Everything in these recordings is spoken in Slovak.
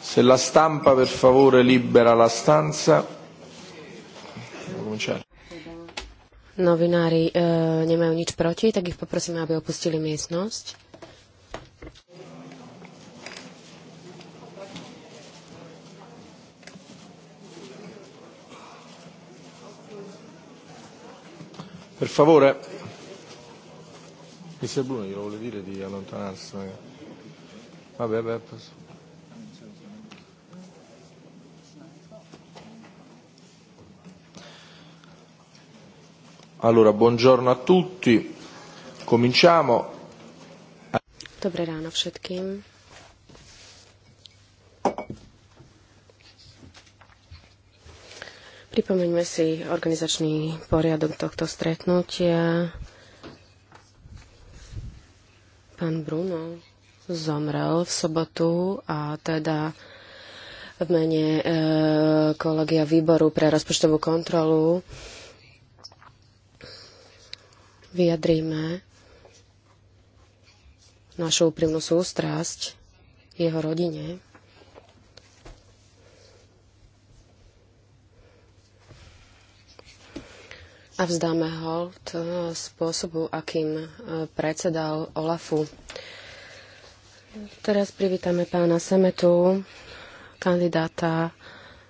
Se la stampa per favore libera la stanza. Novinári e, nemajú nič proti, tak ich poprosíme, aby opustili miestnosť. Per favore. mi Mister Bruno glielo vuole dire di allontanarsi magari. Vabbè, vabbè, posso. Allora, buongiorno a tutti. Cominciamo. Dobre ráno všetkým. Pripomeňme si organizačný poriadok tohto stretnutia. Pán Bruno zomrel v sobotu a teda v mene e, kolegia výboru pre rozpočtovú kontrolu vyjadríme našu úprimnú sústrasť jeho rodine. A vzdáme hold e, spôsobu, akým e, predsedal Olafu. E, Teraz privítame pána Semetu, kandidáta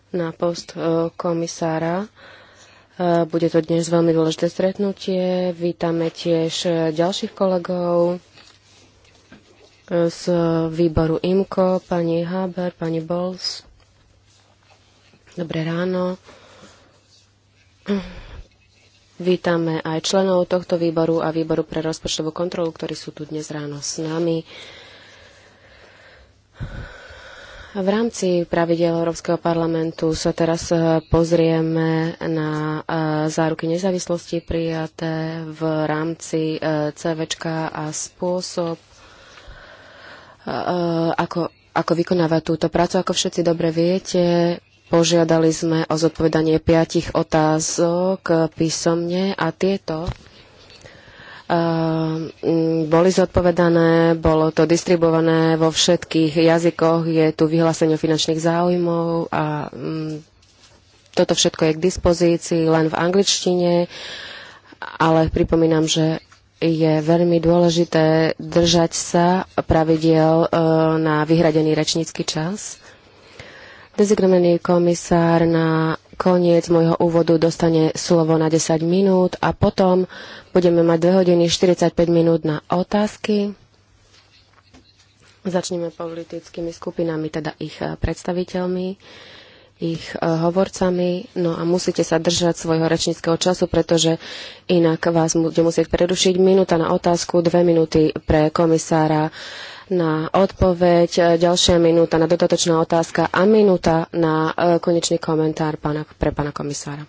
na post e, komisára. E, bude to dnes veľmi dôležité stretnutie. Vítame tiež ďalších kolegov e, z výboru IMKO, pani Haber, pani Bols. Dobré ráno. Vítame aj členov tohto výboru a výboru pre rozpočtovú kontrolu, ktorí sú tu dnes ráno s nami. Uh, v rámci pravidel Európskeho parlamentu sa teraz e, pozrieme na e, záruky nezávislosti prijaté v rámci e, CVčka a spôsob, ako, ako vykonávať túto prácu. Ako všetci dobre viete, požiadali sme o zodpovedanie piatich otázok písomne a tieto Ehm, boli zodpovedané, bolo to distribuované vo všetkých jazykoch, je tu vyhlásenie finančných záujmov a toto všetko je k dispozícii len v angličtine, ale pripomínam, že je veľmi dôležité držať sa pravidiel e, na vyhradený rečnícky čas. Dezignovaný komisár na koniec môjho úvodu dostane slovo na 10 minút a potom budeme mať 2 hodiny 45 minút na otázky. Začneme politickými skupinami, teda ich eh, predstaviteľmi, ich eh, hovorcami. No a musíte sa držať svojho rečníckého času, pretože inak vás bude musieť prerušiť minúta na otázku, dve minúty pre komisára na odpoveď, e, ďalšia minúta na dodatočná otázka a minúta na e, konečný komentár pána, pre pána komisára.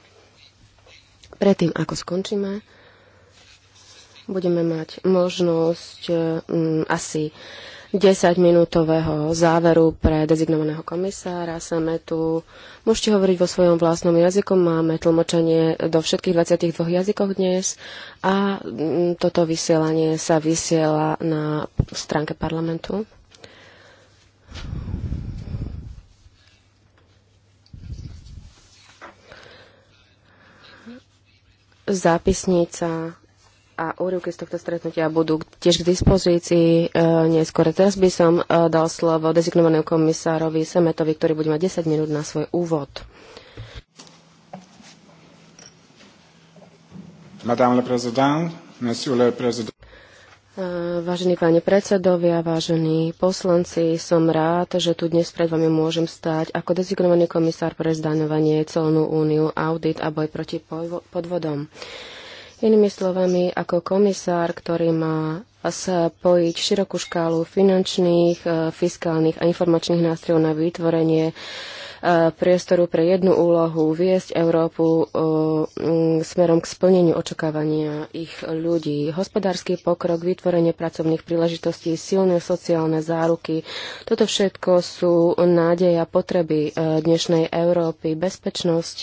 Predtým, ako skončíme, budeme mať možnosť um, asi 10-minútového záveru pre dezignovaného komisára. Sametu. môžete hovoriť vo svojom vlastnom jazyku, máme tlmočenie do všetkých 22 jazykov dnes a mm, toto vysielanie sa vysiela na stránke parlamentu. Zápisnica a úryvky z tohto stretnutia budú tiež k dispozícii e, neskôr. Teraz by som e, dal slovo dezignovanému komisárovi Semetovi, ktorý bude mať 10 minút na svoj úvod. Madame le président, monsieur le président. E, vážení páni predsedovia, vážení poslanci, som rád, že tu dnes pred vami môžem stať ako dezignovaný komisár pre zdaňovanie, celnú úniu, audit a boj proti podvodom. Inými slovami, ako komisár, ktorý má spojiť širokú škálu finančných, eh, fiskálnych a informačných nástrojov na vytvorenie E, priestoru pre jednu úlohu viesť Európu e, smerom k splneniu očakávania ich ľudí. Hospodársky pokrok, vytvorenie pracovných príležitostí, silné sociálne záruky, toto všetko sú nádeja potreby e, dnešnej Európy. Bezpečnosť,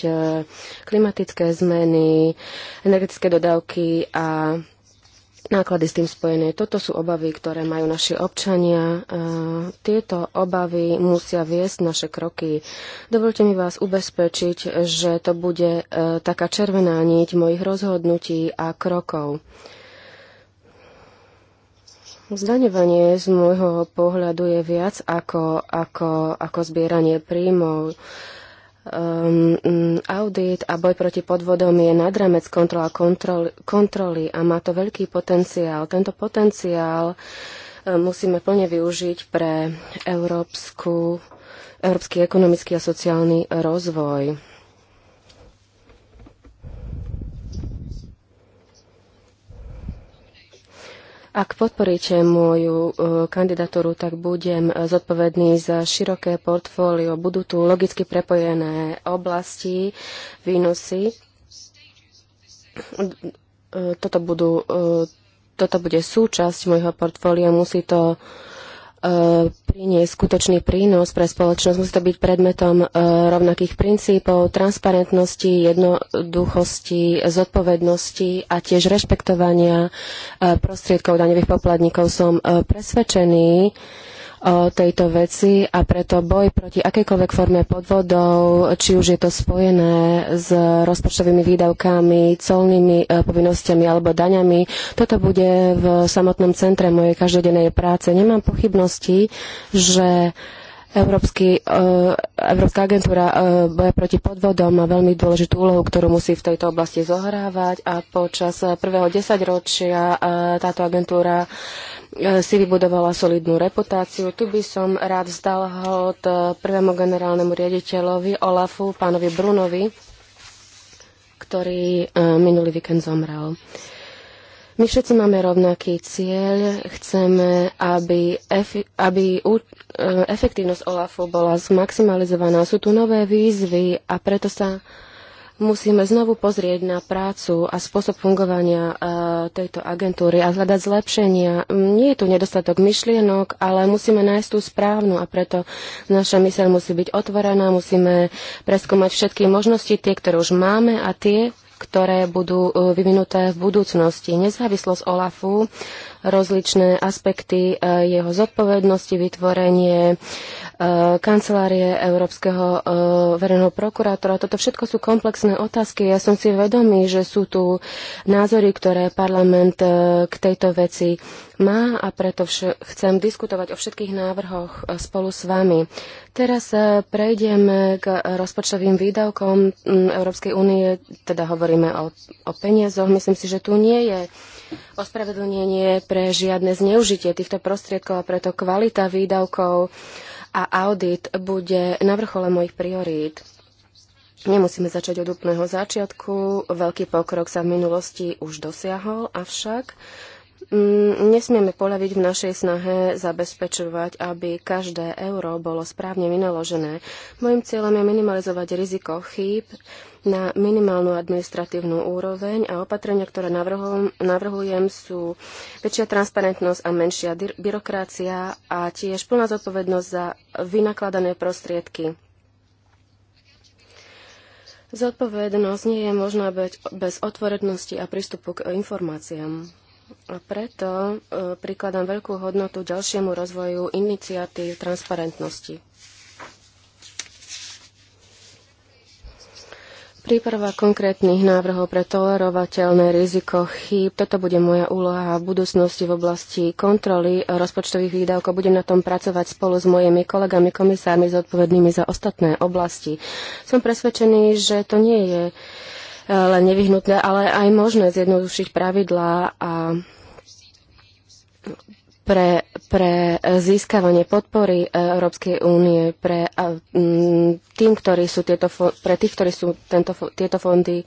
klimatické zmeny, energetické dodávky a náklady s tým spojené. Toto sú obavy, ktoré majú naši občania. Tieto obavy musia viesť naše kroky. Dovolte mi vás ubezpečiť, že to bude e, taká červená niť mojich rozhodnutí a krokov. Zdaňovanie z môjho pohľadu je viac ako, ako, ako zbieranie príjmov. Uh, um, mm, audit a boj proti podvodom je nad kontrola kontrol, kontroly a má to veľký potenciál. Tento potenciál um, musíme plne využiť pre európsku, európsky ekonomický a sociálny rozvoj. Ak podporíte moju e, kandidatúru, tak budem e, zodpovedný za široké portfólio. Budú tu logicky prepojené oblasti, výnosy. E, toto, budú, toto bude súčasť môjho portfólia. Musí to E, priniesť skutočný prínos pre spoločnosť. Musí to byť predmetom e, rovnakých princípov, transparentnosti, jednoduchosti, zodpovednosti a tiež rešpektovania e, prostriedkov daňových poplatníkov. Som presvedčený, o tejto veci a preto boj proti akejkoľvek forme podvodov, či už je to spojené s rozpočtovými výdavkami, colnými e, povinnosťami alebo daňami, toto bude v samotnom centre mojej každodennej práce. Nemám pochybnosti, že Európsky, e, Európska agentúra e, boja proti podvodom má veľmi dôležitú úlohu, ktorú musí v tejto oblasti zohrávať a počas e, prvého desaťročia táto agentúra si vybudovala solidnú reputáciu. Tu by som rád vzdal hod prvému generálnemu riaditeľovi Olafu, pánovi Brunovi, ktorý minulý víkend zomrel. My všetci máme rovnaký cieľ. Chceme, aby, efi- aby u- e, efektívnosť OLAFu bola zmaximalizovaná. Sú tu nové výzvy a preto sa musíme znovu pozrieť na prácu a spôsob fungovania uh, tejto agentúry a hľadať zlepšenia. Mm, nie je tu nedostatok myšlienok, ale musíme nájsť tú správnu a preto naša myseľ musí byť otvorená, musíme preskúmať všetky možnosti, tie, ktoré už máme a tie, ktoré budú e, vyvinuté v budúcnosti. Nezávislosť OLAFu, rozličné aspekty e, jeho zodpovednosti, vytvorenie Eh, kancelárie Európskeho eh, verejného prokurátora. Toto všetko sú komplexné otázky. Ja som si vedomý, že sú tu názory, ktoré parlament eh, k tejto veci má a preto chcem diskutovať o všetkých návrhoch spolu s vami. Teraz prejdeme k rozpočtovým výdavkom mm, Európskej únie, teda hovoríme o, o peniazoch. Myslím si, že tu nie je ospravedlnenie pre žiadne zneužitie týchto prostriedkov a preto kvalita výdavkov a audit bude na vrchole mojich priorít. Nemusíme začať od úplného začiatku, veľký pokrok sa v minulosti už dosiahol, avšak mm, nesmieme poľaviť v našej snahe zabezpečovať, aby každé euro bolo správne vynaložené. Mojím cieľom je minimalizovať riziko chýb na minimálnu administratívnu úroveň a opatrenia, ktoré navrhujem, navrhujem sú väčšia transparentnosť a menšia byrokracia a tiež plná zodpovednosť za vynakladané prostriedky. Zodpovednosť nie je možná bez otvorenosti a prístupu k informáciám. A preto e, prikladám veľkú hodnotu ďalšiemu rozvoju iniciatív transparentnosti. Príprava konkrétnych návrhov pre tolerovateľné riziko chýb. Toto bude moja úloha v budúcnosti v oblasti kontroly rozpočtových výdavkov. Budem na tom pracovať spolu s mojimi kolegami, komisármi zodpovednými za ostatné oblasti. Som presvedčený, že to nie je e, len nevyhnutné, ale aj možné zjednodušiť pravidlá a pre, pre získavanie podpory e, Európskej únie pre tým, ktorí sú tieto, pre tých, ktorí sú tento, tieto fondy e,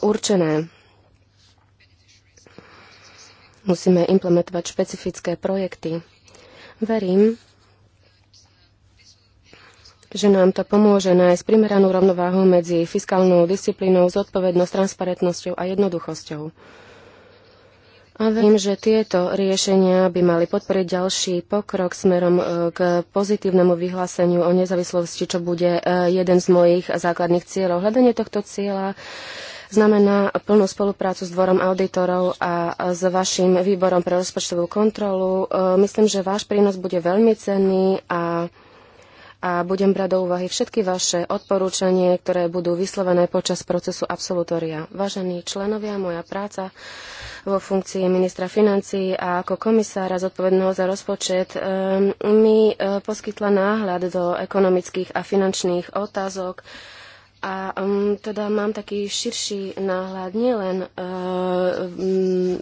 určené. Musíme implementovať špecifické projekty. Verím, že nám to pomôže nájsť primeranú rovnováhu medzi fiskálnou disciplínou, zodpovednosť, transparentnosťou a jednoduchosťou. Vím, že tieto riešenia by mali podporiť ďalší pokrok smerom e, k pozitívnemu vyhláseniu o nezávislosti, čo bude e, jeden z mojich základných cieľov. Hľadanie tohto cieľa znamená plnú spoluprácu s dvorom auditorov a s vašim výborom pre rozpočtovú kontrolu. E, myslím, že váš prínos bude veľmi cenný a a budem brať do úvahy všetky vaše odporúčanie, ktoré budú vyslovené počas procesu absolutória. Vážení členovia, moja práca vo funkcii ministra financií a ako komisára zodpovedného za rozpočet ehm, mi eh, poskytla náhľad do ekonomických a finančných otázok a um, teda mám taký širší náhľad nielen uh, um,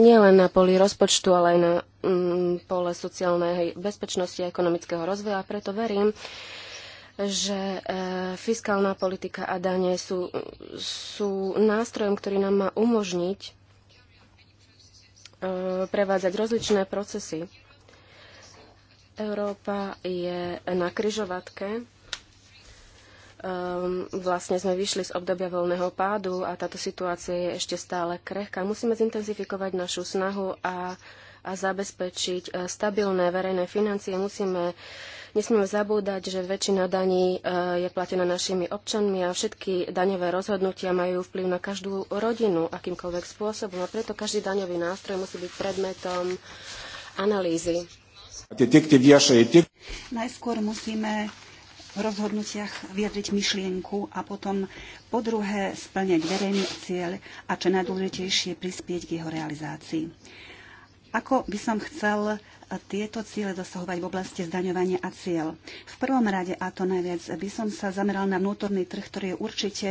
nielen na poli rozpočtu, ale aj na um, pole sociálnej bezpečnosti a ekonomického rozvoja. Preto verím, že uh, fiskálna politika a dane sú, sú nástrojom, ktorý nám má umožniť prevádzať rozličné procesy. Európa je na kryžovatke. Ehm, vlastne sme vyšli z obdobia voľného pádu a táto situácia je ešte stále krehká. Musíme zintenzifikovať našu snahu a a zabezpečiť e, stabilné verejné financie, musíme Nesmieme zabúdať, že väčšina daní e, je platená našimi občanmi a všetky daňové rozhodnutia majú vplyv na každú rodinu akýmkoľvek spôsobom a preto každý daňový nástroj musí byť predmetom analýzy. Najskôr musíme v rozhodnutiach vyjadriť myšlienku a potom po druhé splňať verejný cieľ a čo najdôležitejšie prispieť k jeho realizácii. Ako by som chcel e, tieto ciele dosahovať v oblasti zdaňovania a cieľ? V prvom rade, a to najviac, by som sa zameral na vnútorný trh, ktorý je určite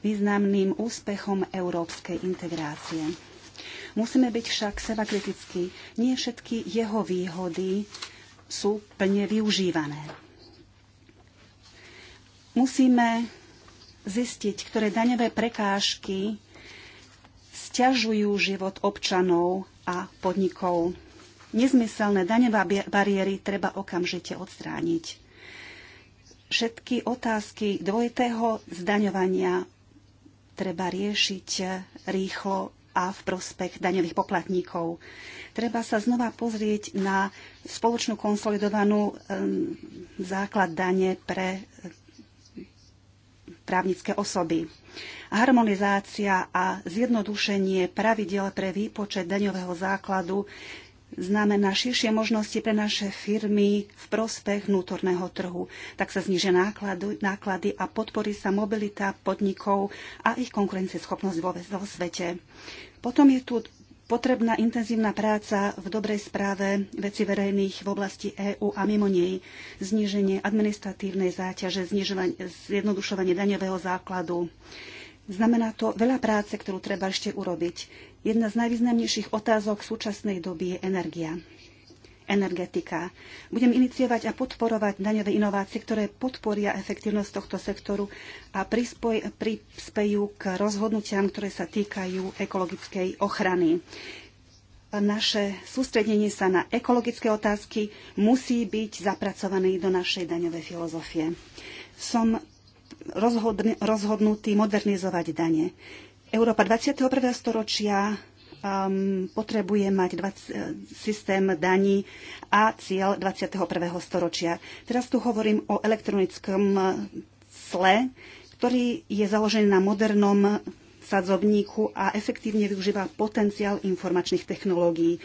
významným úspechom európskej integrácie. Musíme byť však seba kritickí. Nie všetky jeho výhody sú plne využívané. Musíme zistiť, ktoré daňové prekážky sťažujú život občanov a podnikov. Nezmyselné daňové bariéry treba okamžite odstrániť. Všetky otázky dvojitého zdaňovania treba riešiť rýchlo a v prospech daňových poplatníkov. Treba sa znova pozrieť na spoločnú konsolidovanú základ dane pre právnické osoby. Harmonizácia a zjednodušenie pravidel pre výpočet daňového základu znamená širšie možnosti pre naše firmy v prospech vnútorného trhu. Tak sa znižia náklady, náklady a podporí sa mobilita podnikov a ich konkurencieschopnosť vo, vo svete. Potom je tu potrebná intenzívna práca v dobrej správe veci verejných v oblasti EÚ a mimo nej, zníženie administratívnej záťaže, zjednodušovanie daňového základu. Znamená to veľa práce, ktorú treba ešte urobiť. Jedna z najvýznamnejších otázok v súčasnej doby je energia energetika. Budem iniciovať a podporovať daňové inovácie, ktoré podporia efektívnosť tohto sektoru a prispoj, prispejú k rozhodnutiam, ktoré sa týkajú ekologickej ochrany. Naše sústredenie sa na ekologické otázky musí byť zapracované do našej daňovej filozofie. Som rozhodnutý modernizovať dane. Európa 21. storočia um, potrebuje mať 20, e, systém daní a cieľ 21. storočia. Teraz tu hovorím o elektronickom sle, e, ktorý je založený na modernom sadzovníku a efektívne využíva potenciál informačných technológií.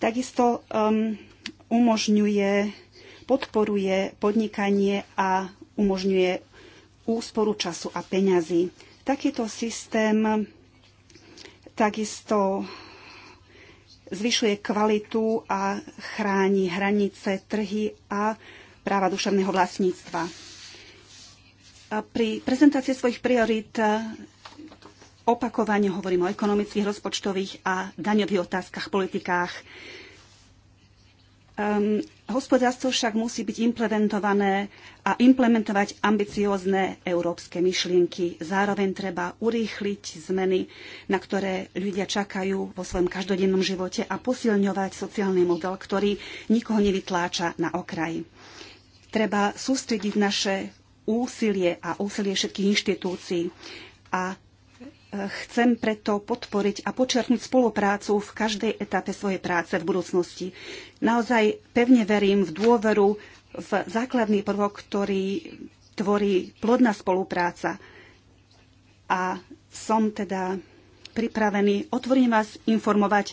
Takisto um, umožňuje, podporuje podnikanie a umožňuje úsporu času a peňazí. Takýto systém Takisto zvyšuje kvalitu a chráni hranice, trhy a práva duševného vlastníctva. A pri prezentácii svojich priorít e, opakovane hovorím o ekonomických, rozpočtových a daňových otázkach, politikách. Um, Hospodárstvo však musí byť implementované a implementovať ambiciózne európske myšlienky. Zároveň treba urýchliť zmeny, na ktoré ľudia čakajú vo svojom každodennom živote a posilňovať sociálny model, ktorý nikoho nevytláča na okraj. Treba sústrediť naše úsilie a úsilie všetkých inštitúcií a Chcem preto podporiť a počerknúť spoluprácu v každej etape svojej práce v budúcnosti. Naozaj pevne verím v dôveru v základný prvok, ktorý tvorí plodná spolupráca. A som teda pripravený otvorím vás informovať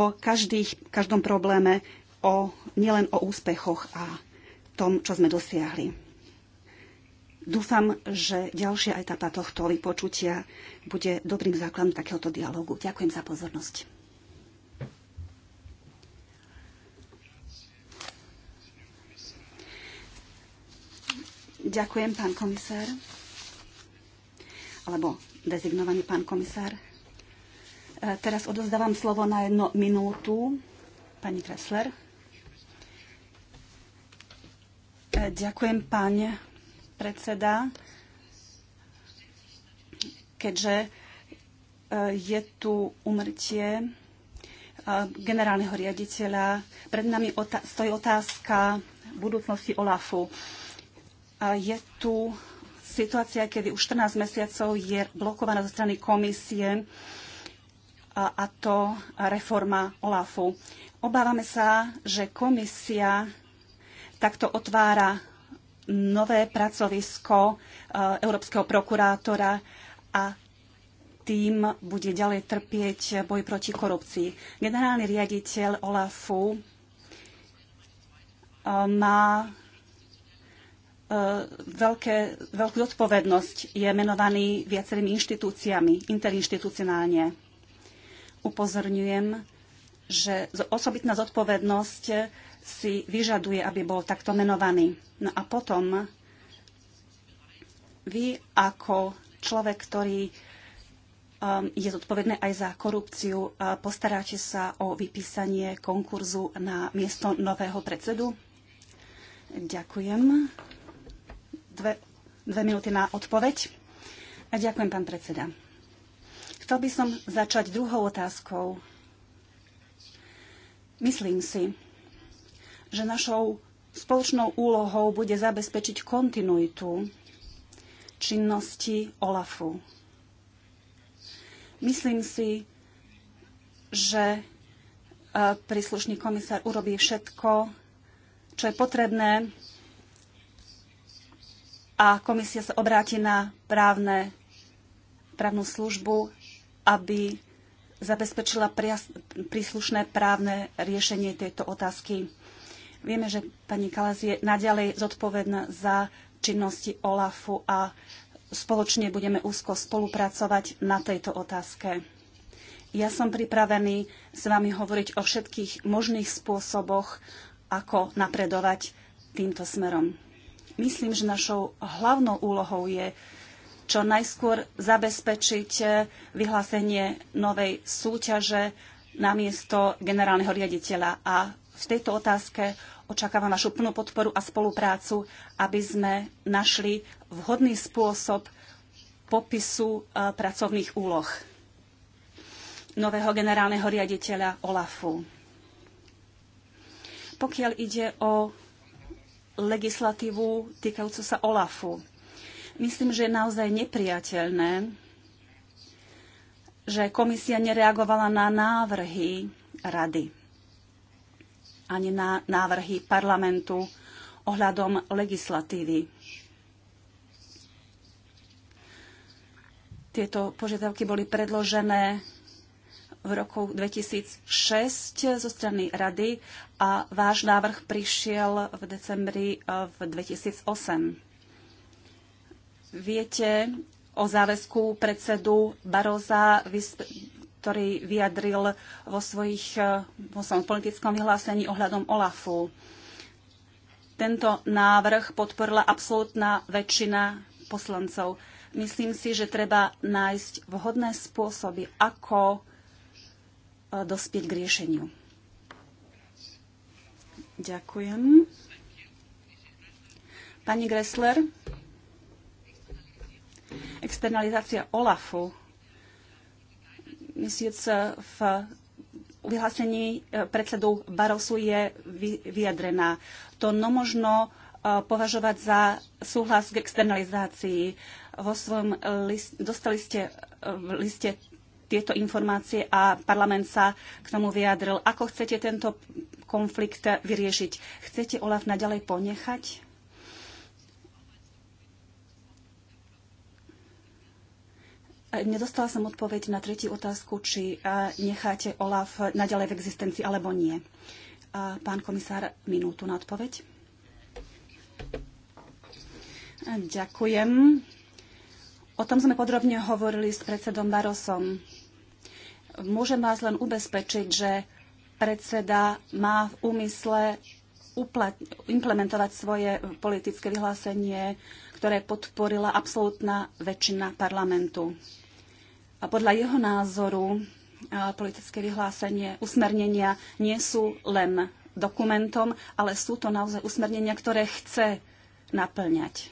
o každých, každom probléme, o, nielen o úspechoch a tom, čo sme dosiahli. Dúfam, že ďalšia etapa tohto vypočutia bude dobrým základom takéhoto dialogu. Ďakujem za pozornosť. Ďakujem, pán komisár. Alebo dezignovaný pán komisár. E, teraz odozdávam slovo na jednu minútu pani Kressler. E, ďakujem, pán predseda, keďže e, je tu umrtie e, generálneho riaditeľa. Pred nami stojí otázka budúcnosti OLAFu. Je tu situácia, kedy už 14 mesiacov je blokovaná zo strany komisie a to reforma OLAFu. Obávame sa, že komisia takto otvára nové pracovisko e, Európskeho prokurátora a tým bude ďalej trpieť boj proti korupcii. Generálny riaditeľ OLAFu e, má e, veľké, veľkú zodpovednosť. Je menovaný viacerými inštitúciami, interinštitucionálne. Upozorňujem, že osobitná zodpovednosť si vyžaduje, aby bol takto menovaný. No a potom vy ako človek, ktorý um, je zodpovedné aj za korupciu, uh, postaráte sa o vypísanie konkurzu na miesto nového predsedu? Ďakujem. Dve, dve minúty na odpoveď. A ďakujem, pán predseda. Chcel by som začať druhou otázkou. Myslím si, že našou spoločnou úlohou bude zabezpečiť kontinuitu činnosti OLAFu. Myslím si, že e, príslušný komisár urobí všetko, čo je potrebné a komisia sa obráti na právne, právnu službu, aby zabezpečila príslušné právne riešenie tejto otázky. Vieme, že pani Kalas je naďalej zodpovedná za činnosti OLAFu a spoločne budeme úzko spolupracovať na tejto otázke. Ja som pripravený s vami hovoriť o všetkých možných spôsoboch, ako napredovať týmto smerom. Myslím, že našou hlavnou úlohou je čo najskôr zabezpečiť vyhlásenie novej súťaže na miesto generálneho riaditeľa a v tejto otázke očakávam vašu plnú podporu a spoluprácu, aby sme našli vhodný spôsob popisu e, pracovných úloh nového generálneho riaditeľa OLAFu. Pokiaľ ide o legislatívu týkajúcu sa OLAFu, myslím, že je naozaj nepriateľné, že komisia nereagovala na návrhy rady ani na návrhy parlamentu ohľadom legislatívy. Tieto požiadavky boli predložené v roku 2006 zo strany Rady a váš návrh prišiel v decembri e, v 2008. Viete o záväzku predsedu Baroza ktorý vyjadril vo, svojich, eh, vo svojom politickom vyhlásení ohľadom OLAFu. Tento návrh podporila absolútna väčšina poslancov. Myslím si, že treba nájsť vhodné spôsoby, ako eh, dospieť k riešeniu. Ďakujem. Pani Gressler, externalizácia OLAFu mesiac v vyhlásení e, predsedu Barosu je vyjadrená. To nemožno e, považovať za súhlas k externalizácii. Vo svojom list, dostali ste e, v liste tieto informácie a parlament sa k tomu vyjadril. Ako chcete tento konflikt vyriešiť? Chcete Olaf naďalej ponechať? Nedostala som odpoveď na tretiu otázku, či necháte OLAF naďalej v existencii alebo nie. Pán komisár, minútu na odpoveď. Ďakujem. O tom sme podrobne hovorili s predsedom Barosom. Môžem vás len ubezpečiť, že predseda má v úmysle implementovať svoje politické vyhlásenie, ktoré podporila absolútna väčšina parlamentu. A podľa jeho názoru politické vyhlásenie, usmernenia nie sú len dokumentom, ale sú to naozaj usmernenia, ktoré chce naplňať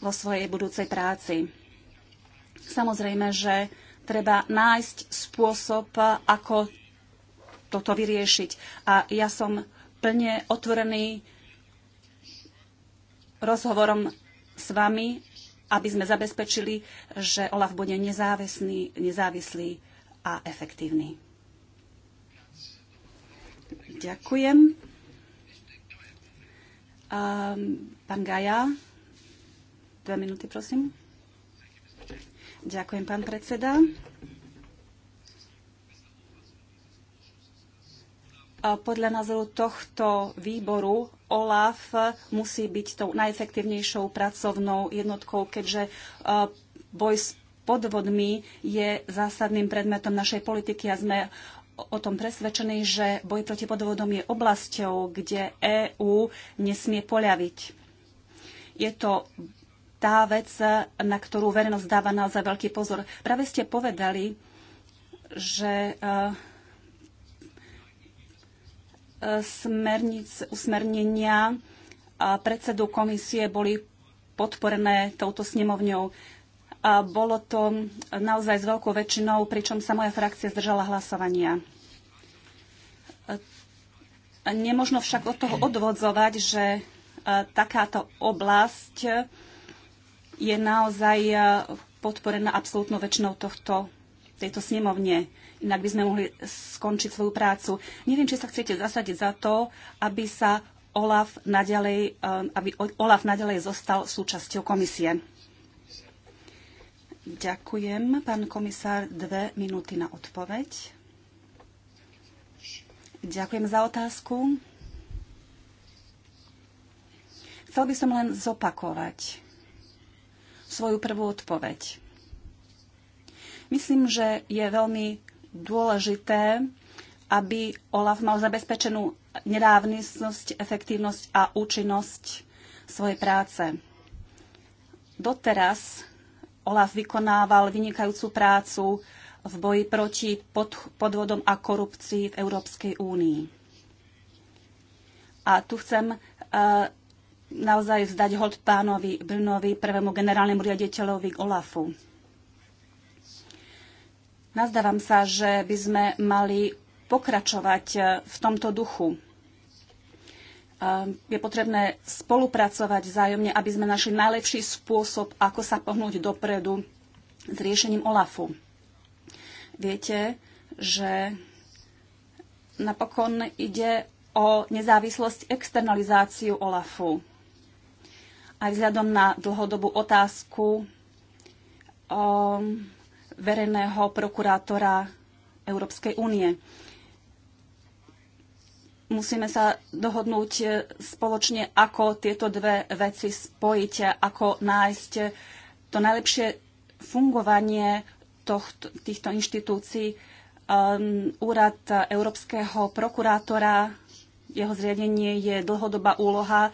vo svojej budúcej práci. Samozrejme, že treba nájsť spôsob, ako toto vyriešiť. A ja som plne otvorený rozhovorom s vami aby sme zabezpečili, že OLAF bude nezávislý, nezávislý a efektívny. Ďakujem. Um, pán Gaja, dve minúty, prosím. Ďakujem, pán predseda. Podľa názoru tohto výboru OLAF musí byť tou najefektívnejšou pracovnou jednotkou, keďže eh, boj s podvodmi je zásadným predmetom našej politiky a sme o tom presvedčení, že boj proti podvodom je oblasťou, kde EÚ nesmie poľaviť. Je to tá vec, na ktorú verejnosť dáva naozaj veľký pozor. Práve ste povedali, že uh, smerníc, usmernenia predsedu komisie boli podporené touto snemovňou. A bolo to naozaj s veľkou väčšinou, pričom sa moja frakcia zdržala hlasovania. Nemožno však od toho odvodzovať, že takáto oblasť je naozaj podporená absolútnou väčšinou tohto, tejto snemovne inak by sme mohli skončiť svoju prácu. Neviem, či sa chcete zasadiť za to, aby sa Olaf naďalej, eh, aby Olaf naďalej zostal súčasťou komisie. Ďakujem, pán komisár, dve minúty na odpoveď. Ďakujem za otázku. Chcel by som len zopakovať svoju prvú odpoveď. Myslím, že je veľmi dôležité, aby OLAF mal zabezpečenú nedávnosť, efektívnosť a účinnosť svojej práce. Doteraz OLAF vykonával vynikajúcu prácu v boji proti podvodom a korupcii v Európskej únii. A tu chcem e, naozaj vzdať hod pánovi Brnovi, prvému generálnemu riaditeľovi OLAFu Nazdávam sa, že by sme mali pokračovať e, v tomto duchu. E, je potrebné spolupracovať vzájomne, aby sme našli najlepší spôsob, ako sa pohnúť dopredu s riešením OLAFu. Viete, že napokon ide o nezávislosť externalizáciu OLAFu. Aj vzhľadom na dlhodobú otázku, ehm, verejného prokurátora Európskej únie. Musíme sa dohodnúť e, spoločne, ako tieto dve veci spojiť, ako nájsť to najlepšie fungovanie tohto, týchto inštitúcií. Um, úrad Európskeho prokurátora, jeho zriadenie je dlhodobá úloha.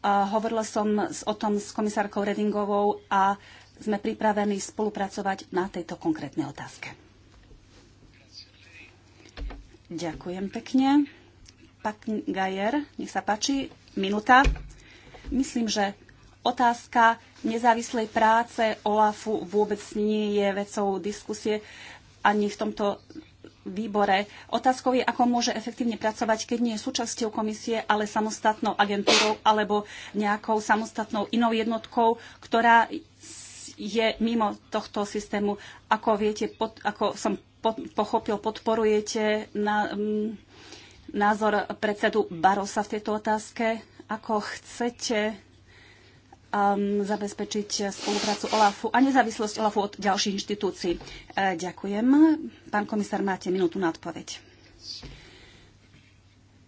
Uh, hovorila som s, o tom s komisárkou Redingovou a uh, sme pripravení spolupracovať na tejto konkrétnej otázke. Ďakujem pekne. Pak Gajer, nech sa páči, minúta. Myslím, že otázka nezávislej práce OLAFu vôbec nie je vecou diskusie ani v tomto výbore. Otázkou je, ako môže efektívne pracovať, keď nie je súčasťou komisie, ale samostatnou agentúrou alebo nejakou samostatnou inou jednotkou, ktorá je mimo tohto systému. Ako viete, pod, ako som pod, pochopil, podporujete na, m, mm, názor predsedu Barosa v tejto otázke. Ako chcete um, zabezpečiť spoluprácu OLAFu a nezávislosť OLAFu od ďalších inštitúcií? E, ďakujem. Pán komisár, máte minútu na odpoveď.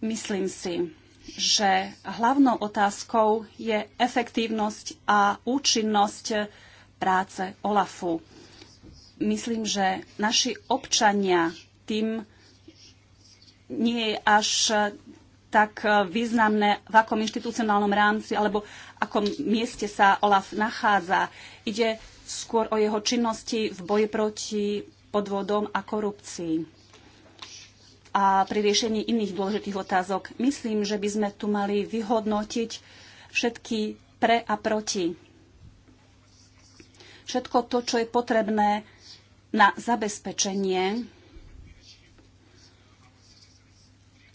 Myslím si, že hlavnou otázkou je efektívnosť a účinnosť práce OLAFu. Myslím, že naši občania tým nie je až tak významné, v akom inštitucionálnom rámci alebo akom mieste sa OLAF nachádza. Ide skôr o jeho činnosti v boji proti podvodom a korupcii a pri riešení iných dôležitých otázok. Myslím, že by sme tu mali vyhodnotiť všetky pre a proti všetko to, čo je potrebné na zabezpečenie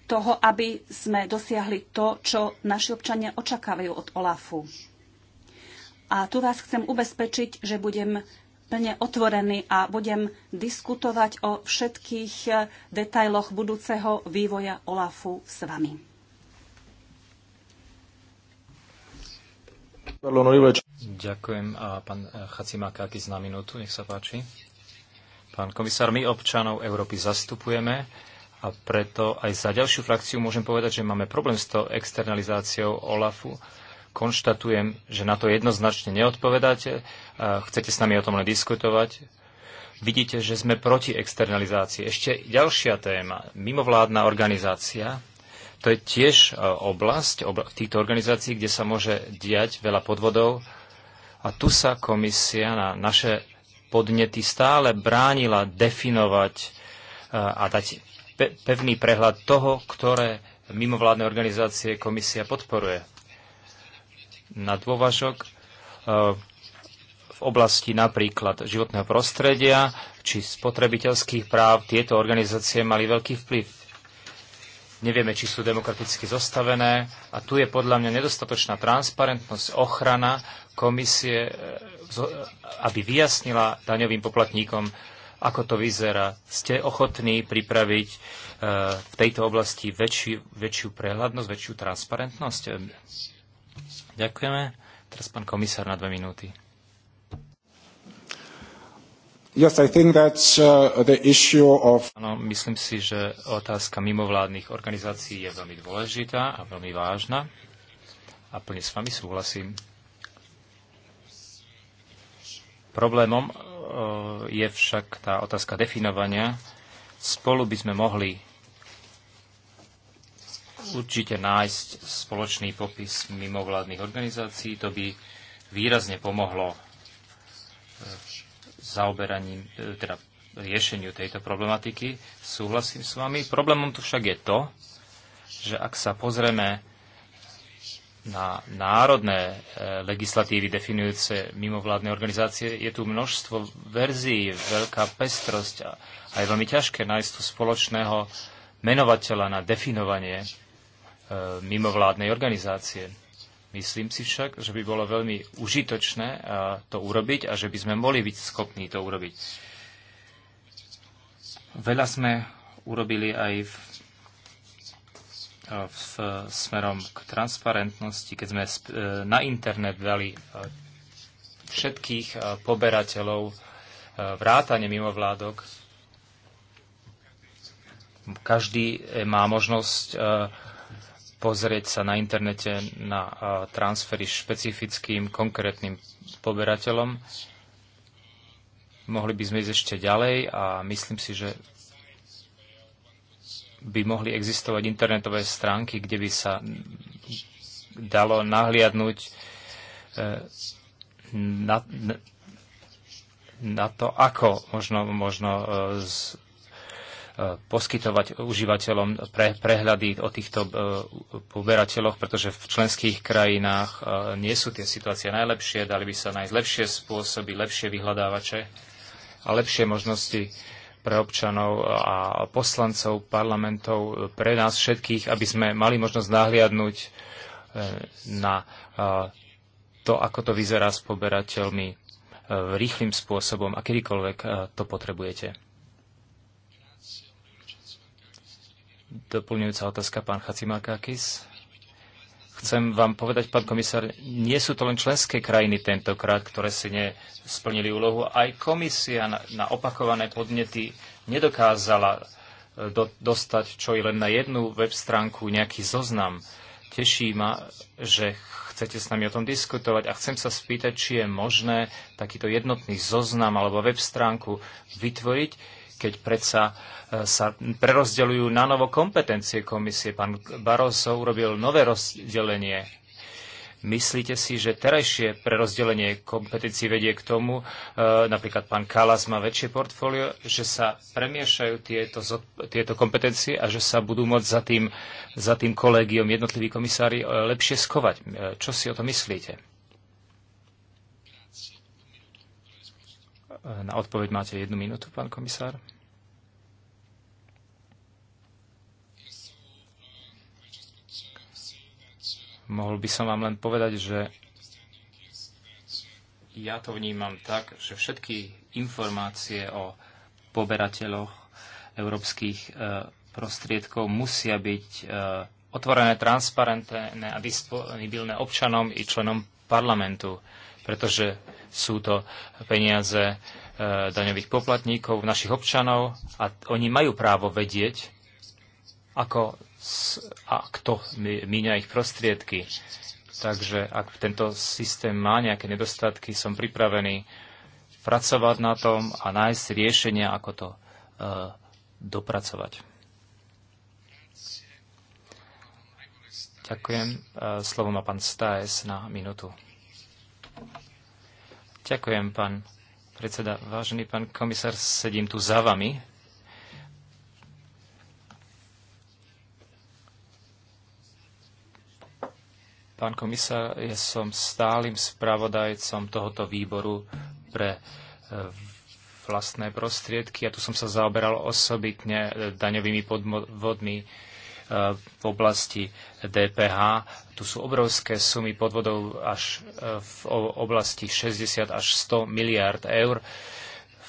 toho, aby sme dosiahli to, čo naši občania očakávajú od OLAFu. A tu vás chcem ubezpečiť, že budem plne otvorený a budem diskutovať o všetkých detailoch budúceho vývoja OLAFu s vami. Ďakujem. A pán eh, Chacimakakis na minútu, nech sa páči. Pán komisár, my občanov Európy zastupujeme a preto aj za ďalšiu frakciu môžem povedať, že máme problém s tou externalizáciou OLAFu. Konštatujem, že na to jednoznačne neodpovedáte. Eh, chcete s nami o tom len diskutovať. Vidíte, že sme proti externalizácii. Ešte ďalšia téma. Mimovládna organizácia to je tiež e, oblasť obla- týchto organizácií, kde sa môže diať veľa podvodov. A tu sa komisia na naše podnety stále bránila definovať e, a dať pevný prehľad toho, ktoré mimovládne organizácie komisia podporuje. Na dôvažok e, v oblasti napríklad životného prostredia či spotrebiteľských práv tieto organizácie mali veľký vplyv nevieme, či sú demokraticky zostavené a tu je podľa mňa nedostatočná transparentnosť, ochrana komisie, e, aby vyjasnila daňovým poplatníkom, ako to vyzerá. Ste ochotní pripraviť e, v tejto oblasti väčšiu, väčšiu prehľadnosť, väčšiu transparentnosť? Ďakujeme. Teraz pán komisár na dve minúty. Yes, I think that uh, the issue of... Ano, myslím si, že otázka mimovládnych organizácií je veľmi dôležitá a veľmi vážna. A plne s vami súhlasím. Problémom uh, je však tá otázka definovania. Spolu by sme mohli určite nájsť spoločný popis mimovládnych organizácií. To by výrazne pomohlo uh, zaoberaním, e, teda riešeniu tejto problematiky. Súhlasím s vami. Problémom tu však je to, že ak sa pozrieme na národné e, legislatívy definujúce mimovládne organizácie, je tu množstvo verzií, veľká pestrosť a, je veľmi ťažké nájsť tu spoločného menovateľa na definovanie e, mimovládnej organizácie. Myslím si však, že by bolo veľmi užitočné eh, to urobiť a že by sme mohli byť schopní to urobiť. Veľa sme urobili aj v, eh, v eh, smerom k transparentnosti, keď sme na internet dali všetkých poberateľov vrátane mimovládok. Každý má možnosť pozrieť sa na internete na transfery špecifickým konkrétnym poberateľom. Mohli by sme ísť ešte ďalej a myslím si, že by mohli existovať internetové stránky, kde by sa dalo nahliadnúť e, na, na to, ako možno, možno e, z, poskytovať užívateľom pre, prehľady o týchto e, poberateľoch, pretože v členských krajinách e, nie sú tie situácie najlepšie, dali by sa nájsť lepšie spôsoby, lepšie vyhľadávače a lepšie možnosti pre občanov a poslancov parlamentov, pre nás všetkých, aby sme mali možnosť nahliadnúť e, na to, ako to vyzerá s poberateľmi rýchlým spôsobom a kedykoľvek to potrebujete. Doplňujúca otázka, pán Chacimakakis. Chcem vám povedať, pán komisár, nie sú to len členské krajiny tentokrát, ktoré si nesplnili úlohu. Aj komisia na, na opakované podnety nedokázala e, do, dostať čo i len na jednu web stránku nejaký zoznam. Teší ma, že chcete s nami o tom diskutovať a chcem sa spýtať, či je možné takýto jednotný zoznam alebo web stránku vytvoriť, keď predsa e, sa prerozdeľujú na novo kompetencie komisie. Pán Barroso urobil nové rozdelenie. Myslíte si, že terajšie prerozdelenie kompetencií vedie k tomu, e, napríklad pán Kalas má väčšie portfólio, že sa premiešajú tieto, tieto kompetencie a že sa budú môcť za tým, za tým kolégiom jednotliví komisári e, lepšie skovať? Čo si o to myslíte? Na odpoveď máte jednu minútu, pán komisár. Mohol by som vám len povedať, že ja to vnímam tak, že všetky informácie o poberateľoch európskych e, prostriedkov musia byť e, otvorené, transparentné a disponibilné občanom i členom parlamentu, pretože sú to peniaze e, daňových poplatníkov, našich občanov a oni majú právo vedieť, ako a kto míňa ich prostriedky. Takže ak tento systém má nejaké nedostatky, som pripravený pracovať na tom a nájsť riešenia, ako to uh, dopracovať. Ďakujem. E, slovo má pán Staes na minútu. Ďakujem, pán predseda. Vážený pán komisár, sedím tu za vami. Pán komisár, ja som stálym spravodajcom tohoto výboru pre e, vlastné prostriedky a tu som sa zaoberal osobitne e, daňovými podvodmi v oblasti DPH. Tu sú obrovské sumy podvodov až e, v oblasti 60 až 100 miliard eur.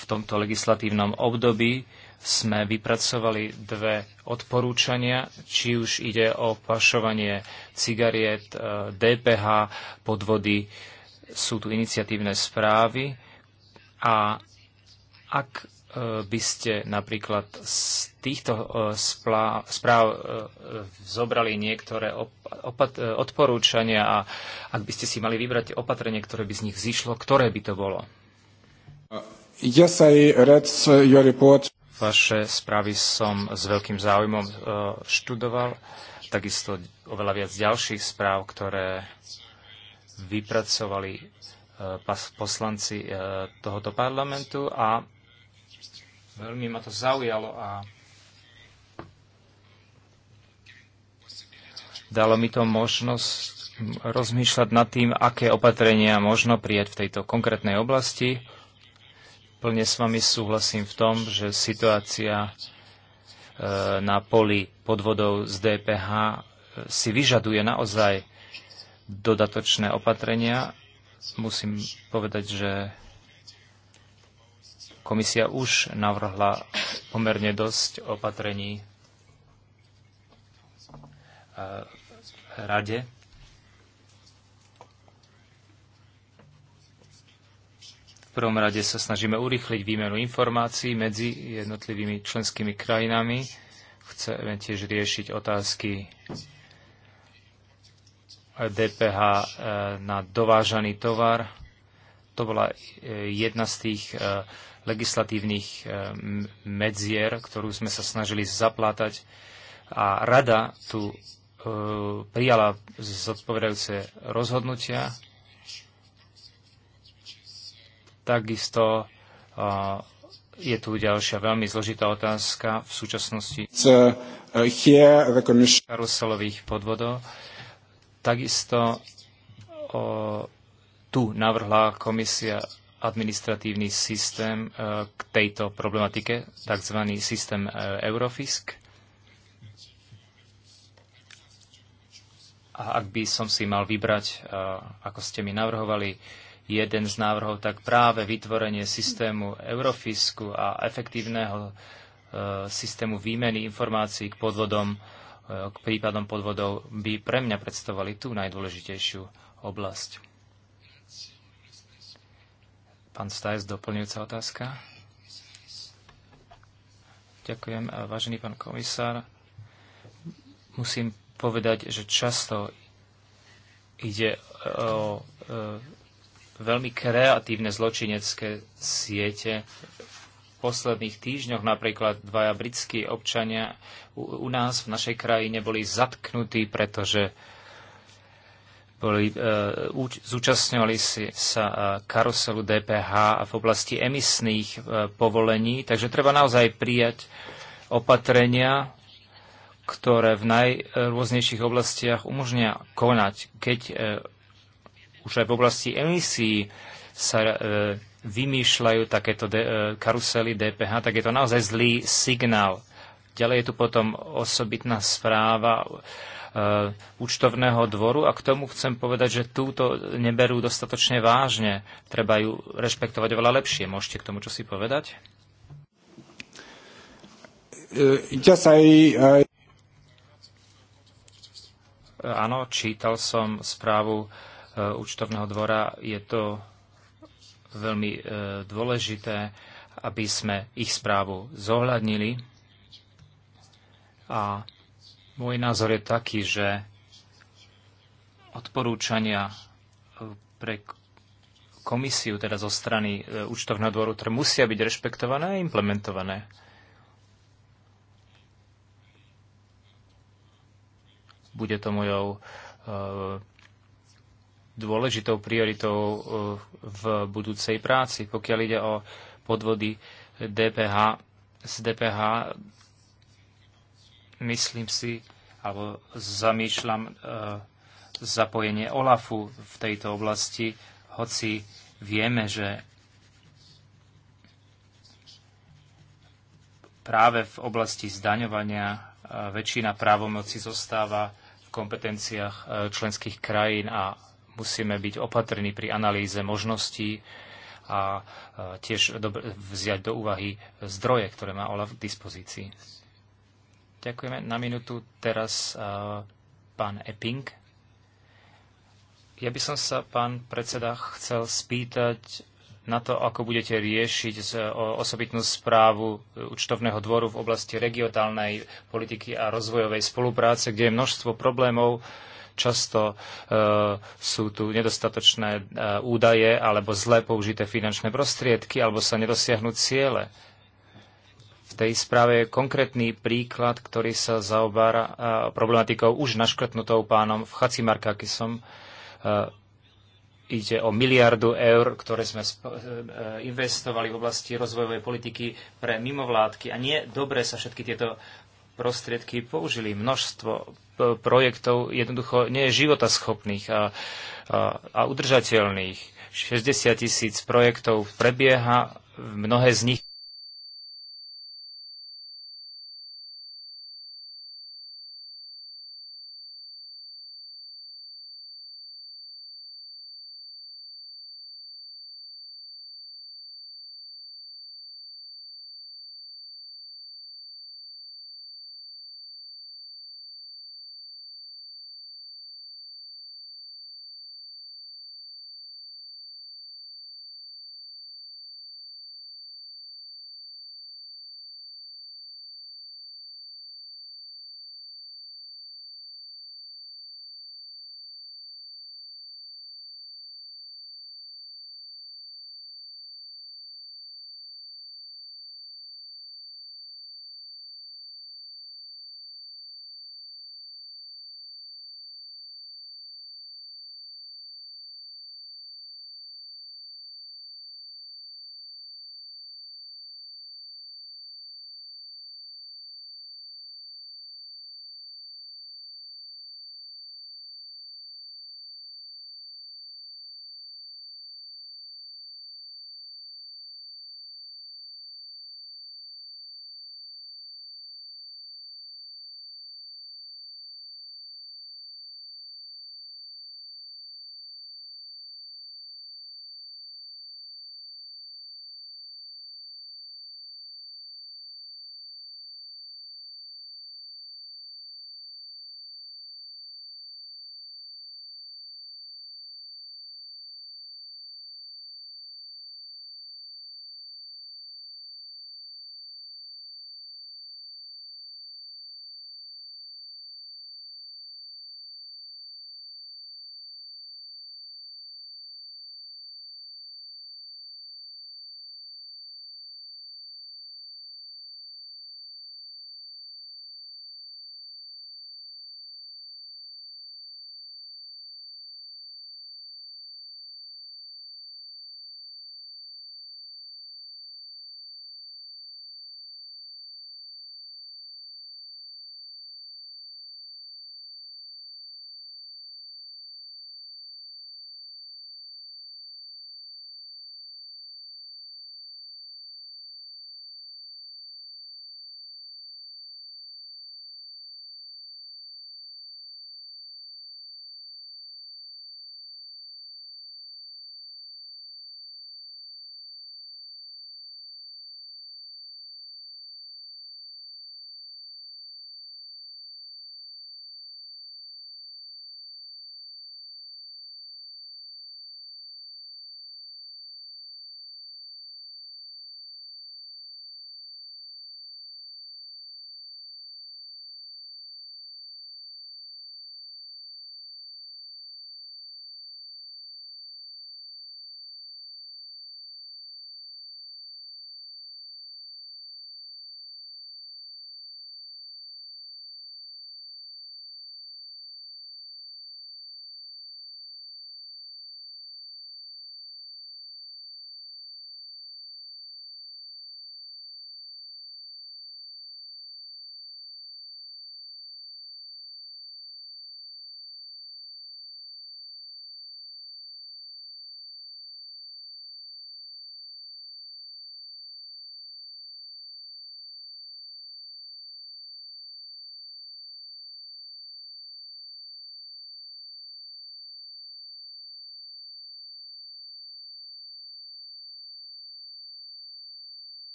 V tomto legislatívnom období sme vypracovali dve odporúčania, či už ide o pašovanie cigariet, e, DPH, podvody, sú tu iniciatívne správy a ak E, by ste napríklad z týchto e, správ e, zobrali niektoré odporúčania a ak by ste si mali vybrať opatrenie, ktoré by z nich zišlo, ktoré by to bolo? Vaše správy som s veľkým záujmom študoval, takisto oveľa viac ďalších správ, ktoré vypracovali poslanci tohoto parlamentu a Veľmi ma to zaujalo a dalo mi to možnosť rozmýšľať nad tým, aké opatrenia možno prijať v tejto konkrétnej oblasti. Plne s vami súhlasím v tom, že situácia e, na poli podvodov z DPH e, si vyžaduje naozaj dodatočné opatrenia. Musím povedať, že Komisia už navrhla pomerne dosť opatrení e, rade. V prvom rade sa snažíme urýchliť výmenu informácií medzi jednotlivými členskými krajinami. Chceme tiež riešiť otázky DPH e, na dovážaný tovar. To bola e, jedna z tých legislatívnych eh, medzier, ktorú sme sa snažili zaplátať. A rada tu eh, prijala zodpovedajúce rozhodnutia. Takisto eh, je tu ďalšia veľmi zložitá otázka v súčasnosti karuselových podvodov. Takisto o, tu navrhla komisia administratívny systém e, k tejto problematike, tzv. systém e, Eurofisk. A ak by som si mal vybrať, e, ako ste mi navrhovali, jeden z návrhov, tak práve vytvorenie systému Eurofisku a efektívneho systému výmeny informácií k podvodom, k prípadom podvodov by pre mňa predstavovali tú najdôležitejšiu oblasť. Pán Stajs, doplňujúca otázka. Ďakujem, vážený pán komisár. Musím povedať, že často ide o e, veľmi kreatívne zločinecké siete. V posledných týždňoch napríklad dvaja britskí občania u, u nás v našej krajine boli zatknutí, pretože boli, e, zúčastňovali si sa e, karuselu DPH a v oblasti emisných e, povolení, takže treba naozaj prijať opatrenia, ktoré v najrôznejších oblastiach umožnia konať. Keď už aj v oblasti emisí sa vymýšľajú takéto karusely DPH, tak je to naozaj zlý signál. Ďalej je tu potom osobitná správa Eh, účtovného dvoru a k tomu chcem povedať, že túto neberú dostatočne vážne. Treba ju rešpektovať oveľa lepšie. Môžete k tomu čo si povedať? Eh, yes, I, I... Eh, áno, čítal som správu účtovného dvora. Je to veľmi dôležité, aby sme ich správu zohľadnili a môj názor je taký, že odporúčania e, pre komisiu, teda zo strany e, účtovného dvoru, ktoré musia byť rešpektované a implementované. Bude to mojou e, dôležitou prioritou v budúcej práci. Pokiaľ ide o podvody DPH, z DPH myslím si, alebo zamýšľam e, zapojenie OLAFu v tejto oblasti, hoci vieme, že práve v oblasti zdaňovania e, väčšina právomoci zostáva v kompetenciách e, členských krajín a musíme byť opatrní pri analýze možností a e, tiež vziať do úvahy zdroje, ktoré má OLAF k dispozícii. Ďakujeme. Na minútu teraz uh, pán Epping. Ja by som sa, pán predseda, chcel spýtať na to, ako budete riešiť osobitnú správu eh, účtovného dvoru v oblasti regionálnej politiky a rozvojovej spolupráce, kde je množstvo problémov, často e, sú tu nedostatočné e, údaje alebo zlé použité finančné prostriedky alebo sa nedosiahnu ciele tej správe je konkrétny príklad, ktorý sa zaobára problematikou už naškrtnutou pánom v Chacimarkakisom. Ide o miliardu eur, ktoré sme e, e, investovali v oblasti rozvojovej politiky pre mimovládky a nie dobre sa všetky tieto prostriedky použili. Množstvo e, projektov jednoducho nie je životaschopných a, a, a udržateľných. 60 tisíc projektov prebieha, mnohé z nich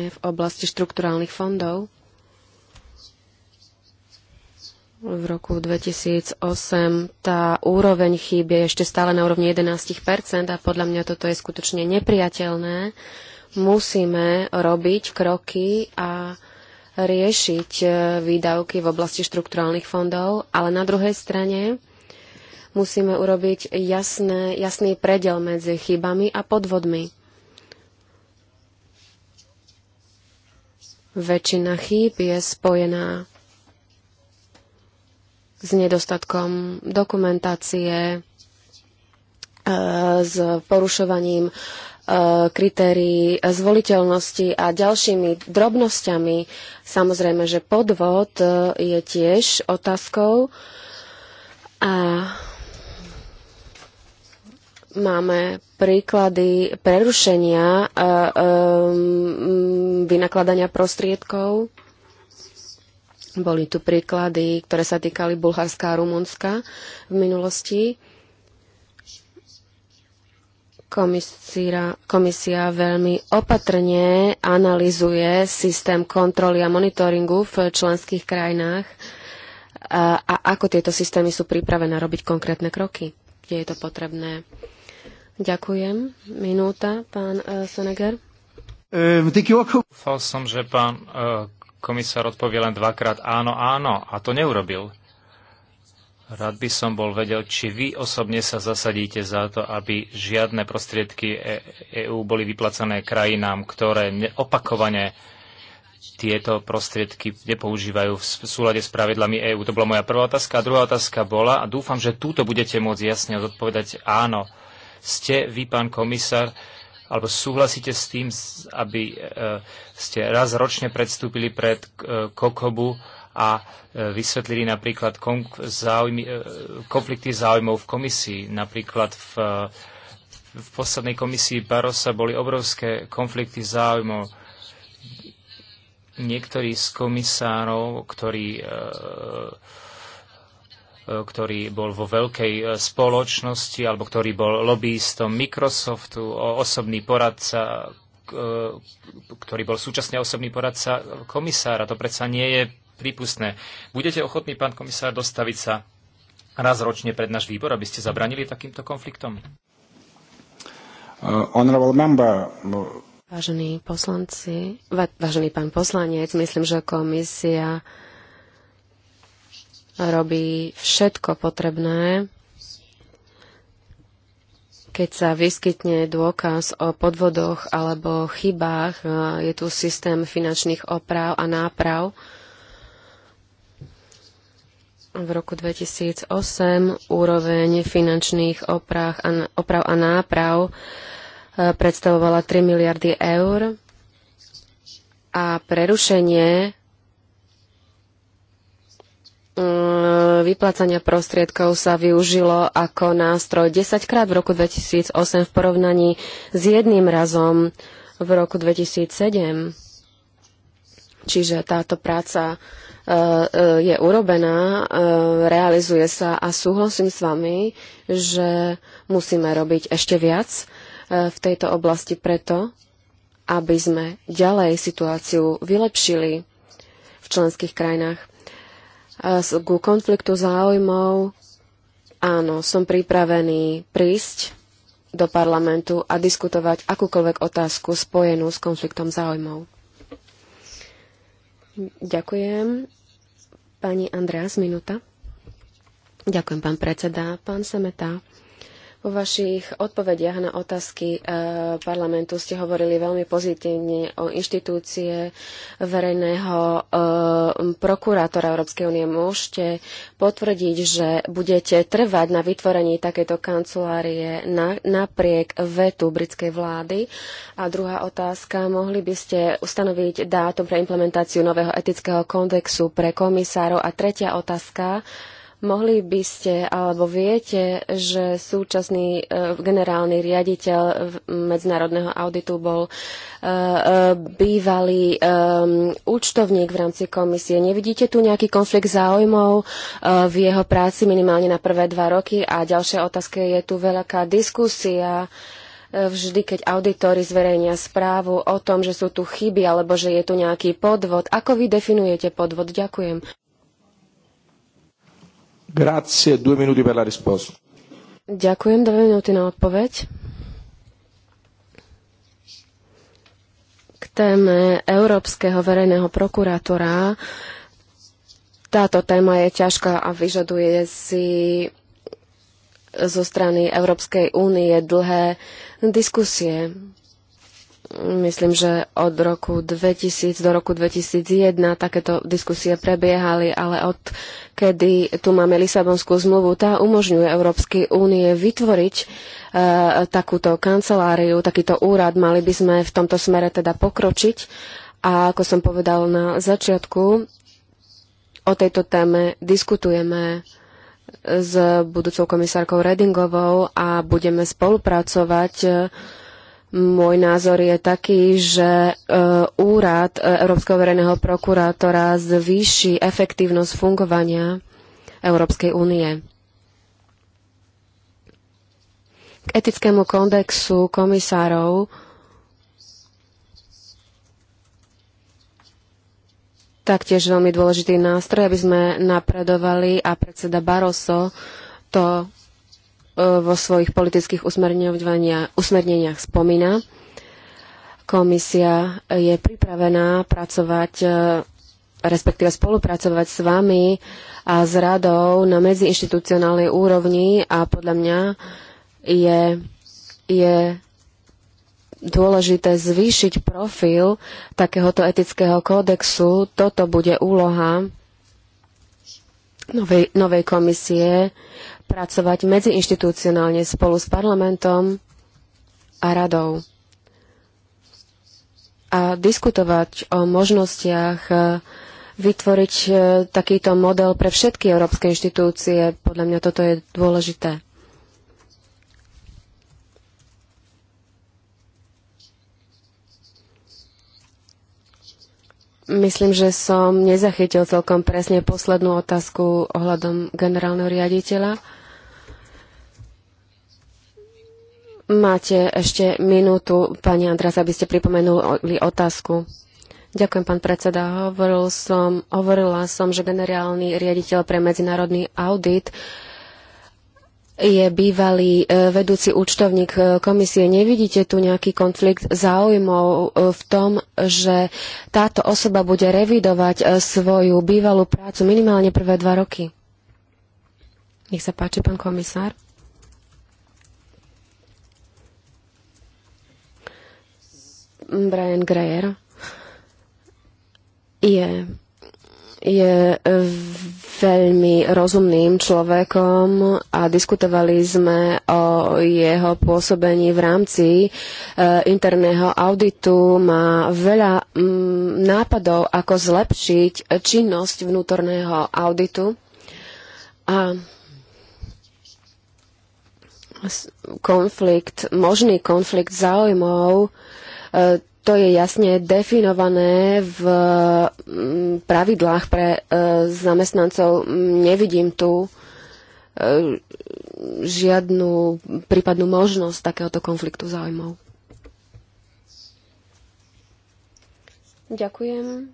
v oblasti štrukturálnych fondov. V roku 2008 tá úroveň chýb je ešte stále na úrovni 11 a podľa mňa toto je skutočne nepriateľné. Musíme robiť kroky a riešiť e, výdavky v oblasti štrukturálnych fondov, ale na druhej strane musíme urobiť jasné, jasný predel medzi chybami a podvodmi. väčšina chýb je spojená s nedostatkom dokumentácie, e, s porušovaním e, kritérií zvoliteľnosti a ďalšími drobnosťami. Samozrejme, že podvod e, je tiež otázkou a máme príklady prerušenia e, e, vynakladania prostriedkov. Boli tu príklady, ktoré sa týkali Bulharska a Rumunska v minulosti. Komisia, komisia veľmi opatrne analizuje systém kontroly a monitoringu v členských krajinách a, e, a ako tieto systémy sú pripravené robiť konkrétne kroky, kde je to potrebné. Ďakujem. Minúta, pán eh, Seneger. Dúfal ehm, som, že pán eh, komisár odpovie len dvakrát áno, áno, a to neurobil. Rád by som bol vedel, či vy osobne sa zasadíte za to, aby žiadne prostriedky EÚ e boli vyplacané krajinám, ktoré opakovane tieto prostriedky nepoužívajú v súlade s pravidlami EÚ. To bola moja prvá otázka. A druhá otázka bola, a dúfam, že túto budete môcť jasne odpovedať áno ste vy, pán komisár, alebo súhlasíte s tým, aby e, ste raz ročne predstúpili pred e, Kokobu a e, vysvetlili napríklad záujmy, konflikty záujmov v komisii. Napríklad v, v poslednej komisii Barosa boli obrovské konflikty záujmov. Niektorí z komisárov, ktorí ktorý bol vo veľkej e, spoločnosti alebo ktorý bol lobbyistom Microsoftu, osobný poradca, e, ktorý bol súčasne osobný poradca komisára. To predsa nie je prípustné. Budete ochotní, pán komisár, dostaviť sa raz ročne pred náš výbor, aby ste zabranili takýmto konfliktom? Uh, member. Uh, Vážení poslanci, vážený pán poslanec, myslím, že komisia robí všetko potrebné, keď sa vyskytne dôkaz o podvodoch alebo chybách. Je tu systém finančných oprav a náprav. V roku 2008 úroveň finančných oprav a, oprav a náprav e, predstavovala 3 miliardy eur a prerušenie Mm, vyplácania prostriedkov sa využilo ako nástroj 10 krát v roku 2008 v porovnaní s jedným razom v roku 2007. Čiže táto práca e, e, je urobená, e, realizuje sa a súhlasím s vami, že musíme robiť ešte viac v tejto oblasti preto, aby sme ďalej situáciu vylepšili v členských krajinách ku konfliktu záujmov, áno, som pripravený prísť do parlamentu a diskutovať akúkoľvek otázku spojenú s konfliktom záujmov. Ďakujem. Pani Andreas, minúta. Ďakujem, pán predseda. Pán Semeta, vo vašich odpovediach na otázky eh, parlamentu ste hovorili veľmi pozitívne o inštitúcie verejného eh, prokurátora Európskej únie. Môžete potvrdiť, že budete trvať na vytvorení takéto kancelárie napriek vetu britskej vlády? A druhá otázka, mohli by ste ustanoviť dátum pre implementáciu nového etického kódexu pre komisárov? A tretia otázka, Mohli by ste, alebo viete, že súčasný e, generálny riaditeľ medzinárodného auditu bol e, e, bývalý e, účtovník v rámci komisie. Nevidíte tu nejaký konflikt záujmov e, v jeho práci minimálne na prvé dva roky? A ďalšia otázka je tu veľká diskusia e, vždy, keď auditori zverejnia správu o tom, že sú tu chyby alebo že je tu nejaký podvod. Ako vy definujete podvod? Ďakujem. Grazie, due minuti per la risposta. Ďakujem, dve minúty na odpoveď. K téme Európskeho verejného prokurátora. Táto téma je ťažká a vyžaduje si zo strany Európskej únie dlhé diskusie. Myslím, že od roku 2000 do roku 2001 takéto diskusie prebiehali, ale od kedy tu máme Lisabonskú zmluvu, tá umožňuje Európskej únie vytvoriť e, takúto kanceláriu, takýto úrad. Mali by sme v tomto smere teda pokročiť. A ako som povedal na začiatku, o tejto téme diskutujeme s budúcou komisárkou Redingovou a budeme spolupracovať e, môj názor je taký, že e, úrad e, Európskeho verejného prokurátora zvýši efektívnosť fungovania Európskej únie. K etickému kódexu komisárov taktiež veľmi dôležitý nástroj, aby sme napredovali a predseda Barroso to E, vo svojich politických usmerneniach spomína. Komisia je pripravená pracovať, e, respektíve spolupracovať s vami a s radou na medziinstitucionálnej úrovni a podľa mňa je, je dôležité zvýšiť profil takéhoto etického kódexu. Toto bude úloha novej, novej komisie spolupracovať medziinštitucionálne spolu s parlamentom a radou a diskutovať o možnostiach e, vytvoriť e, takýto model pre všetky európske inštitúcie. Podľa mňa toto je dôležité. Myslím, že som nezachytil celkom presne poslednú otázku ohľadom generálneho riaditeľa. Máte ešte minútu, pani Andras, aby ste pripomenuli otázku. Ďakujem, pán predseda. Hovoril som, hovorila som, že generálny riaditeľ pre medzinárodný audit je bývalý e, vedúci účtovník e, komisie. Nevidíte tu nejaký konflikt záujmov e, v tom, že táto osoba bude revidovať svoju bývalú prácu minimálne prvé dva roky? Nech sa páči, pán komisár. Brian Greyer je, je veľmi rozumným človekom a diskutovali sme o jeho pôsobení v rámci e, interného auditu. Má veľa m, nápadov, ako zlepšiť činnosť vnútorného auditu. A konflikt, možný konflikt záujmov E, to je jasne definované v mm, pravidlách pre e, zamestnancov. Nevidím tu e, žiadnu prípadnú možnosť takéhoto konfliktu záujmov. Ďakujem.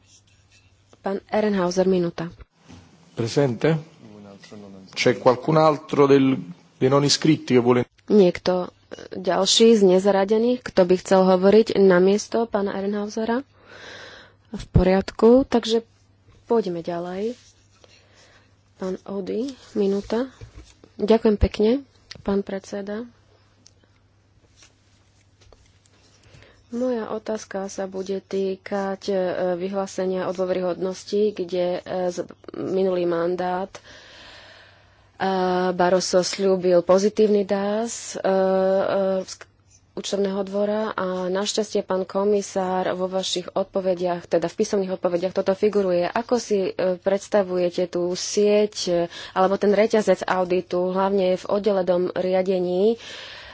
Pán Ehrenhauser, minúta. Presente. C'è qualcun altro del, dei non iscritti che vuole... Niekto ďalší z nezaradených, kto by chcel hovoriť na miesto pána Erenhausera? V poriadku, takže poďme ďalej. Pán Ody, minúta. Ďakujem pekne, pán predseda. Moja otázka sa bude týkať e, vyhlásenia o dôveryhodnosti, kde e, minulý mandát uh, Eh, Barroso slúbil pozitívny dás eh, eh, z účtovného dvora a našťastie, pán komisár, vo vašich odpovediach, teda v písomných odpovediach toto figuruje. Ako si predstavujete tú sieť alebo ten reťazec auditu, hlavne v oddeledom riadení, uh,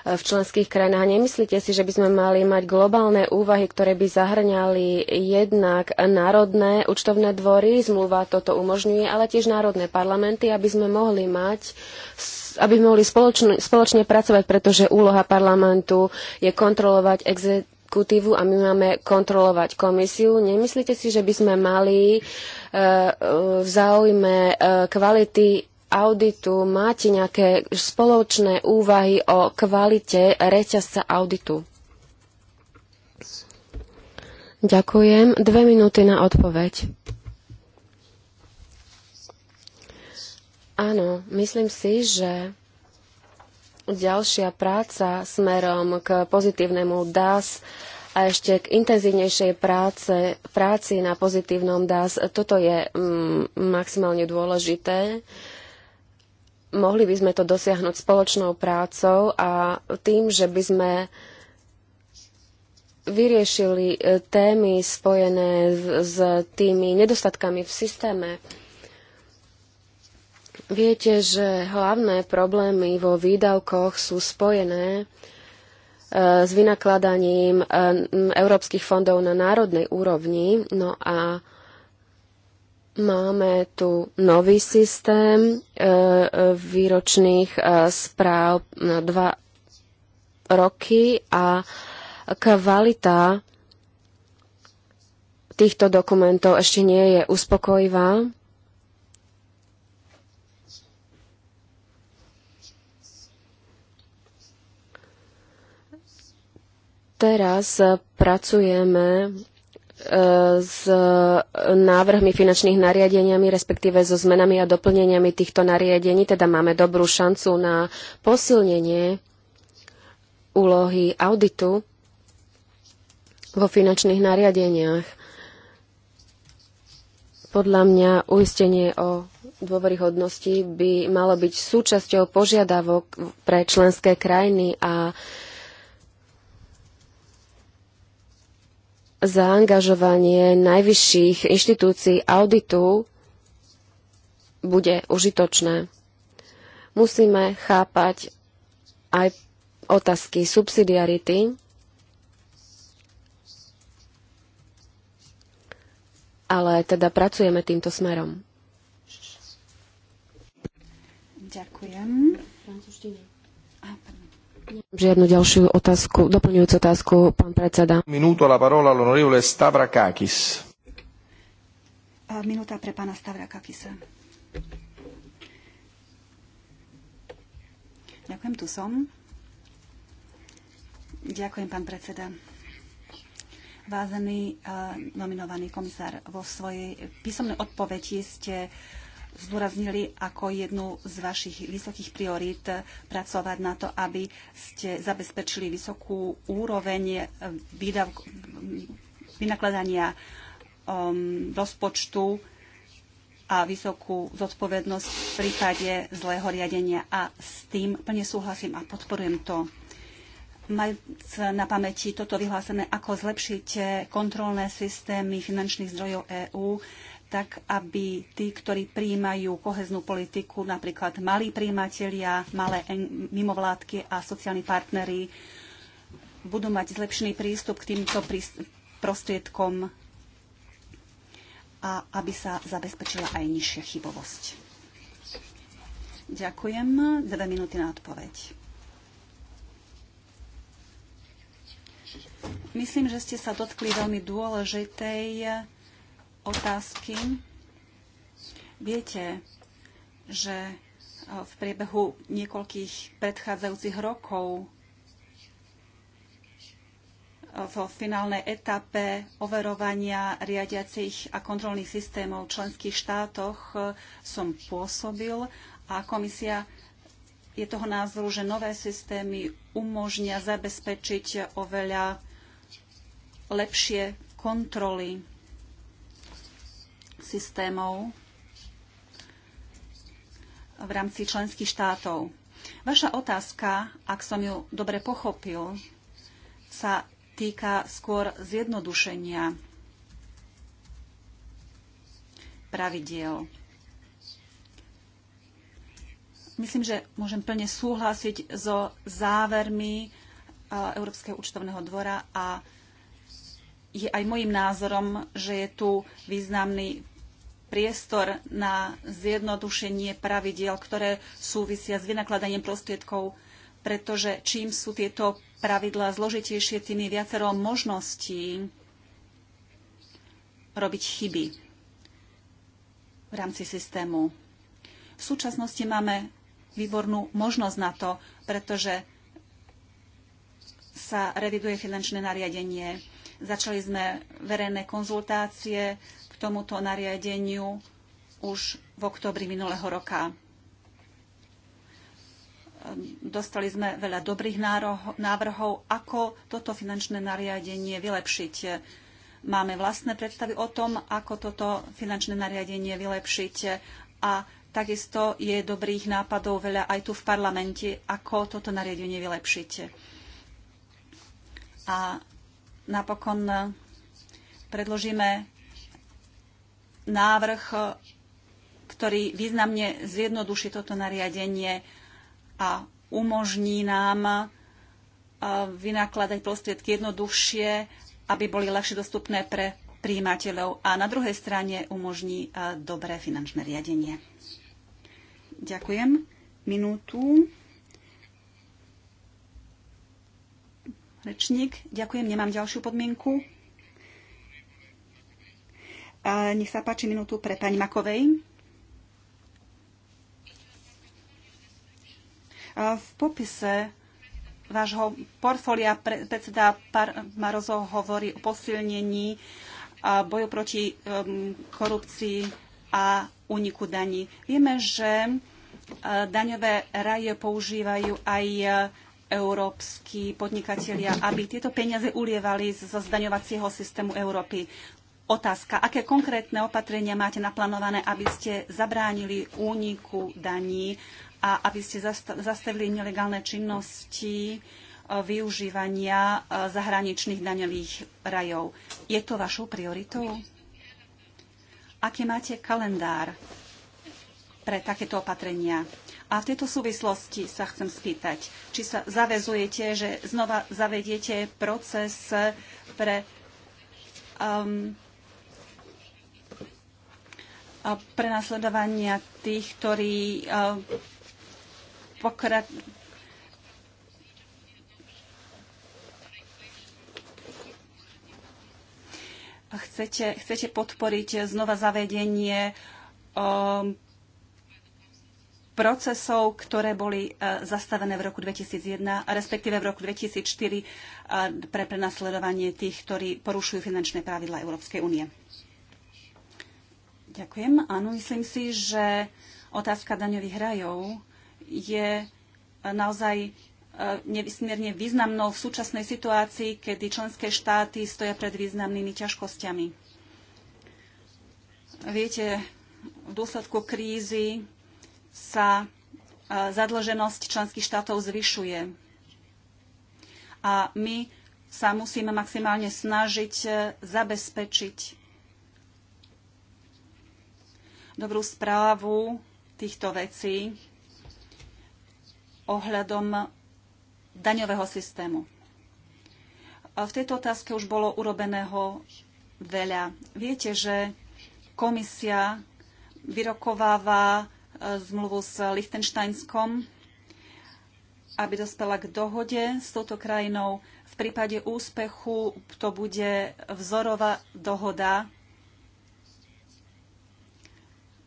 v členských krajinách. Nemyslíte si, že by sme mali mať globálne úvahy, ktoré by zahrňali jednak národné účtovné dvory, zmluva toto umožňuje, ale tiež národné parlamenty, aby sme mohli mať aby sme mohli spoločne, spoločne pracovať, pretože úloha parlamentu je kontrolovať exekutívu a my máme kontrolovať komisiu. Nemyslíte si, že by sme mali e, e, v záujme e, kvality auditu máte nejaké spoločné úvahy o kvalite reťazca auditu? Ďakujem. Dve minúty na odpoveď. Áno, myslím si, že ďalšia práca smerom k pozitívnemu DAS a ešte k intenzívnejšej práce, práci na pozitívnom DAS, toto je mm, maximálne dôležité. Uh, mohli by sme to dosiahnuť spoločnou prácou a tým, že by sme vyriešili e, témy spojené s tými nedostatkami v systéme. Viete, že hlavné problémy vo výdavkoch sú spojené e, s vynakladaním e, európskych fondov na národnej úrovni. No a Máme tu nový systém e, e, výročných e, správ na dva roky a kvalita týchto dokumentov ešte nie je uspokojivá. Teraz pracujeme s e, návrhmi finančných nariadeniami, respektíve so zmenami a doplneniami týchto nariadení, teda máme dobrú šancu na posilnenie úlohy auditu vo finančných nariadeniach. Podľa mňa uistenie o dôveryhodnosti by malo byť súčasťou požiadavok pre členské krajiny a zaangažovanie najvyšších inštitúcií auditu bude užitočné. Musíme chápať aj otázky subsidiarity, ale teda pracujeme týmto smerom. Ďakujem. Francúzština. Žiadnu ďalšiu otázku, doplňujúcu otázku, pán predseda. Minúto la parola l'onorevole Stavrakakis. Minúta pre pána Stavrakakisa. Ďakujem, tu som. Ďakujem, pán predseda. Vázený eh, nominovaný komisár, vo svojej písomnej odpovedi ste uh, zdôraznili ako jednu z vašich vysokých priorít pracovať na to, aby ste zabezpečili vysokú úroveň eh, výdavk- vynakladania um, rozpočtu a vysokú zodpovednosť v prípade zlého riadenia. A s tým plne súhlasím a podporujem to. Majúc na pamäti toto vyhlásené, ako zlepšiť kontrolné systémy finančných zdrojov EÚ, tak aby tí, ktorí príjmajú koheznú politiku, napríklad malí príjmatelia, malé mimovládky a sociálni partnery, budú mať zlepšený prístup k týmto prostriedkom a aby sa zabezpečila aj nižšia chybovosť. Ďakujem. Dve minúty na odpoveď. Myslím, že ste sa dotkli veľmi dôležitej otázky. Viete, že eh, v priebehu niekoľkých predchádzajúcich rokov eh, v finálnej etape overovania riadiacich a kontrolných systémov v členských štátoch eh, som pôsobil a komisia je toho názoru, že nové systémy umožnia zabezpečiť oveľa lepšie kontroly systémov v rámci členských štátov. Vaša otázka, ak som ju dobre pochopil, sa týka skôr zjednodušenia pravidiel. Myslím, že môžem plne súhlasiť so závermi Európskeho účtovného dvora a je aj môjim názorom, že je tu významný priestor na zjednodušenie pravidiel, ktoré súvisia s vynakladaním prostriedkov, pretože čím sú tieto pravidlá zložitejšie, tým je viacero možností robiť chyby v rámci systému. V súčasnosti máme výbornú možnosť na to, pretože sa reviduje finančné nariadenie. Začali sme verejné konzultácie k tomuto nariadeniu už v oktobri minulého roka. Dostali sme veľa dobrých návrhov, ako toto finančné nariadenie vylepšiť. Máme vlastné predstavy o tom, ako toto finančné nariadenie vylepšiť a takisto je dobrých nápadov veľa aj tu v parlamente, ako toto nariadenie vylepšiť. A napokon predložíme návrh, e, ktorý významne zjednoduší toto nariadenie a umožní nám e, vynakladať prostriedky jednoduchšie, aby boli ľahšie dostupné pre príjimateľov a na druhej strane umožní e, dobré finančné riadenie. Ďakujem. Minútu. Rečník, ďakujem, nemám ďalšiu podmienku. A nech sa páči minútu pre pani Makovej. v popise vášho portfólia predseda Marozov hovorí o posilnení boju proti um, korupcii a úniku daní. Vieme, že daňové raje používajú aj európsky podnikatelia, aby tieto peniaze ulievali zo zdaňovacieho systému Európy. Otázka, aké konkrétne opatrenia máte naplánované, aby ste zabránili úniku daní a aby ste zastavili nelegálne činnosti e, využívania e, zahraničných daňových rajov. Je to vašou prioritou? Aký máte kalendár pre takéto opatrenia? A v tejto súvislosti sa chcem spýtať, či sa zavezujete, že znova zavediete proces pre um, prenasledovania tých, ktorí e, pokrat. chcete, chcete podporiť znova zavedenie um, procesov, ktoré boli uh, zastavené v roku 2001, respektíve v roku 2004 uh, pre prenasledovanie tých, ktorí porušujú finančné pravidla Európskej únie. Ďakujem. Áno, myslím si, že otázka daňových rajov je eh, naozaj eh, nevysmierne významnou v súčasnej situácii, kedy členské štáty stoja pred významnými ťažkosťami. Viete, v dôsledku krízy sa eh, zadlženosť členských štátov zvyšuje. A my sa musíme maximálne snažiť zabezpečiť dobrú správu týchto vecí ohľadom daňového systému. A v tejto otázke už bolo urobeného veľa. Viete, že komisia vyrokováva e, zmluvu s Lichtensteinskom, aby dospela k dohode s touto krajinou. V prípade úspechu to bude vzorová dohoda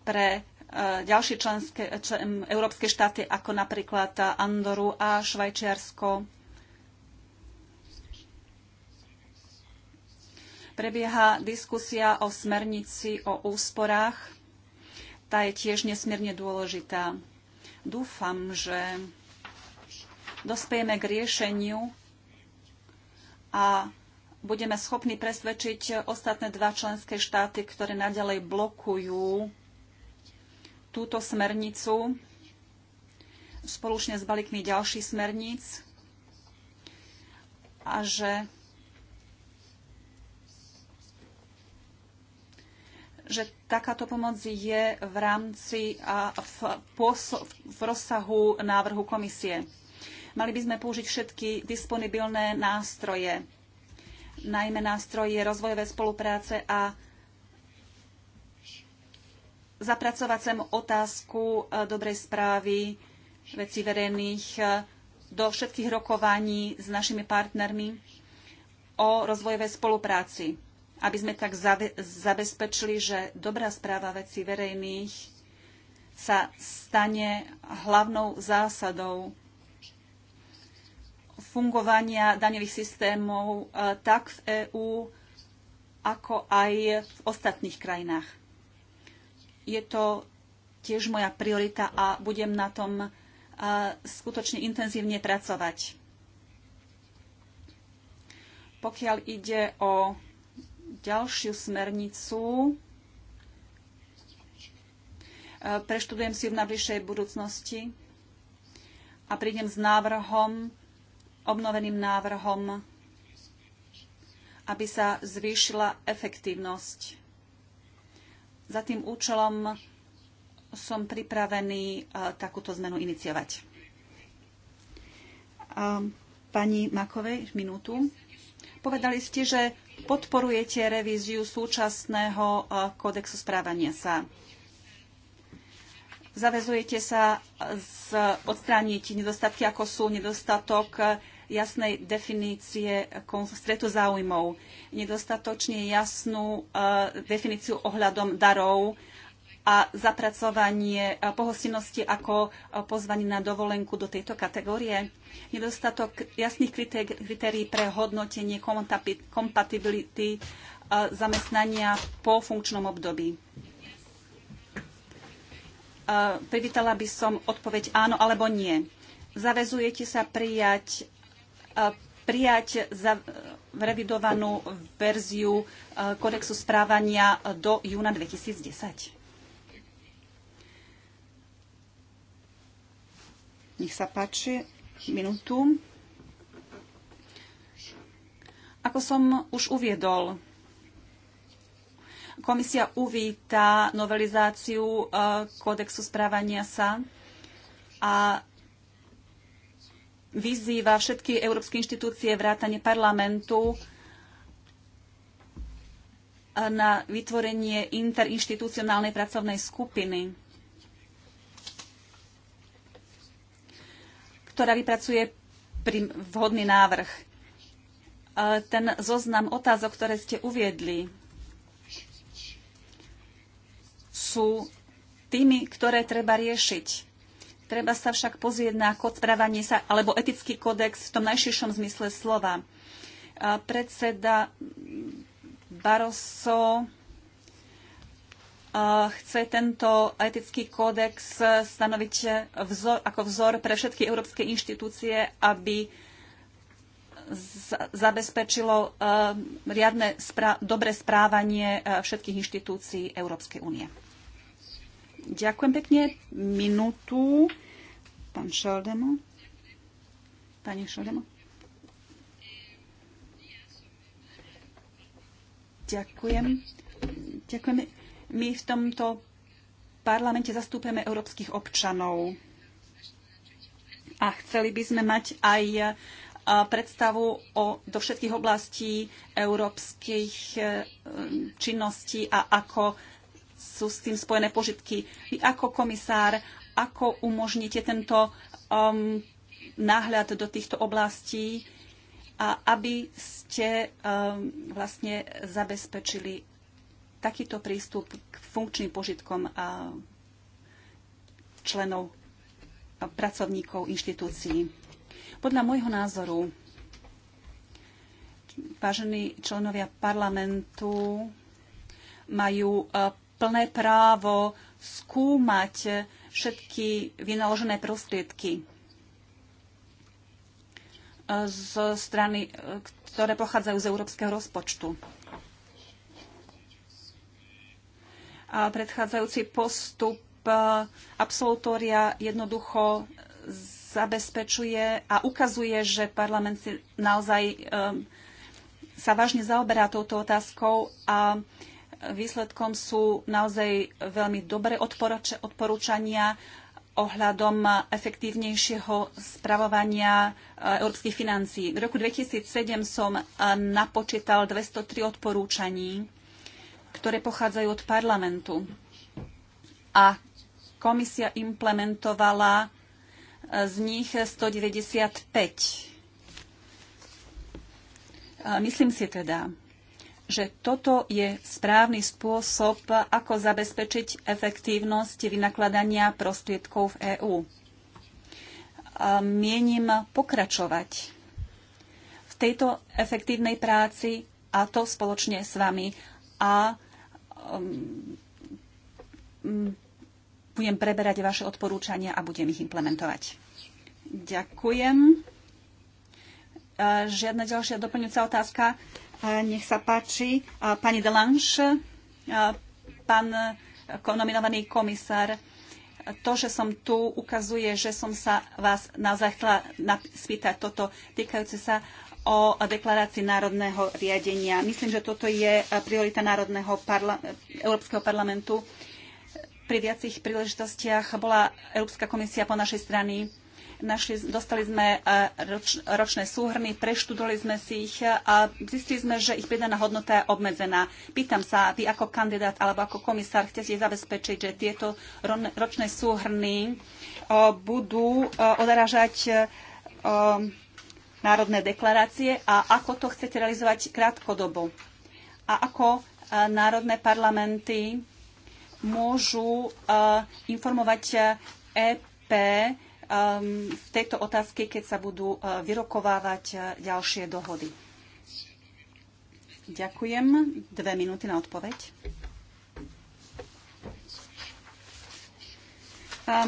pre e, ďalšie členské, člen, európske štáty, ako napríklad Andoru a Švajčiarsko. Prebieha diskusia o smernici o úsporách. Tá je tiež nesmierne dôležitá. Dúfam, že dospejeme k riešeniu a budeme schopní presvedčiť ostatné dva členské štáty, ktoré nadalej blokujú túto smernicu spolučne s balíkmi ďalších smerníc a že, že takáto pomoc je v rámci a v, v rozsahu návrhu komisie. Mali by sme použiť všetky disponibilné nástroje, najmä nástroje rozvojové spolupráce a zapracovať sem otázku e, dobrej správy vecí verejných e, do všetkých rokovaní s našimi partnermi o rozvojovej spolupráci, aby sme tak zabezpečili, že dobrá správa vecí verejných sa stane hlavnou zásadou fungovania daňových systémov e, tak v EÚ, ako aj v ostatných krajinách je to tiež moja priorita a budem na tom skutočne intenzívne pracovať. Pokiaľ ide o ďalšiu smernicu, preštudujem si ju v najbližšej budúcnosti a prídem s návrhom, obnoveným návrhom, aby sa zvýšila efektívnosť za tým účelom som pripravený e, takúto zmenu iniciovať. Pani Makovej, minútu. Povedali ste, že podporujete revíziu súčasného e, kódexu správania sa. Zavezujete sa odstrániť nedostatky, ako sú nedostatok jasnej definície stretu záujmov, nedostatočne jasnú e, definíciu ohľadom darov a zapracovanie e, pohostinnosti ako e, pozvanie na dovolenku do tejto kategórie, nedostatok jasných kritérií pre hodnotenie kompatibility zamestnania po funkčnom období. Privítala by som odpoveď áno alebo nie. Zavezujete sa prijať prijať za revidovanú verziu e, kodexu správania do júna 2010. Nech sa páči, minútu. Ako som už uviedol, komisia uvíta novelizáciu e, kódexu správania sa a vyzýva všetky európske inštitúcie vrátane parlamentu na vytvorenie interinštitucionálnej pracovnej skupiny, ktorá vypracuje vhodný návrh. E, ten zoznam otázok, ktoré ste uviedli, sú tými, ktoré treba riešiť Treba sa však pozrieť na kód správanie sa alebo etický kódex v tom najširšom zmysle slova. Predseda Barroso chce tento etický kódex stanoviť vzor, ako vzor pre všetky európske inštitúcie, aby zabezpečilo riadne dobré správanie všetkých inštitúcií Európskej únie. Ďakujem pekne. Minútu. Pán Šeldemo. Pani Šeldemo. Ďakujem. Ďakujem. My v tomto parlamente zastúpeme európskych občanov. A chceli by sme mať aj predstavu o, do všetkých oblastí európskych e, činností a ako sú s tým spojené požitky. Vy ako komisár, ako umožníte tento um, náhľad do týchto oblastí a aby ste um, vlastne zabezpečili takýto prístup k funkčným požitkom a uh, členov a pracovníkov inštitúcií. Podľa môjho názoru, vážení členovia parlamentu, majú uh, plné právo skúmať všetky vynaložené prostriedky zo strany, ktoré pochádzajú z európskeho rozpočtu. A predchádzajúci postup e, absolutória jednoducho zabezpečuje a ukazuje, že parlament si naozaj um, sa vážne zaoberá touto otázkou a Výsledkom sú naozaj veľmi dobré odporúčania ohľadom efektívnejšieho spravovania e, európskych financí. V roku 2007 som e, napočítal 203 odporúčaní, ktoré pochádzajú od parlamentu. A komisia implementovala e, z nich 195. Myslím si teda, že toto je správny spôsob, ako zabezpečiť efektívnosť vynakladania prostriedkov v EÚ. Mienim pokračovať v tejto efektívnej práci a to spoločne s vami. A um, budem preberať vaše odporúčania a budem ich implementovať. Ďakujem. Žiadna ďalšia doplňujúca otázka. Nech sa páči. Pani Delange, pán nominovaný komisár, to, že som tu, ukazuje, že som sa vás naozaj chcela spýtať toto týkajúce sa o deklarácii národného riadenia. Myslím, že toto je priorita Národného parla- Európskeho parlamentu. Pri viacich príležitostiach bola Európska komisia po našej strane Našli, dostali sme e, roč, ročné súhrny, preštudovali sme si ich a zistili sme, že ich pridaná hodnota je obmedzená. Pýtam sa, vy ako kandidát alebo ako komisár chcete zabezpečiť, že tieto ročné súhrny e, budú e, odrážať národné deklarácie a ako to chcete realizovať krátkodobo a ako národné parlamenty môžu informovať EP Um, v tejto otázke, keď sa budú uh, vyrokovávať uh, ďalšie dohody. Ďakujem. Dve minúty na odpoveď.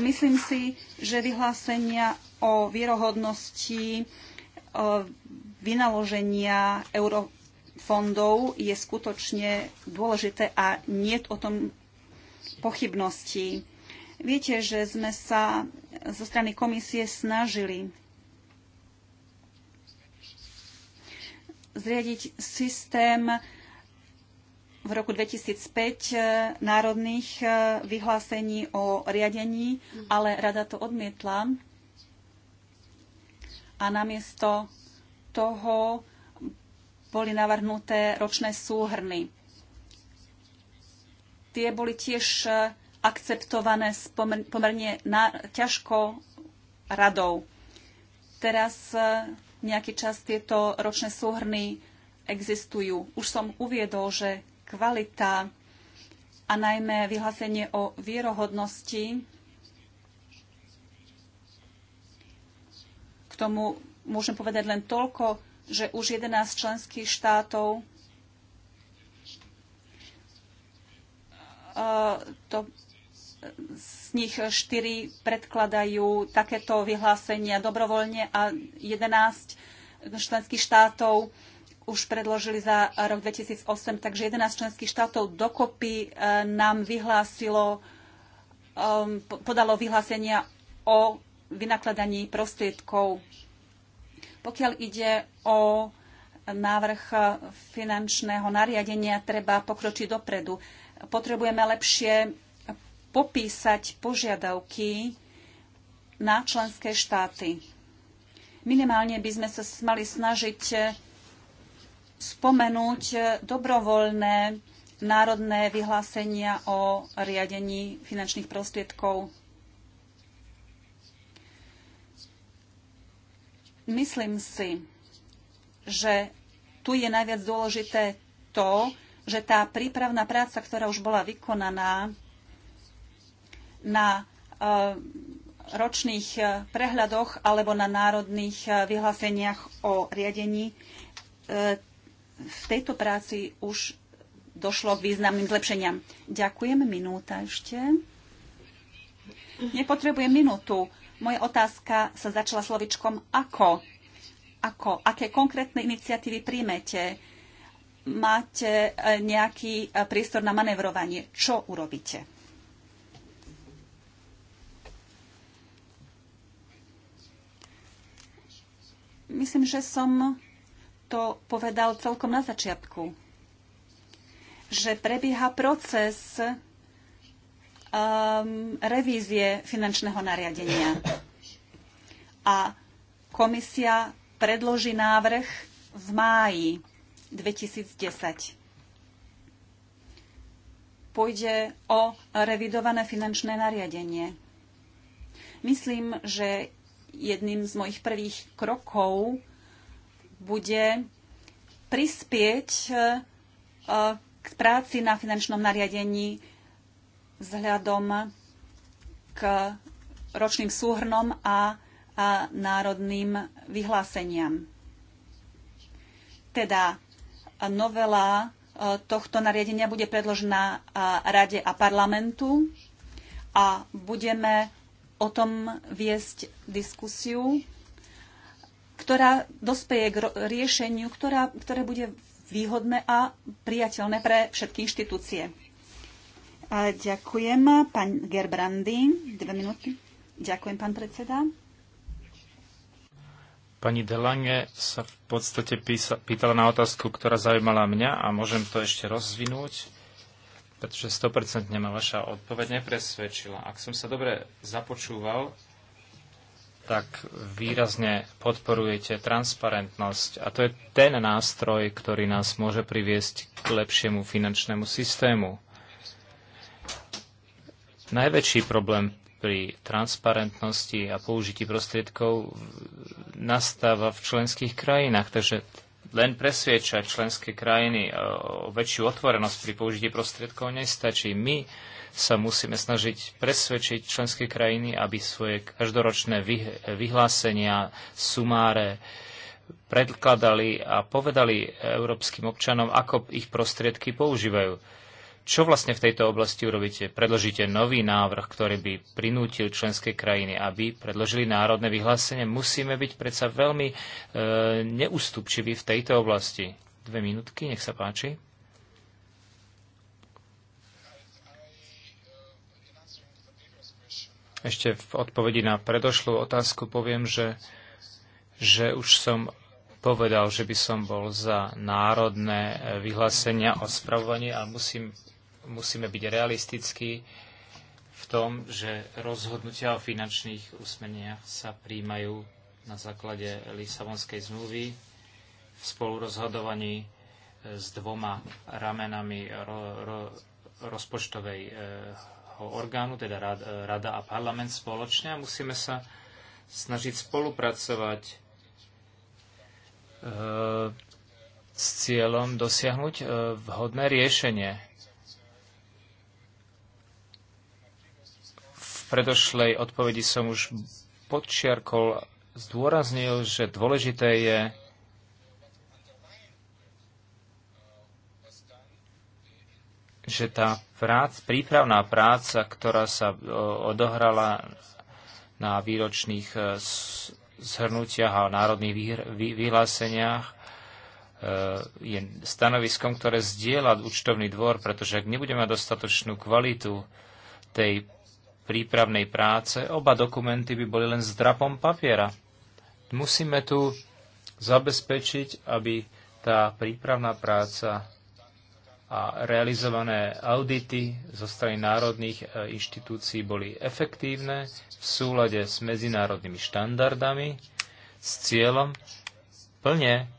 Myslím si, že vyhlásenia o vierohodnosti vynaloženia eurofondov je skutočne dôležité a nie o tom pochybnosti. Viete, že sme sa zo strany komisie snažili zriadiť systém v roku 2005 eh, národných eh, vyhlásení o riadení, ale rada to odmietla a namiesto toho boli navrhnuté ročné súhrny. Tie boli tiež eh, akceptované pomerne ťažko radou. Teraz e, nejaký čas tieto ročné súhrny existujú. Už som uviedol, že kvalita a najmä vyhlásenie o vierohodnosti k tomu môžem povedať len toľko, že už 11 členských štátov e, to z nich 4 predkladajú takéto vyhlásenia dobrovoľne a 11 členských štátov už predložili za rok 2008, takže 11 členských štátov dokopy e, nám vyhlásilo, um, podalo vyhlásenia o vynakladaní prostriedkov. Pokiaľ ide o návrh finančného nariadenia, treba pokročiť dopredu. Potrebujeme lepšie popísať požiadavky na členské štáty. Minimálne by sme sa mali snažiť spomenúť dobrovoľné národné vyhlásenia o riadení finančných prostriedkov. Myslím si, že tu je najviac dôležité to, že tá prípravná práca, ktorá už bola vykonaná, na eh, ročných eh, prehľadoch alebo na národných eh, vyhláseniach o riadení. V tejto práci už došlo k významným zlepšeniam. Ďakujem. Minúta ešte. Nepotrebujem minútu. Moja otázka sa začala slovičkom ako. Ako? Aké konkrétne iniciatívy príjmete? Máte nejaký priestor na manevrovanie? Čo urobíte? Myslím, že som to povedal celkom na začiatku, že prebieha proces um, revízie finančného nariadenia a komisia predloží návrh v máji 2010. Pôjde o revidované finančné nariadenie. Myslím, že jedným z mojich prvých krokov bude prispieť e, e, k práci na finančnom nariadení vzhľadom k ročným súhrnom a, národným vyhláseniam. Teda novela e, tohto nariadenia bude predložená Rade a parlamentu a budeme o tom viesť diskusiu, ktorá dospeje k riešeniu, ktorá, ktoré bude výhodné a priateľné pre všetky inštitúcie. A ďakujem, pán Gerbrandy. Dve minúty. Ďakujem, pán predseda. Pani Delange sa v podstate písa, pýtala na otázku, ktorá zaujímala mňa a môžem to ešte rozvinúť pretože 100% ma vaša odpoveď nepresvedčila. Ak som sa dobre započúval, tak výrazne podporujete transparentnosť a to je ten nástroj, ktorý nás môže priviesť k lepšiemu finančnému systému. Najväčší problém pri transparentnosti a použití prostriedkov nastáva v členských krajinách, takže len presviečať členské krajiny e, o väčšiu otvorenosť pri použití prostriedkov nestačí. My sa musíme snažiť presvedčiť členské krajiny, aby svoje každoročné vyhlásenia, sumáre predkladali a povedali európskym občanom, ako ich prostriedky používajú čo vlastne v tejto oblasti urobíte? Predložíte nový návrh, ktorý by prinútil členské krajiny, aby predložili národné vyhlásenie. Musíme byť predsa veľmi e, neústupčiví v tejto oblasti. Dve minútky, nech sa páči. Ešte v odpovedi na predošlú otázku poviem, že, že už som povedal, že by som bol za národné e, vyhlásenia o spravovaní, ale musím musíme byť realistickí v tom, že rozhodnutia o finančných úsmeniach sa príjmajú na základe Lisabonskej zmluvy v spolurozhodovaní e, s dvoma ramenami ro, ro, rozpočtového e, orgánu, teda e, rada a parlament spoločne a musíme sa snažiť spolupracovať e, s cieľom dosiahnuť e, vhodné riešenie predošlej odpovedi som už podčiarkol, zdôraznil, že dôležité je že tá prác, prípravná práca, ktorá sa odohrala na výročných e, zhrnutiach a národných vyhláseniach, e, je stanoviskom, ktoré zdieľa účtovný dvor, pretože ak nebudeme mať dostatočnú kvalitu tej prípravnej práce, oba dokumenty by boli len zdrapom papiera. Musíme tu zabezpečiť, aby tá prípravná práca a realizované audity zo strany národných e, inštitúcií boli efektívne v súlade s medzinárodnými štandardami s cieľom plne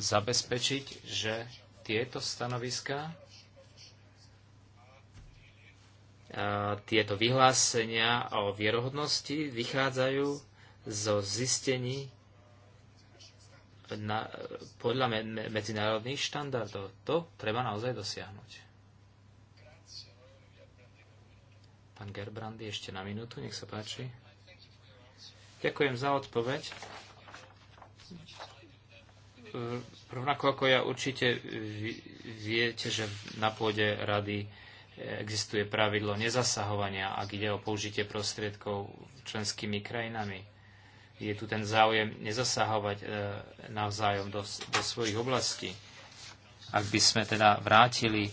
zabezpečiť, že tieto stanoviská tieto vyhlásenia o vierohodnosti vychádzajú zo zistení na, podľa me, me, medzinárodných štandardov. To treba naozaj dosiahnuť. Pán Gerbrandy, ešte na minútu, nech sa páči. Ďakujem za odpoveď. Rovnako ako ja určite viete, že na pôde rady existuje pravidlo nezasahovania, ak ide o použitie prostriedkov členskými krajinami. Je tu ten záujem nezasahovať e, navzájom do, do svojich oblastí. Ak by sme teda vrátili e, e,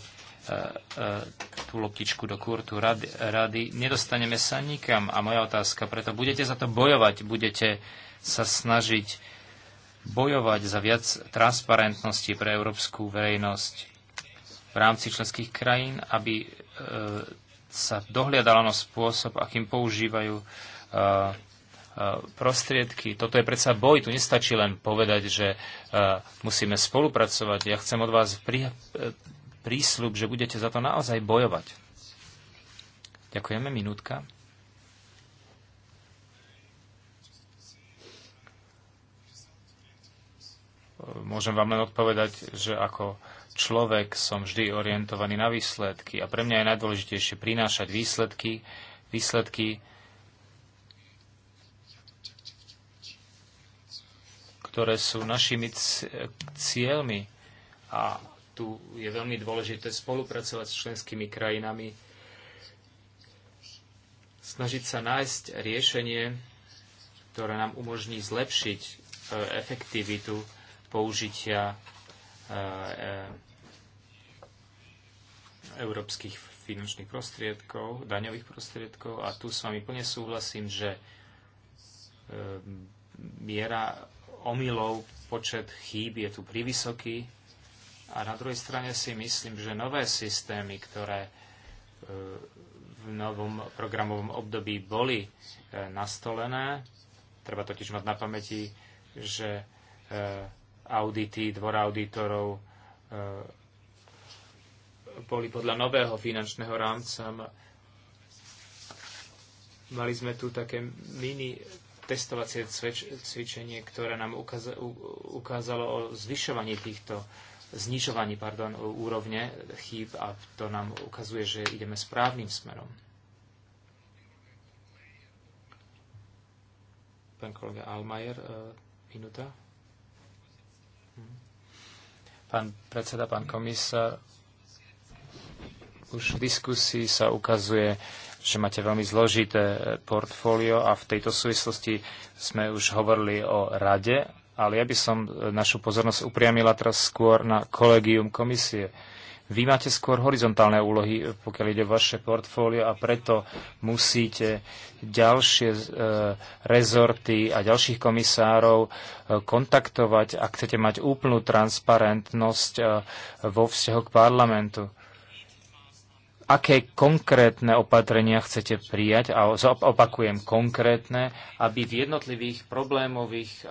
tú loptičku do kurtu rady, rady, nedostaneme sa nikam. A moja otázka, preto budete za to bojovať, budete sa snažiť bojovať za viac transparentnosti pre európsku verejnosť, v rámci členských krajín, aby e, sa dohliadalo na spôsob, akým používajú e, e, prostriedky. Toto je predsa boj, tu nestačí len povedať, že musíme spolupracovať. Ja chcem od vás prí, prísľub, že budete za to naozaj bojovať. Ďakujeme, minútka. Môžem vám len odpovedať, že ako človek, som vždy orientovaný na výsledky a pre mňa je najdôležitejšie prinášať výsledky, výsledky, ktoré sú našimi cieľmi. A tu je veľmi dôležité spolupracovať s členskými krajinami, snažiť sa nájsť riešenie, ktoré nám umožní zlepšiť e, efektivitu použitia E, európskych finančných prostriedkov, daňových prostriedkov a tu s vami plne súhlasím, že e, miera omylov, počet chýb je tu privysoký a na druhej strane si myslím, že nové systémy, ktoré e, v novom programovom období boli nastolené, treba totiž mať na pamäti, že audity dvora auditorov eh, boli podľa nového finančného rámca. Mali sme tu také mini testovacie cvičenie, ktoré nám ukázalo o zvyšovaní týchto znižovaní pardon, úrovne chýb a to nám ukazuje, že ideme správnym smerom. Pán kolega Almajer, eh, minúta. Pán predseda, pán komisár, už v diskusii sa ukazuje, že máte veľmi zložité e, portfólio a v tejto súvislosti sme už hovorili o rade, ale ja by som e, našu pozornosť upriamila teraz skôr na kolegium komisie. Vy máte skôr horizontálne úlohy, eh, pokiaľ ide o vaše portfólio a preto musíte ďalšie e, rezorty a ďalších komisárov e, kontaktovať, ak chcete mať úplnú transparentnosť e, vo vzťahu k parlamentu aké konkrétne opatrenia chcete prijať, a opakujem konkrétne, aby v jednotlivých problémových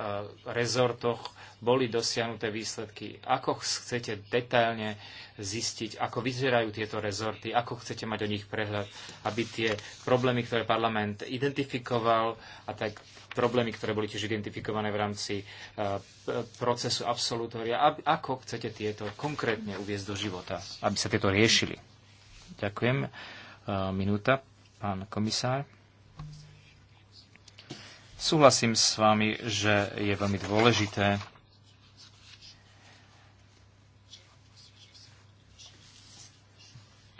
rezortoch boli dosiahnuté výsledky, ako chcete detailne zistiť, ako vyzerajú tieto rezorty, ako chcete mať o nich prehľad, aby tie problémy, ktoré parlament identifikoval a tak problémy, ktoré boli tiež identifikované v rámci uh, procesu absolutória, aby, ako chcete tieto konkrétne uviezť do života, aby sa tieto riešili. Ďakujem. Uh, minúta, pán komisár. Súhlasím s vami, že je veľmi dôležité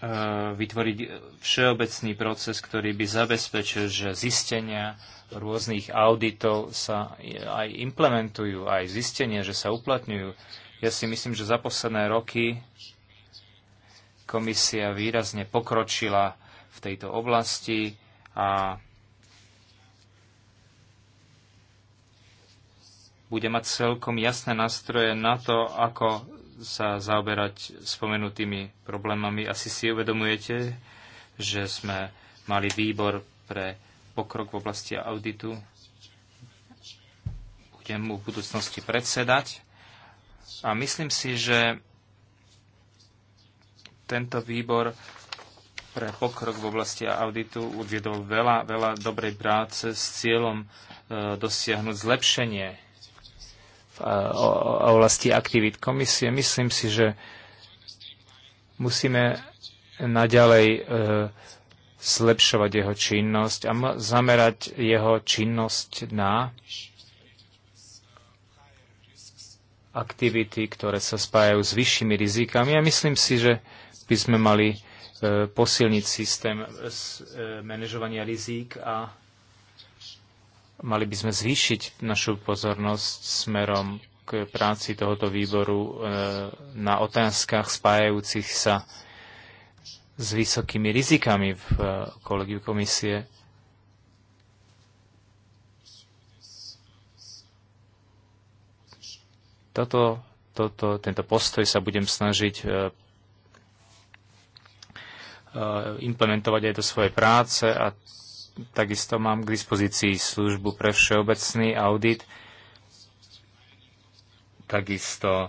Eh, vytvoriť všeobecný proces, ktorý by zabezpečil, že zistenia rôznych auditov sa aj implementujú, aj zistenia, že sa uplatňujú. Ja si myslím, že za posledné roky komisia výrazne pokročila v tejto oblasti a bude mať celkom jasné nástroje na to, ako sa zaoberať spomenutými problémami. Asi si uvedomujete, že sme mali výbor pre pokrok v oblasti auditu. Budem mu v budúcnosti predsedať. A myslím si, že tento výbor pre pokrok v oblasti auditu uviedol veľa, veľa dobrej práce s cieľom e, dosiahnuť zlepšenie o vlasti aktivít komisie. Myslím si, že musíme naďalej e, zlepšovať jeho činnosť a zamerať jeho činnosť na aktivity, ktoré sa spájajú s vyššími rizikami. Ja myslím si, že by sme mali e, posilniť systém e, manažovania rizík a Mali by sme zvýšiť našu pozornosť smerom k práci tohoto výboru e, na otázkach spájajúcich sa s vysokými rizikami v e, kolegiu komisie. Toto, toto, tento postoj sa budem snažiť e, implementovať aj do svojej práce a takisto mám k dispozícii službu pre všeobecný audit, takisto e,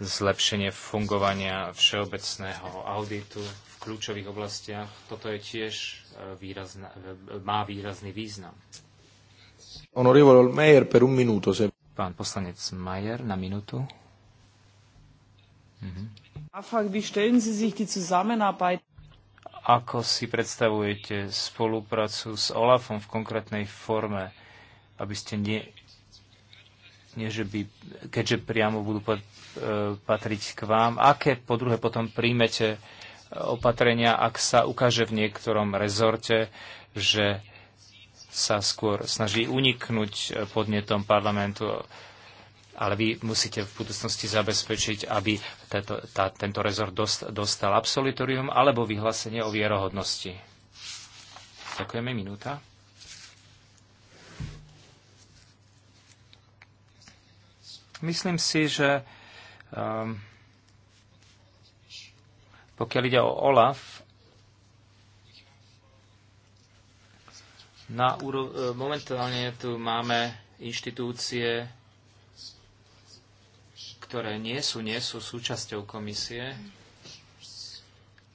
zlepšenie fungovania všeobecného auditu v kľúčových oblastiach. Toto je tiež e, výrazná, e, má výrazný význam. Honorevole Mayer per un minuto. Se... Pán poslanec Mayer na minútu. Mhm. Afak, wie stellen Sie sich die Zusammenarbeit ako si predstavujete spoluprácu s OLAFom v konkrétnej forme, aby ste nie, nie že by, keďže priamo budú e, patriť k vám, aké po druhé potom príjmete e, opatrenia, ak sa ukáže v niektorom rezorte, že sa skôr snaží uniknúť e, podnetom parlamentu ale vy musíte v budúcnosti zabezpečiť, aby tato, tá, tento rezort dostal absolutorium alebo vyhlásenie o vierohodnosti. Ďakujeme, minúta. Myslím si, že um, pokiaľ ide o OLAF, na úrov- e, momentálne tu máme inštitúcie, ktoré nie sú, nie sú súčasťou komisie.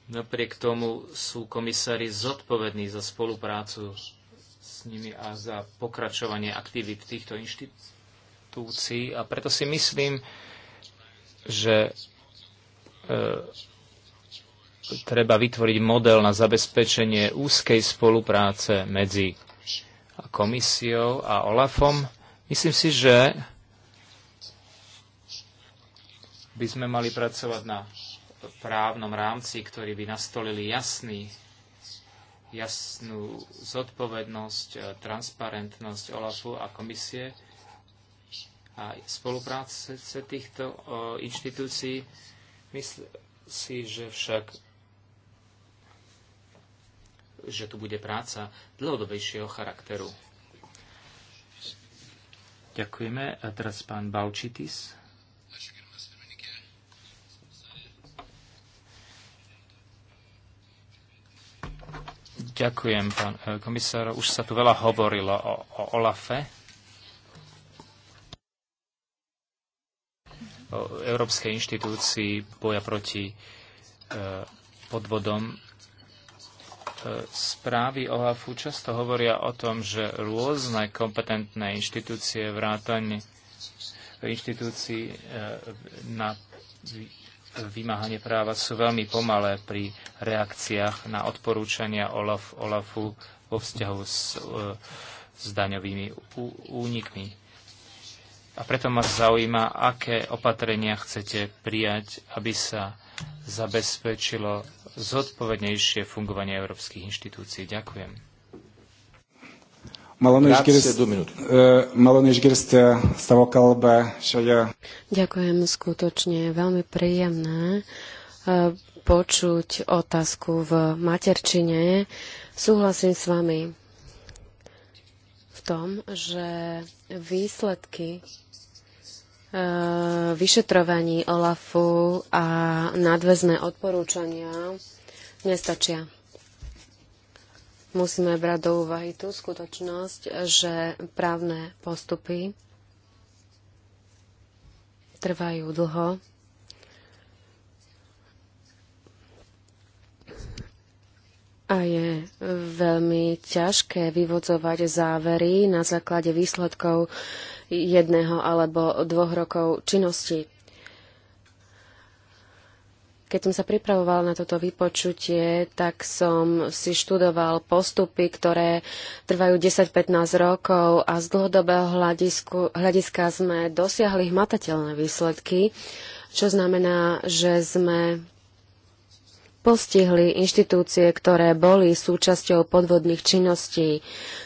Napriek tomu sú komisári zodpovední za spoluprácu s nimi a za pokračovanie aktivít týchto inštitúcií. A preto si myslím, že e, treba vytvoriť model na zabezpečenie úzkej spolupráce medzi komisiou a OLAFom. Myslím si, že by sme mali pracovať na právnom rámci, ktorý by nastolili jasný, jasnú zodpovednosť, e, transparentnosť OLAFu a komisie a spolupráce týchto e, inštitúcií. Myslím si, že však že tu bude práca dlhodobejšieho charakteru. Ďakujeme. A teraz pán Balčitis. Ďakujem, pán eh, komisár. Už sa tu veľa hovorilo o, o OLAFe, o Európskej inštitúcii boja proti e, podvodom. E, správy OLAFu často hovoria o tom, že rôzne kompetentné inštitúcie vrátane inštitúcií e, na vymáhanie práva sú veľmi pomalé pri reakciách na odporúčania Olaf, Olafu vo vzťahu s, e, s daňovými únikmi. A preto ma zaujíma, aké opatrenia chcete prijať, aby sa zabezpečilo zodpovednejšie fungovanie európskych inštitúcií. Ďakujem. Malonu malonu savo kalbą šioje. Ďakujem skutočne, veľmi príjemné e, počuť otázku v materčine. Súhlasím s vami v tom, že výsledky e, vyšetrovaní OLAFu a nadväzné odporúčania nestačia musíme brať do úvahy tú skutočnosť, že právne postupy trvajú dlho. A je veľmi ťažké vyvodzovať závery na základe výsledkov jedného alebo dvoch rokov činnosti. Keď som sa pripravoval na toto vypočutie, tak som si študoval postupy, ktoré trvajú 10-15 rokov a z dlhodobého hľadisku, hľadiska sme dosiahli hmatateľné výsledky, čo znamená, že sme postihli inštitúcie, ktoré boli súčasťou podvodných činností.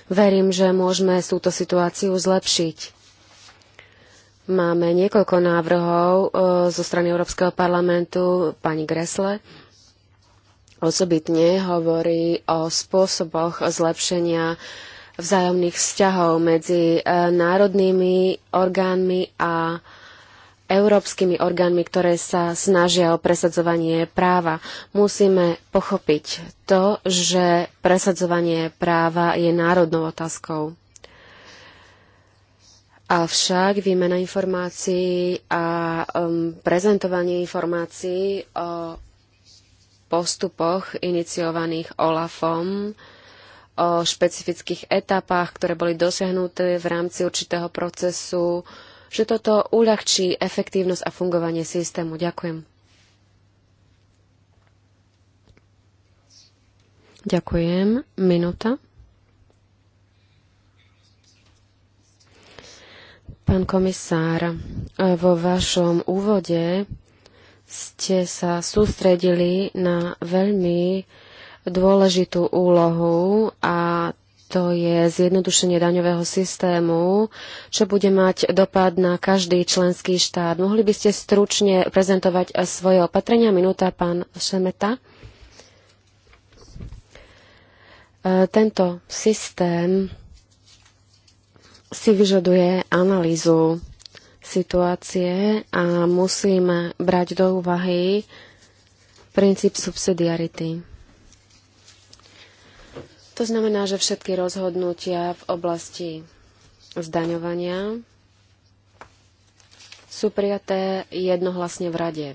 Verím, že môžeme túto situáciu zlepšiť. Máme niekoľko návrhov e, zo strany Európskeho parlamentu pani Gresle. Osobitne hovorí o spôsoboch zlepšenia vzájomných vzťahov medzi e, národnými orgánmi a európskymi orgánmi, ktoré sa snažia o presadzovanie práva. Musíme pochopiť to, že presadzovanie práva je národnou otázkou. Avšak výmena informácií a um, prezentovanie informácií o postupoch iniciovaných OLAFom, o špecifických etapách, ktoré boli dosiahnuté v rámci určitého procesu, že toto uľahčí efektívnosť a fungovanie systému. Ďakujem. Ďakujem. Minúta. Pán komisár, e, vo vašom úvode ste sa sústredili na veľmi dôležitú úlohu a to je zjednodušenie daňového systému, čo bude mať dopad na každý členský štát. Mohli by ste stručne prezentovať svoje opatrenia? Minúta, pán Šemeta. E, tento systém si vyžaduje analýzu situácie a musíme brať do úvahy princíp subsidiarity. To znamená, že všetky rozhodnutia v oblasti zdaňovania sú prijaté jednohlasne v rade.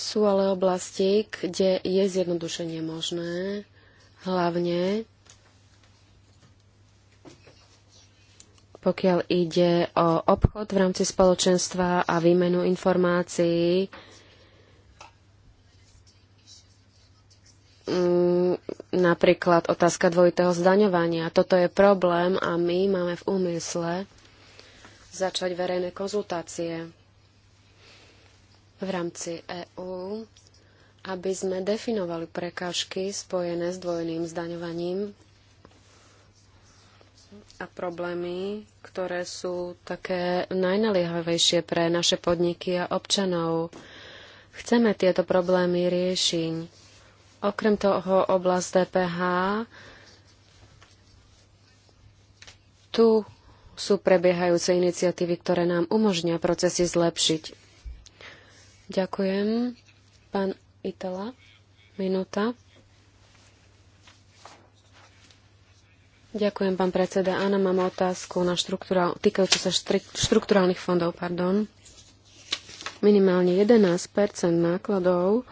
Sú ale oblasti, kde je zjednodušenie možné, hlavne pokiaľ ide o obchod v rámci spoločenstva a výmenu informácií, mm, napríklad otázka dvojitého zdaňovania. Toto je problém a my máme v úmysle začať verejné konzultácie v rámci EÚ, aby sme definovali prekážky spojené s dvojným zdaňovaním a problémy, ktoré sú také najnaliehavejšie pre naše podniky a občanov. Chceme tieto problémy riešiť. Okrem toho oblast DPH, tu sú prebiehajúce iniciatívy, ktoré nám umožnia procesy zlepšiť. Ďakujem. Pán Itala, minúta. Ďakujem, pán predseda. Áno, mám otázku na štruktúral, týkajúcu sa štrukturálnych fondov. Pardon. Minimálne 11 nákladov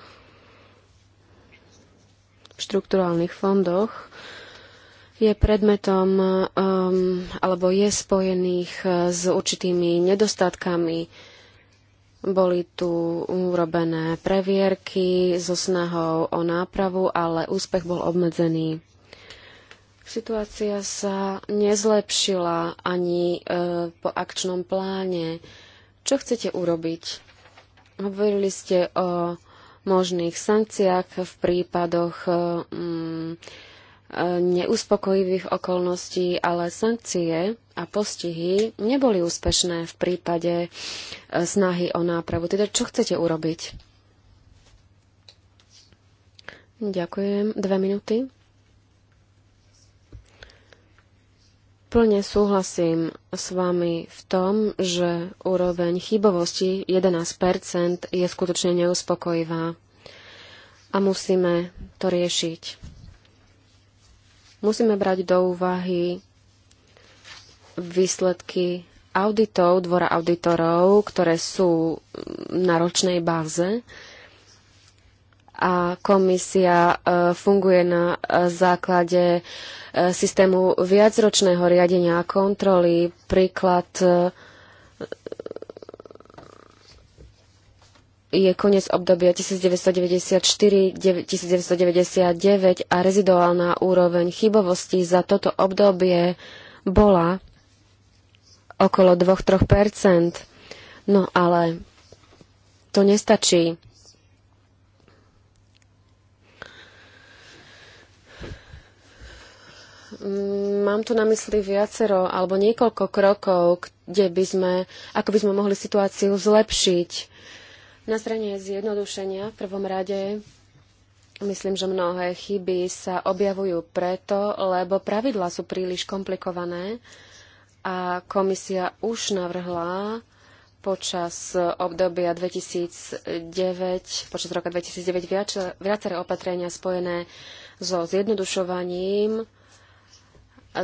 v štrukturálnych fondoch je predmetom um, alebo je spojených uh, s určitými nedostatkami. Boli tu urobené previerky so snahou o nápravu, ale úspech bol obmedzený. Situácia sa nezlepšila ani e, po akčnom pláne. Čo chcete urobiť? Hovorili ste o možných sankciách v prípadoch e, mm, e, neuspokojivých okolností, ale sankcie a postihy neboli úspešné v prípade snahy o nápravu. Teda čo chcete urobiť? Ďakujem. Dve minúty. Plne súhlasím s vami v tom, že úroveň chybovosti 11% je skutočne neuspokojivá a musíme to riešiť. Musíme brať do úvahy výsledky auditov, dvora auditorov, ktoré sú na ročnej báze a komisia e, funguje na e, základe e, systému viacročného riadenia a kontroly. Príklad je koniec obdobia 1994-1999 a reziduálna úroveň chybovosti za toto obdobie bola okolo 2-3 No ale to nestačí Mm, mám tu na mysli viacero alebo niekoľko krokov, kde by sme, ako by sme mohli situáciu zlepšiť. Na strane zjednodušenia v prvom rade myslím, že mnohé chyby sa objavujú preto, lebo pravidlá sú príliš komplikované a komisia už navrhla počas obdobia 2009, počas roka 2009 viaceré opatrenia spojené so zjednodušovaním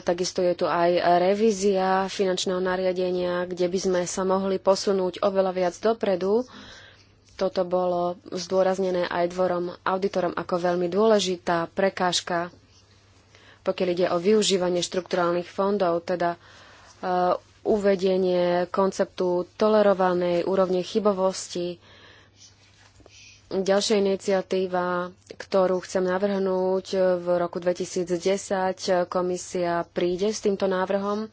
Takisto je tu aj revízia finančného nariadenia, kde by sme sa mohli posunúť oveľa viac dopredu. Toto bolo zdôraznené aj dvorom auditorom ako veľmi dôležitá prekážka, pokiaľ ide o využívanie štrukturálnych fondov, teda e, uvedenie konceptu tolerovanej úrovne chybovosti, Ďalšia iniciatíva, ktorú chcem navrhnúť v roku 2010, komisia príde s týmto návrhom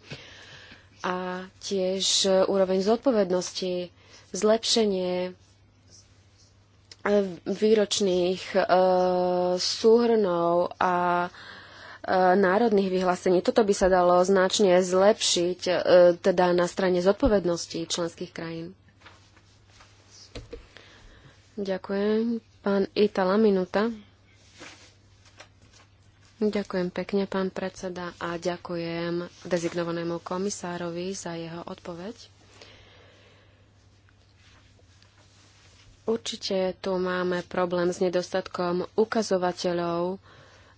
a tiež úroveň zodpovednosti, zlepšenie eh, výročných eh, súhrnov a eh, národných vyhlásení. Toto by sa dalo značne zlepšiť teda na strane zodpovednosti členských krajín. Ďakujem. Pán Itala, minúta. Ďakujem pekne, pán predseda, a ďakujem dezignovanému komisárovi za jeho odpoveď. Určite tu máme problém s nedostatkom ukazovateľov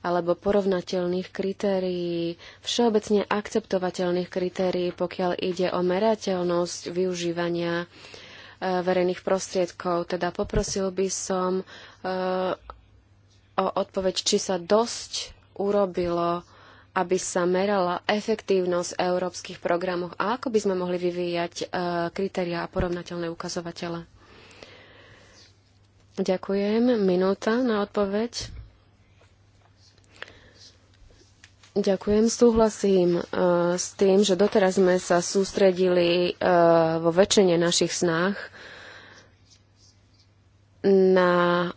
alebo porovnateľných kritérií, všeobecne akceptovateľných kritérií, pokiaľ ide o merateľnosť využívania E, verejných prostriedkov. Teda poprosil by som e, o odpoveď, či sa dosť urobilo, aby sa merala efektívnosť európskych programov a ako by sme mohli vyvíjať e, kritériá a porovnateľné ukazovatele. Ďakujem. Minúta na odpoveď. Ďakujem, súhlasím uh, s tým, že doteraz sme sa sústredili uh, vo väčšine našich snách na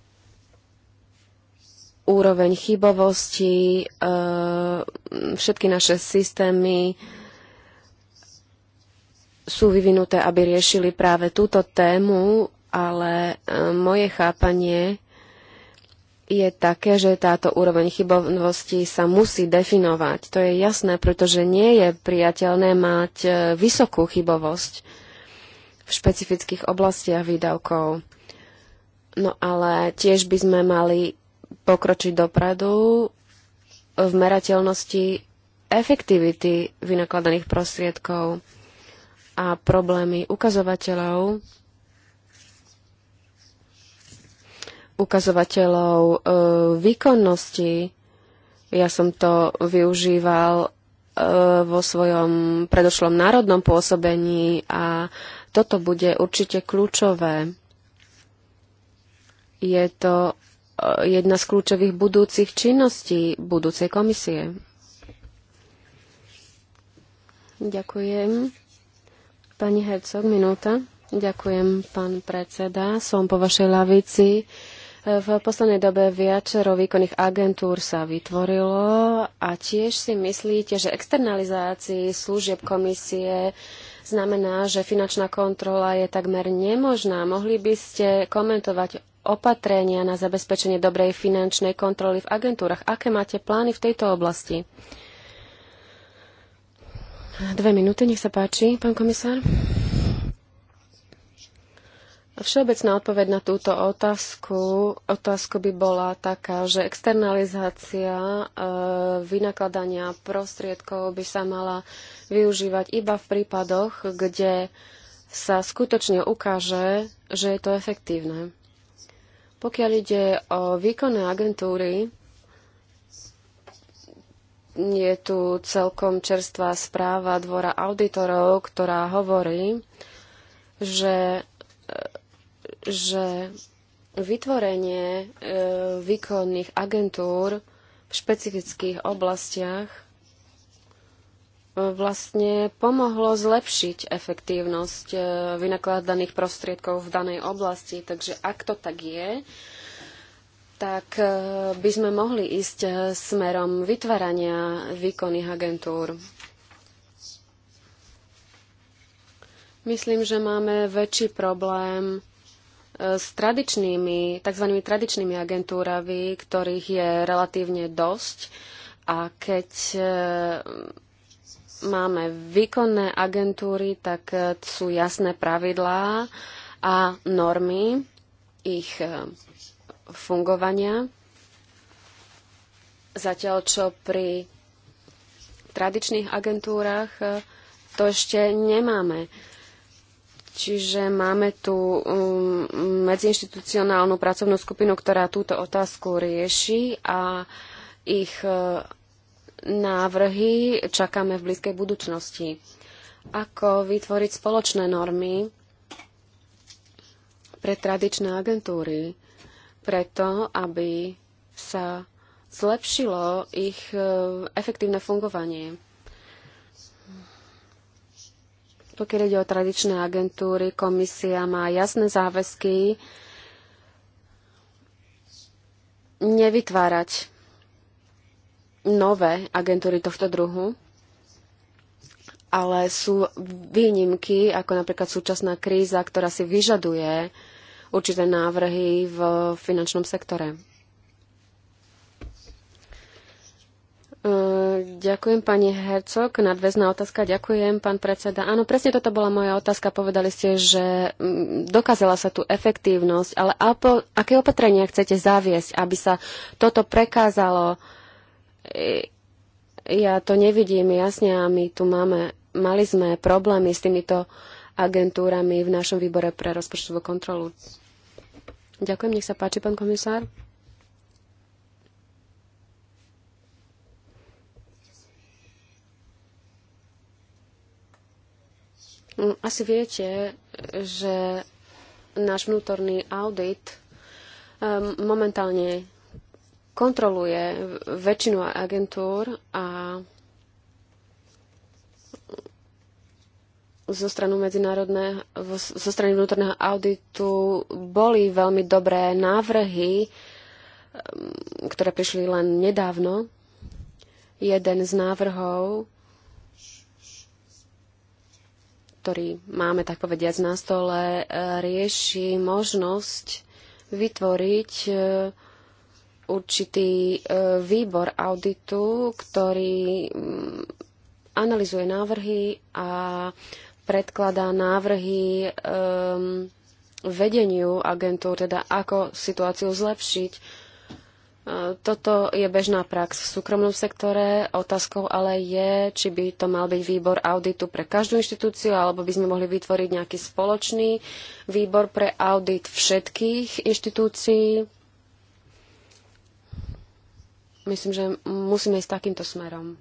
úroveň chybovosti, uh, všetky naše systémy sú vyvinuté, aby riešili práve túto tému, ale moje chápanie je také, že táto úroveň chybovnosti sa musí definovať. To je jasné, pretože nie je priateľné mať e, vysokú chybovosť v špecifických oblastiach výdavkov. No ale tiež by sme mali pokročiť dopredu v merateľnosti efektivity vynakladaných prostriedkov a problémy ukazovateľov ukazovateľov e, výkonnosti. Ja som to využíval e, vo svojom predošlom národnom pôsobení a toto bude určite kľúčové. Je to e, jedna z kľúčových budúcich činností budúcej komisie. Ďakujem. Pani Hercog, minúta. Ďakujem, pán predseda. Som po vašej lavici. V poslednej dobe viacero výkonných agentúr sa vytvorilo a tiež si myslíte, že externalizácii služieb komisie znamená, že finančná kontrola je takmer nemožná. Mohli by ste komentovať opatrenia na zabezpečenie dobrej finančnej kontroly v agentúrach. Aké máte plány v tejto oblasti? Dve minúty, nech sa páči, pán komisár. Všeobecná odpoveď na túto otázku, otázku by bola taká, že externalizácia e, vynakladania prostriedkov by sa mala využívať iba v prípadoch, kde sa skutočne ukáže, že je to efektívne. Pokiaľ ide o výkonné agentúry, je tu celkom čerstvá správa Dvora auditorov, ktorá hovorí, že že vytvorenie e, výkonných agentúr v špecifických oblastiach e, vlastne pomohlo zlepšiť efektívnosť e, vynakladaných prostriedkov v danej oblasti. Takže ak to tak je, tak by sme mohli ísť smerom vytvárania výkonných agentúr. Myslím, že máme väčší problém s tradičnými, tzv. tradičnými agentúrami, ktorých je relatívne dosť. A keď e, máme výkonné agentúry, tak e, sú jasné pravidlá a normy ich e, fungovania. Zatiaľ, čo pri tradičných agentúrach to ešte nemáme. Čiže máme tu um, medziinstitucionálnu pracovnú skupinu, ktorá túto otázku rieši a ich uh, návrhy čakáme v blízkej budúcnosti. Ako vytvoriť spoločné normy pre tradičné agentúry, preto aby sa zlepšilo ich uh, efektívne fungovanie? Pokiaľ ide o tradičné agentúry, komisia má jasné záväzky nevytvárať nové agentúry tohto druhu, ale sú výnimky, ako napríklad súčasná kríza, ktorá si vyžaduje určité návrhy v finančnom sektore. Ďakujem pani Hercog. Nadväzná otázka. Ďakujem, pán predseda. Áno, presne toto bola moja otázka. Povedali ste, že mm, dokázala sa tu efektívnosť, ale apo, aké opatrenia chcete zaviesť, aby sa toto prekázalo? E, ja to nevidím jasne a my tu máme, mali sme problémy s týmito agentúrami v našom výbore pre rozpočtovú kontrolu. Ďakujem, nech sa páči, pán komisár. Mm, asi viete, že náš vnútorný audit um, momentálne kontroluje väčšinu agentúr a zo strany medzinárodného, zo strany vnútorného auditu boli veľmi dobré návrhy, um, ktoré prišli len nedávno. Jeden z návrhov ktorý máme tak povediať na stole, e, rieši možnosť vytvoriť e, určitý e, výbor auditu, ktorý mm, analizuje návrhy a predkladá návrhy vedeniu agentúr, teda ako situáciu zlepšiť toto je bežná prax v súkromnom sektore. Otázkou ale je, či by to mal byť výbor auditu pre každú inštitúciu, alebo by sme mohli vytvoriť nejaký spoločný výbor pre audit všetkých inštitúcií. Myslím, že musíme ísť takýmto smerom.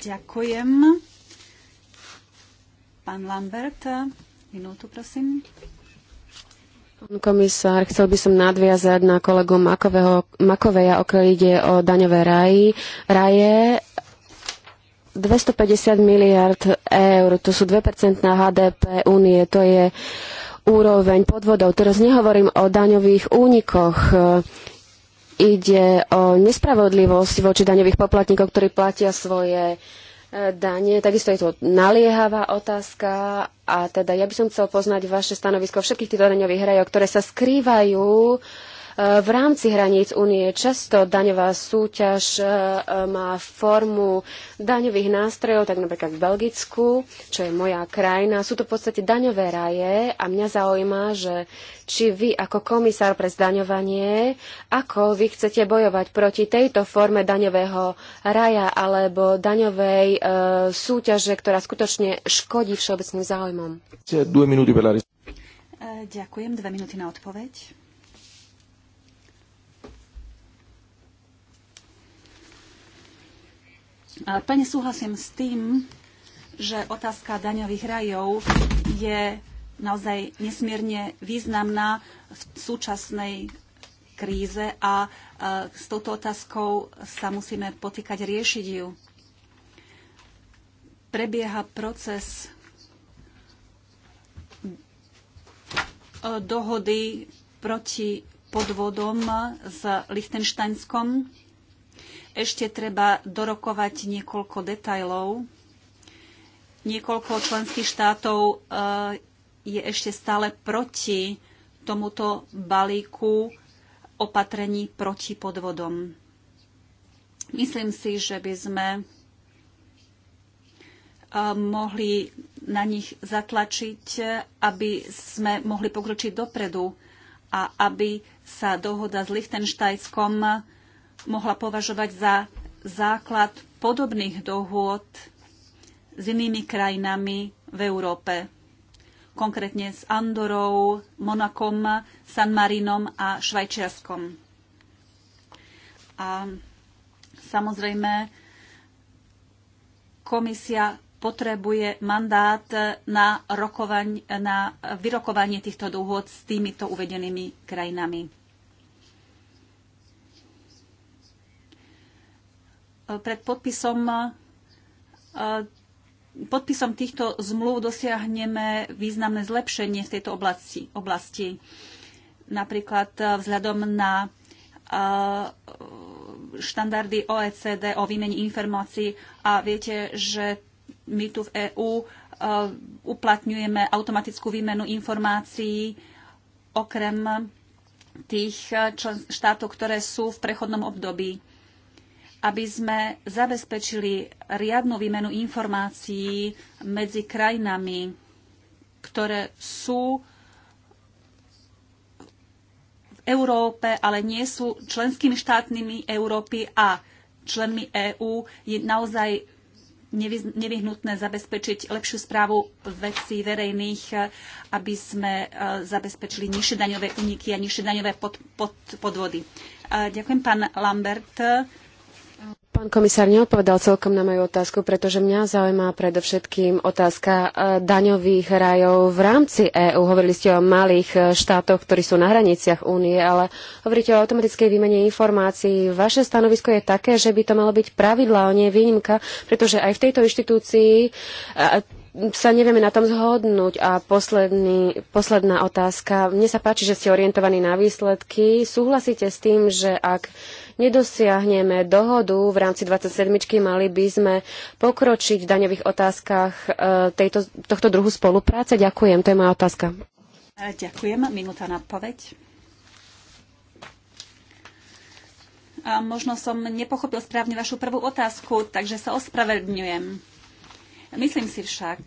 Ďakujem. Pán Lambert, minútu prosím. Pán komisár, chcel by som nadviazať na kolegu Makového, Makoveja, okrem ide o daňové raji. Raje 250 miliard eur, to sú 2% HDP únie, to je úroveň podvodov. Teraz nehovorím o daňových únikoch, ide o nespravodlivosť voči daňových poplatníkov, ktorí platia svoje uh, dane. Takisto je to naliehavá otázka a teda ja by som chcel poznať vaše stanovisko všetkých týchto daňových hrajov, ktoré sa skrývajú uh, v rámci hraníc únie. Často daňová súťaž e, má formu daňových nástrojov, tak napríklad v Belgicku, čo je moja krajina. Sú to v podstate daňové raje a mňa zaujíma, že či vy ako komisár pre zdaňovanie, ako vy chcete bojovať proti tejto forme daňového raja alebo daňovej e, súťaže, ktorá skutočne škodí všeobecným záujmom. E, ďakujem, dve minúty na odpoveď. Ale plne súhlasím s tým, že otázka daňových rajov je naozaj nesmierne významná v súčasnej kríze a s touto otázkou sa musíme potýkať riešiť ju. Prebieha proces e, dohody proti podvodom s Lichtenštajnskom ešte treba dorokovať niekoľko detajlov. Niekoľko členských štátov e, je ešte stále proti tomuto balíku opatrení proti podvodom. Myslím si, že by sme e, mohli na nich zatlačiť, aby sme mohli pokročiť dopredu a aby sa dohoda s Lichtenštajskom mohla považovať za základ podobných dohôd s inými krajinami v Európe. Konkrétne s Andorou, Monakom, San Marinom a Švajčiarskom. A samozrejme, komisia potrebuje mandát na, rokovaň, na vyrokovanie týchto dohôd s týmito uvedenými krajinami. pred podpisom eh, podpisom týchto zmluv dosiahneme významné zlepšenie v tejto oblasti. oblasti. Napríklad eh, vzhľadom na eh, štandardy OECD o výmene informácií a viete, že my tu v EÚ uplatňujeme automatickú výmenu informácií okrem tých štátov, ktoré sú v prechodnom období aby sme zabezpečili riadnu výmenu informácií medzi krajinami, ktoré sú v Európe, ale nie sú členskými štátnymi Európy a členmi EÚ, je naozaj nevyhnutné zabezpečiť lepšiu správu vecí verejných, aby sme e, zabezpečili nižšie daňové úniky a nižšie daňové pod, pod, podvody. E, ďakujem, pán Lambert. Pán komisár neodpovedal celkom na moju otázku, pretože mňa zaujímá predovšetkým otázka e, daňových rajov v rámci EÚ. Hovorili ste o malých e, štátoch, ktorí sú na hraniciach únie, ale hovoríte o automatickej výmene informácií. Vaše stanovisko je také, že by to malo byť pravidla, a nie výnimka, pretože aj v tejto inštitúcii e, sa nevieme na tom zhodnúť. A posledný, posledná otázka. Mne sa páči, že ste orientovaní na výsledky. Súhlasíte s tým, že ak nedosiahneme dohodu v rámci 27, mali by sme pokročiť v daňových otázkach e, tejto, tohto druhu spolupráce? Ďakujem, to je moja otázka. E, ďakujem, minúta na odpoveď. A možno som nepochopil správne vašu prvú otázku, takže sa ospravedlňujem. Myslím si však,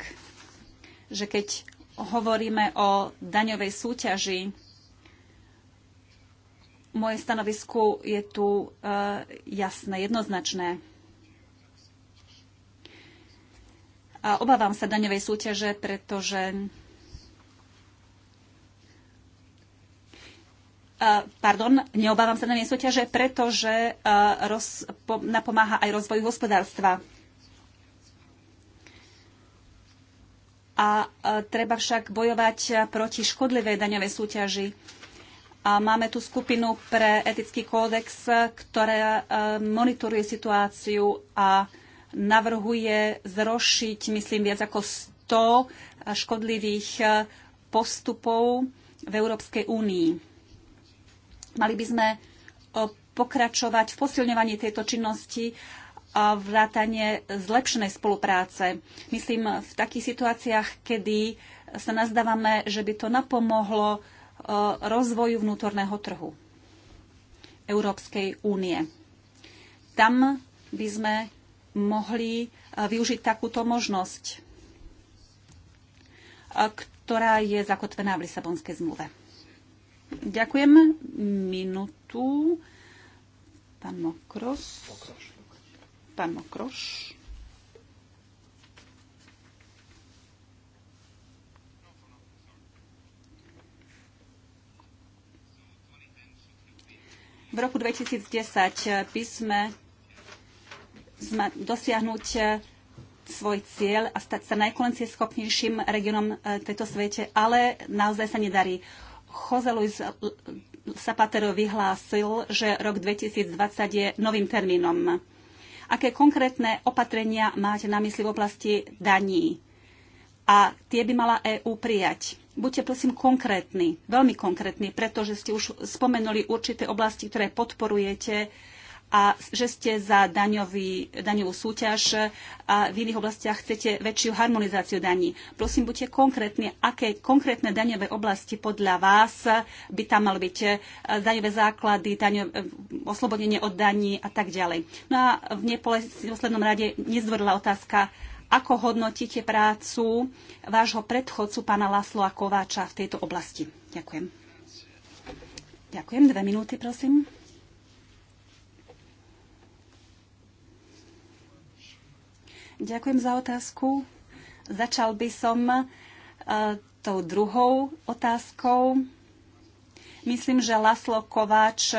že keď hovoríme o daňovej súťaži, moje stanovisko je tu e, jasné, jednoznačné. A obávam sa daňovej súťaže, pretože e, pardon, neobávam sa na nej súťaže, pretože e, roz, po, napomáha aj rozvoju hospodárstva. A treba však bojovať proti škodlivej daňovej súťaži. A máme tu skupinu pre etický kódex, ktorá e, monitoruje situáciu a navrhuje zrošiť, myslím, viac ako 100 škodlivých e, postupov v Európskej únii. Mali by sme e, pokračovať v posilňovaní tejto činnosti a vrátanie zlepšenej spolupráce. Myslím, v takých situáciách, kedy sa nazdávame, že by to napomohlo Eh, rozvoju vnútorného trhu Európskej únie. Tam by sme mohli eh, využiť takúto možnosť, eh, ktorá je zakotvená v Lisabonskej zmluve. Ďakujem. minutu, Pán Mokros. Pán Mokroš. v roku 2010 eh, písme dosiahnuť eh, svoj cieľ a stať sa schopnejším regionom eh, tejto svete, ale naozaj sa nedarí. Jose Luis Zapatero vyhlásil, že rok 2020 je novým termínom. Aké konkrétne opatrenia máte na mysli v oblasti daní? A tie by mala EÚ prijať. Buďte prosím konkrétni, veľmi konkrétni, pretože ste už spomenuli určité oblasti, ktoré podporujete a že ste za daňový, daňovú súťaž a v iných oblastiach chcete väčšiu harmonizáciu daní. Prosím, buďte konkrétni, aké konkrétne daňové oblasti podľa vás by tam mali byť e, daňové základy, daňové, e, oslobodenie od daní a tak ďalej. No a v neposlednom rade nezdvorila otázka, ako hodnotíte prácu vášho predchodcu, pána Lasloa Kováča, v tejto oblasti? Ďakujem. Ďakujem. Dve minúty, prosím. Ďakujem za otázku. Začal by som e, tou druhou otázkou. Myslím, že Laslo Kováč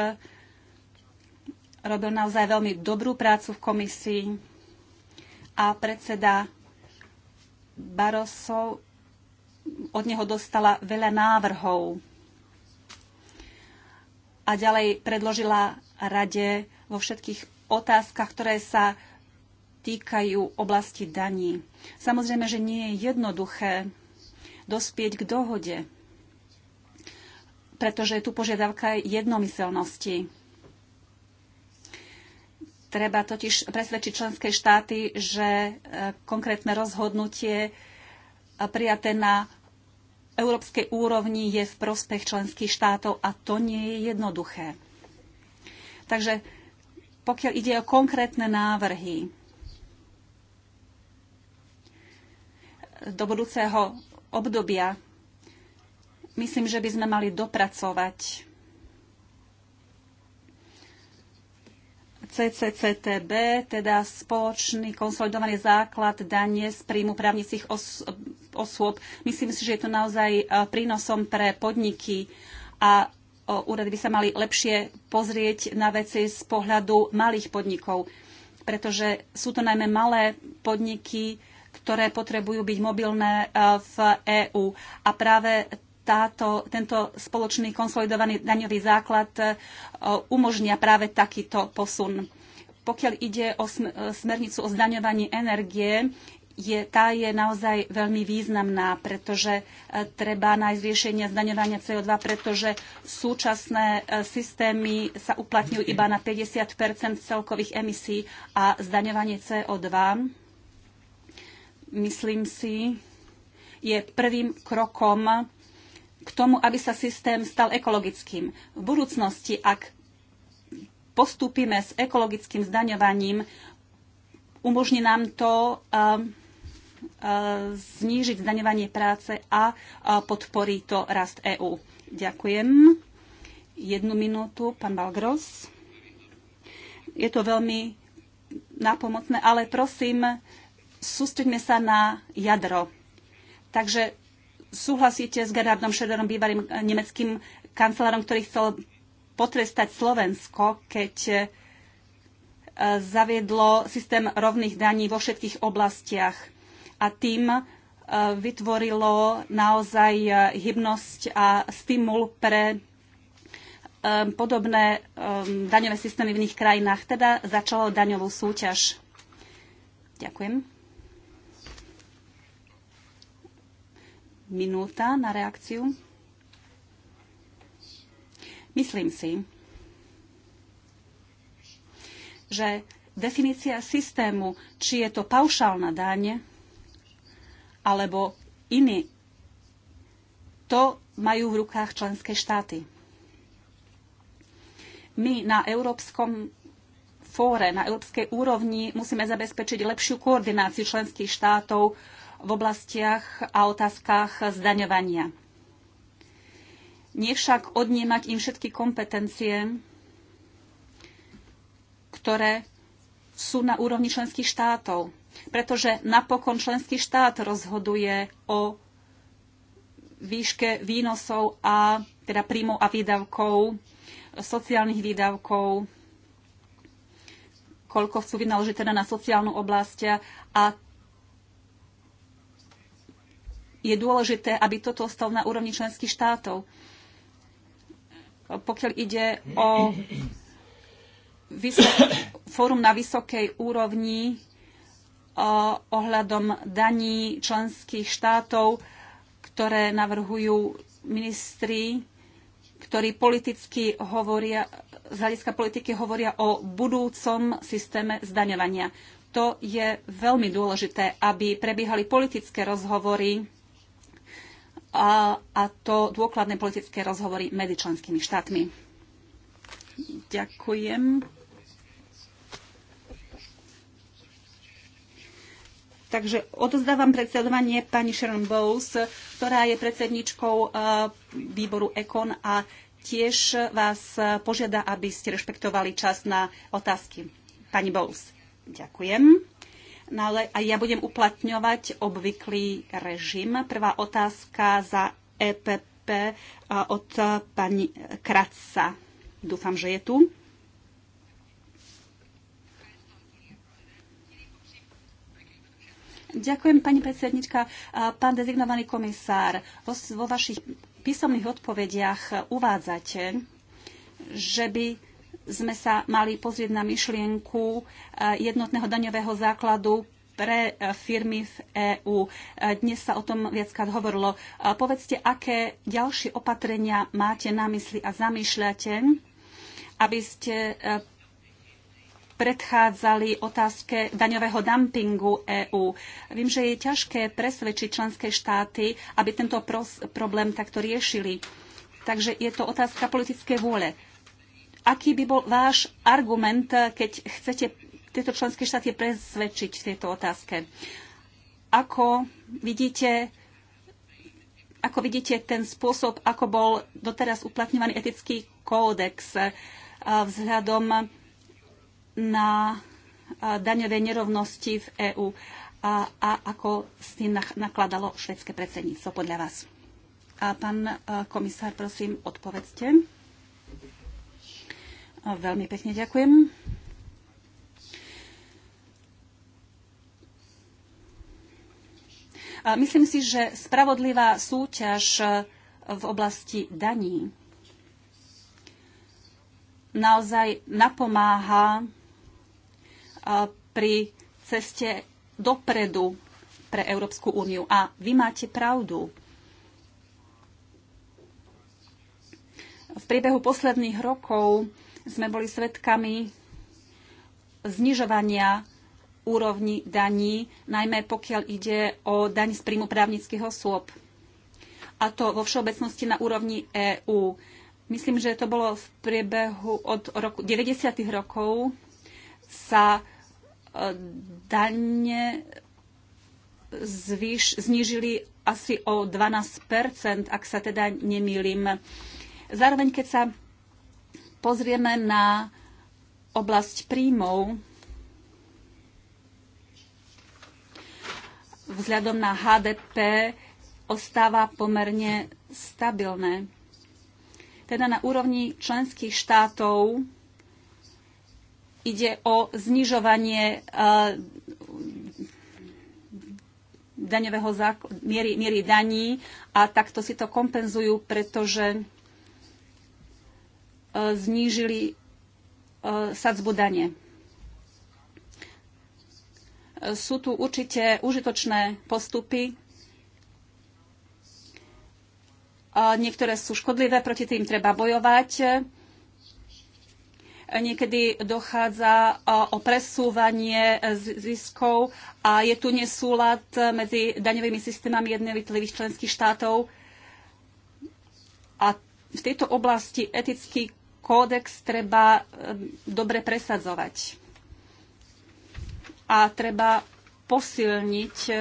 robil naozaj veľmi dobrú prácu v komisii a predseda Barosov od neho dostala veľa návrhov a ďalej predložila rade vo všetkých otázkach, ktoré sa týkajú oblasti daní. Samozrejme, že nie je jednoduché dospieť k dohode, pretože je tu požiadavka jednomyselnosti. Treba totiž presvedčiť členské štáty, že e, konkrétne rozhodnutie e, prijaté na európskej úrovni je v prospech členských štátov a to nie je jednoduché. Takže pokiaľ ide o konkrétne návrhy do budúceho obdobia, myslím, že by sme mali dopracovať CCCTB, teda spoločný konsolidovaný základ danie z príjmu právnických os- osôb. Myslím si, že je to naozaj e, prínosom pre podniky a úrady by sa mali lepšie pozrieť na veci z pohľadu malých podnikov, pretože sú to najmä malé podniky, ktoré potrebujú byť mobilné e, v EÚ. A práve táto, tento spoločný konsolidovaný daňový základ e, umožnia práve takýto posun. Pokiaľ ide o e, smernicu o zdaňovaní energie, je, tá je naozaj veľmi významná, pretože e, treba nájsť riešenia zdaňovania CO2, pretože súčasné systémy sa uplatňujú iba na 50 celkových emisí a zdaňovanie CO2, myslím si, je prvým krokom k tomu, aby sa systém stal ekologickým. V budúcnosti, ak postúpime s ekologickým zdaňovaním, umožní nám to um, uh, znížiť zdaňovanie práce a uh, podporí to rast EÚ. Ďakujem. Jednu minútu, pán Balgros. Je to veľmi nápomocné, ale prosím, sústreďme sa na jadro. Takže súhlasíte s Gerardom Schröderom, bývalým nemeckým kancelárom, ktorý chcel potrestať Slovensko, keď e, zaviedlo systém rovných daní vo všetkých oblastiach. A tým e, vytvorilo naozaj e, hybnosť a stimul pre podobné daňové systémy v iných krajinách, teda začalo daňovú súťaž. Ďakujem. minúta na reakciu. Myslím si, že definícia systému, či je to paušálna daň alebo iný, to majú v rukách členské štáty. My na európskom fóre, na európskej úrovni musíme zabezpečiť lepšiu koordináciu členských štátov v oblastiach a otázkach zdaňovania. Nie však odnímať im všetky kompetencie, ktoré sú na úrovni členských štátov. Pretože napokon členský štát rozhoduje o výške výnosov a teda príjmov a výdavkov, sociálnych výdavkov, koľko chcú vynaložiť teda na sociálnu oblasť a je dôležité, aby toto ostalo na úrovni členských štátov. Pokiaľ ide o fórum na vysokej úrovni o, ohľadom daní členských štátov, ktoré navrhujú ministri, ktorí politicky hovoria, z hľadiska politiky hovoria o budúcom systéme zdaňovania. To je veľmi dôležité, aby prebiehali politické rozhovory a, a to dôkladné politické rozhovory medzi členskými štátmi. Ďakujem. Takže odozdávam predsedovanie pani Sharon Bowles, ktorá je predsedničkou e, výboru ECON, a tiež vás požiada, aby ste rešpektovali čas na otázky. Pani Bowles, ďakujem. No ale aj ja budem uplatňovať obvyklý režim. Prvá otázka za EPP e, od pani Kratsa. Dúfam, že je tu. Ďakujem, pani predsednička. E, pán dezignovaný komisár, vo, vašich písomných odpovediach uvádzate, že by sme sa mali pozrieť na myšlienku e, jednotného daňového základu pre e, firmy v EÚ. E, dnes sa o tom viackrát hovorilo. Povedzte, aké ďalšie opatrenia máte na mysli a zamýšľate, aby ste predchádzali otázke daňového dumpingu EÚ. Viem, že je ťažké presvedčiť členské štáty, aby tento problém takto riešili. Takže je to otázka politické vôle aký by bol váš argument, keď chcete tieto členské štáty presvedčiť v tejto otázke? Ako vidíte, ako vidíte ten spôsob, ako bol doteraz uplatňovaný etický kódex eh, vzhľadom na eh, daňové nerovnosti v EÚ a, a ako s tým nakladalo švedské predsedníctvo podľa vás? A pán eh, komisár, prosím, odpovedzte. Veľmi pekne ďakujem. Myslím si, že spravodlivá súťaž e, v oblasti daní naozaj napomáha e, pri ceste dopredu pre Európsku úniu. A vy máte pravdu. V priebehu posledných rokov sme boli svedkami znižovania úrovni daní, najmä pokiaľ ide o daň z príjmu právnických osôb. A to vo všeobecnosti na úrovni EÚ. Myslím, že to bolo v priebehu od roku 90. rokov sa e, dane zvýš, znížili asi o 12 ak sa teda nemýlim. Zároveň, keď sa pozrieme na oblasť príjmov, vzhľadom na HDP ostáva pomerne stabilné. Teda na úrovni členských štátov ide o znižovanie e, daňového miery, miery daní a takto si to kompenzujú, pretože znížili e, sadzbu dane. Sú tu určite užitočné postupy. Niektoré sú škodlivé, proti tým treba bojovať. Niekedy dochádza e, o presúvanie ziskov a je tu nesúlad medzi daňovými systémami jednotlivých členských štátov. A v tejto oblasti etický kódex treba e, dobre presadzovať. A treba posilniť e,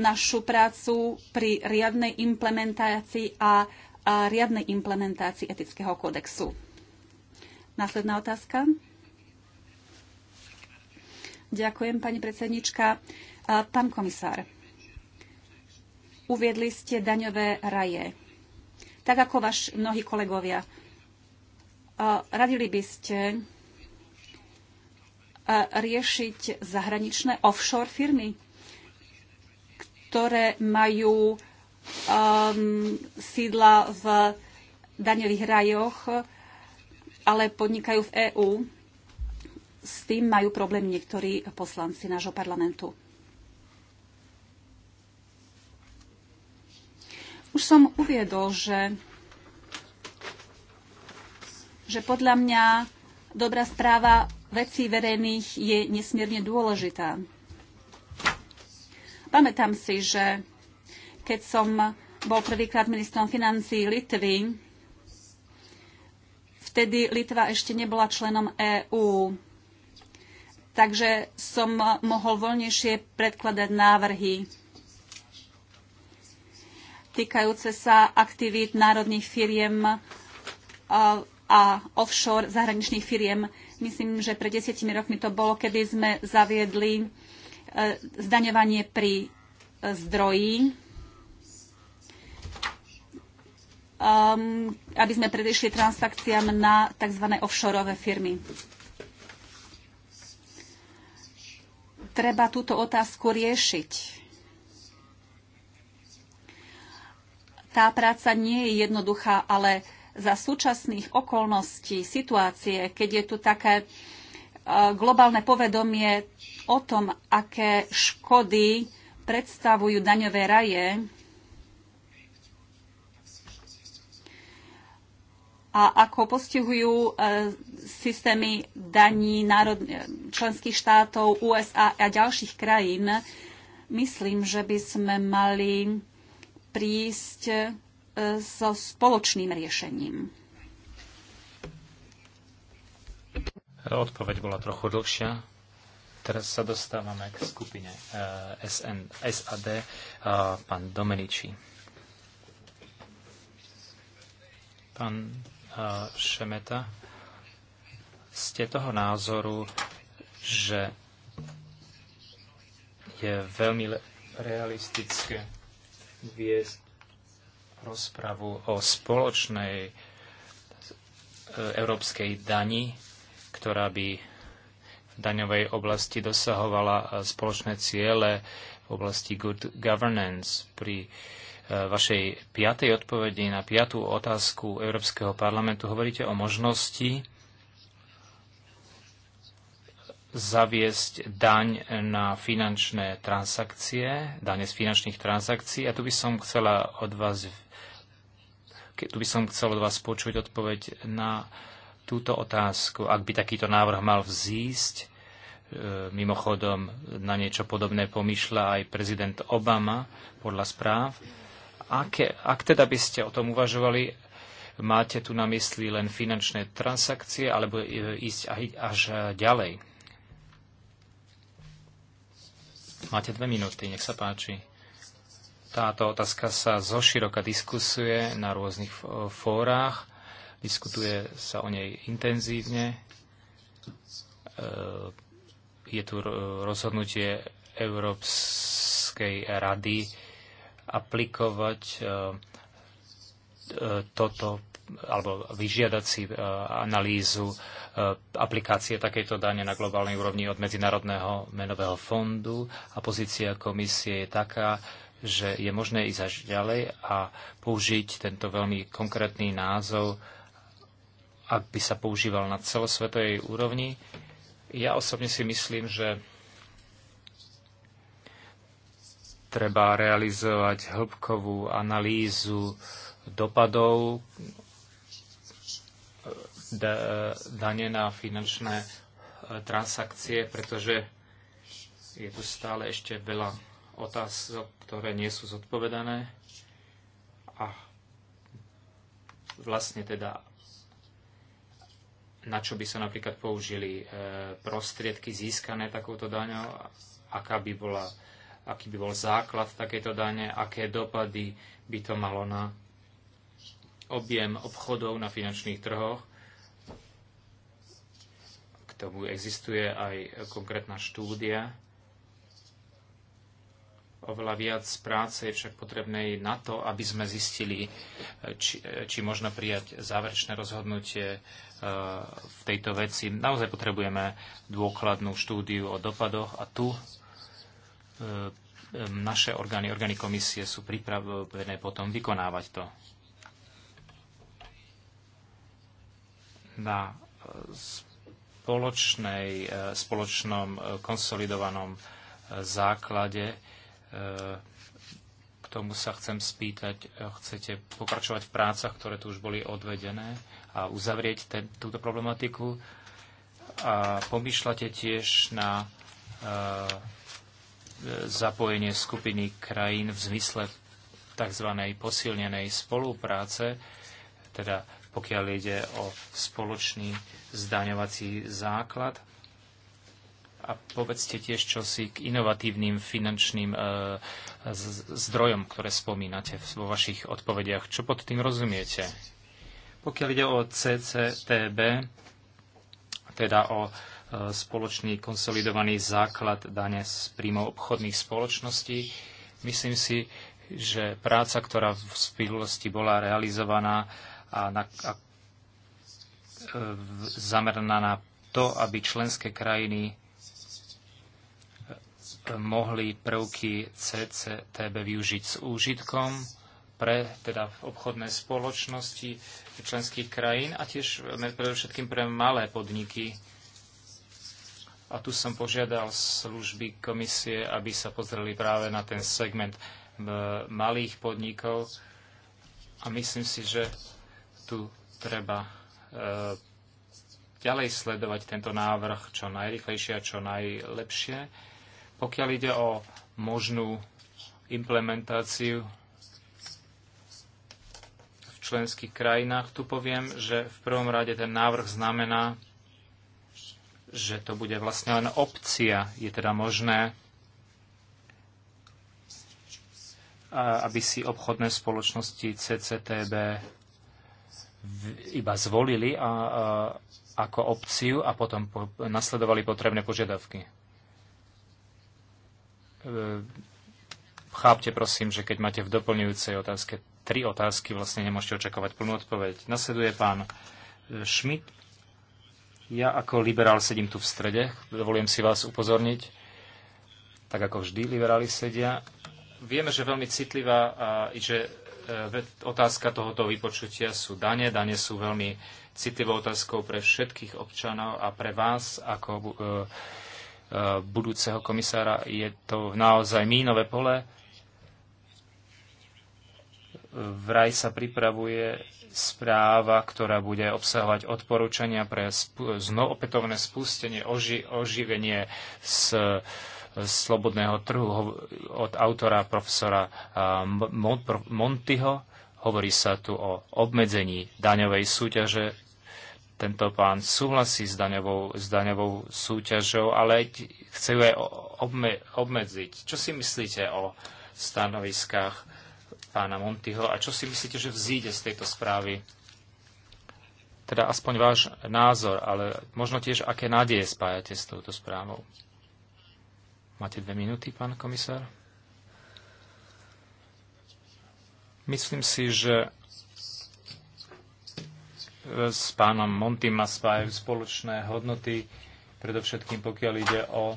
našu prácu pri riadnej implementácii a, a riadnej implementácii etického kódexu. Následná otázka. Ďakujem, pani predsednička. E, pán komisár, uviedli ste daňové raje tak ako vaš mnohí kolegovia. E, radili by ste e, riešiť zahraničné offshore firmy, ktoré majú um, sídla v daňových rajoch, ale podnikajú v EÚ. S tým majú problém niektorí poslanci nášho parlamentu. Už som uviedol, že, že podľa mňa dobrá správa vecí verejných je nesmierne dôležitá. Pamätám si, že keď som bol prvýkrát ministrom financí Litvy, vtedy Litva ešte nebola členom EÚ. Takže som mohol voľnejšie predkladať návrhy týkajúce sa aktivít národných firiem e, a offshore zahraničných firiem. Myslím, že pred desiatimi rokmi to bolo, kedy sme zaviedli e, zdaňovanie pri e, zdroji, ehm, aby sme predišli transakciám na tzv. offshore firmy. Treba túto otázku riešiť Tá práca nie je jednoduchá, ale za súčasných okolností, situácie, keď je tu také e, globálne povedomie o tom, aké škody predstavujú daňové raje a ako postihujú e, systémy daní národ, členských štátov USA a ďalších krajín, myslím, že by sme mali prísť e, so spoločným riešením? Odpoveď bola trochu dlhšia. Teraz sa dostávame k skupine e, SN, SAD, e, pán Domeniči. Pán Šemeta, ste toho názoru, že je veľmi realistické viesť rozpravu o spoločnej e, európskej dani, ktorá by v daňovej oblasti dosahovala e, spoločné ciele v oblasti good governance. Pri e, vašej piatej odpovedi na piatú otázku Európskeho parlamentu hovoríte o možnosti zaviesť daň na finančné transakcie, dane z finančných transakcií. A tu by som chcela od vás, tu by som chcel od vás počuť odpoveď na túto otázku. Ak by takýto návrh mal vzísť, e, mimochodom na niečo podobné pomýšľa aj prezident Obama podľa správ. Ak, ak teda by ste o tom uvažovali, máte tu na mysli len finančné transakcie alebo ísť aj až ďalej? Máte dve minúty, nech sa páči. Táto otázka sa zoširoka diskusuje na rôznych fórach, diskutuje sa o nej intenzívne. E, je tu rozhodnutie Európskej rady aplikovať e, e, toto alebo vyžiadať si e, analýzu e, aplikácie takejto dane na globálnej úrovni od Medzinárodného menového fondu a pozícia komisie je taká, že je možné ísť až ďalej a použiť tento veľmi konkrétny názov, ak by sa používal na celosvetovej úrovni. Ja osobne si myslím, že treba realizovať hĺbkovú analýzu dopadov dane na finančné e, transakcie, pretože je tu stále ešte veľa otázok, ktoré nie sú zodpovedané. A vlastne teda na čo by sa napríklad použili e, prostriedky získané takouto daňou, aká by bola, aký by bol základ takéto dane, aké dopady by to malo na objem obchodov na finančných trhoch tomu existuje aj konkrétna štúdia. Oveľa viac práce je však potrebnej na to, aby sme zistili, či, či možno prijať záverečné rozhodnutie e, v tejto veci. Naozaj potrebujeme dôkladnú štúdiu o dopadoch a tu e, e, naše orgány, orgány komisie sú pripravené potom vykonávať to. Na spoločnej, e, spoločnom e, konsolidovanom e, základe. K tomu sa chcem spýtať, chcete pokračovať v prácach, ktoré tu už boli odvedené a uzavrieť ten, túto problematiku? A pomýšľate tiež na zapojenie skupiny krajín v zmysle tzv. posilnenej spolupráce, teda pokiaľ ide o spoločný zdaňovací základ. A povedzte tiež čosi k inovatívnym finančným e, zdrojom, ktoré spomínate vo vašich odpovediach. Čo pod tým rozumiete? Pokiaľ ide o CCTB, teda o e, spoločný konsolidovaný základ dane z príjmov obchodných spoločností. Myslím si, že práca, ktorá v spílosti bola realizovaná, a, na, a zameraná na to, aby členské krajiny e, mohli prvky CCTB využiť s úžitkom pre teda obchodné spoločnosti členských krajín a tiež predovšetkým pre malé podniky. A tu som požiadal služby komisie, aby sa pozreli práve na ten segment e, malých podnikov a myslím si, že tu treba e, ďalej sledovať tento návrh čo najrychlejšie a čo najlepšie. Pokiaľ ide o možnú implementáciu v členských krajinách, tu poviem, že v prvom rade ten návrh znamená, že to bude vlastne len opcia. Je teda možné aby si obchodné spoločnosti CCTB iba zvolili a, a, ako opciu a potom po, nasledovali potrebné požiadavky. E, chápte prosím, že keď máte v doplňujúcej otázke tri otázky, vlastne nemôžete očakávať plnú odpoveď. Nasleduje pán e, Schmidt. Ja ako liberál sedím tu v strede, dovolujem si vás upozorniť, tak ako vždy liberáli sedia. Vieme, že veľmi citlivá a že E, otázka tohoto vypočutia sú dane. Dane sú veľmi citlivou otázkou pre všetkých občanov a pre vás ako e, e, budúceho komisára je to naozaj mínové pole. Vraj sa pripravuje správa, ktorá bude obsahovať odporúčania pre sp- znovu opätovné spustenie, oži- oživenie s slobodného trhu od autora profesora Montyho. Hovorí sa tu o obmedzení daňovej súťaže. Tento pán súhlasí s daňovou, s daňovou súťažou, ale chce ju aj obme, obmedziť. Čo si myslíte o stanoviskách pána Montyho a čo si myslíte, že vzíde z tejto správy? Teda aspoň váš názor, ale možno tiež aké nádeje spájate s touto správou. Máte dve minúty, pán komisár. Myslím si, že s pánom Montim ma spájajú spoločné hodnoty, predovšetkým pokiaľ ide o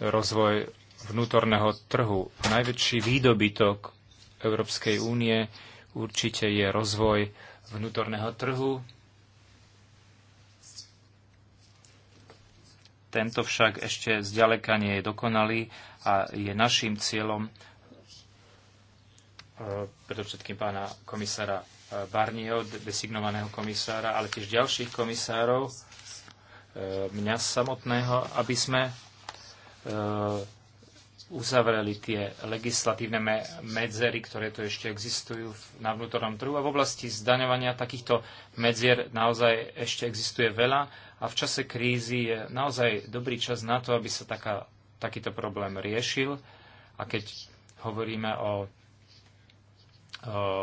rozvoj vnútorného trhu. Najväčší výdobytok Európskej únie určite je rozvoj vnútorného trhu, Tento však ešte zďaleka nie je dokonalý a je našim cieľom e, predovšetkým pána komisára e, Barnieho, designovaného komisára, ale tiež ďalších komisárov, e, mňa samotného, aby sme uzavreli tie legislatívne medzery, ktoré tu ešte existujú na vnútornom trhu. A v oblasti zdaňovania takýchto medzier naozaj ešte existuje veľa a v čase krízy je naozaj dobrý čas na to, aby sa taká, takýto problém riešil. A keď hovoríme o, o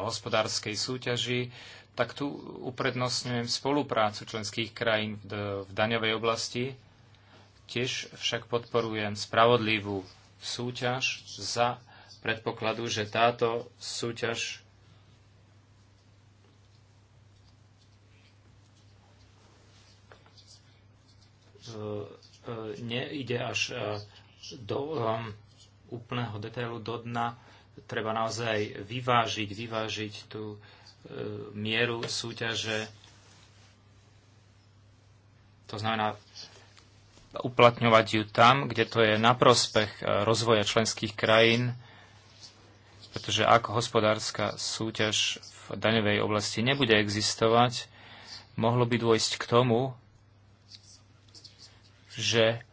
hospodárskej súťaži, tak tu uprednostňujem spoluprácu členských krajín v, v daňovej oblasti. Tiež však podporujem spravodlivú súťaž za predpokladu, že táto súťaž E, e, neide až e, do um, úplného detailu do dna. Treba naozaj vyvážiť, vyvážiť tú mieru súťaže. To znamená uplatňovať ju tam, kde to je na prospech rozvoja členských krajín, pretože ak hospodárska súťaž v daňovej oblasti nebude existovať, mohlo by dôjsť k tomu, že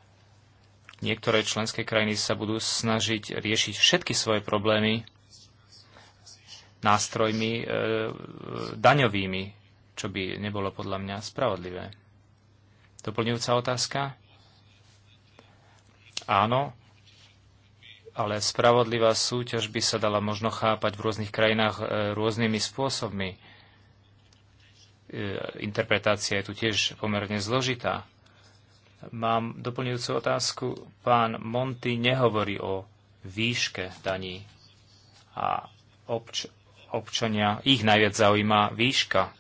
niektoré členské krajiny sa budú snažiť riešiť všetky svoje problémy nástrojmi e, e, daňovými, čo by nebolo podľa mňa spravodlivé. Doplňujúca otázka? Áno, ale spravodlivá súťaž by sa dala možno chápať v rôznych krajinách e, rôznymi spôsobmi. E, interpretácia je tu tiež pomerne zložitá. Mám doplňujúcu otázku. Pán Monty nehovorí o výške daní a obč- občania, ich najviac zaujíma výška.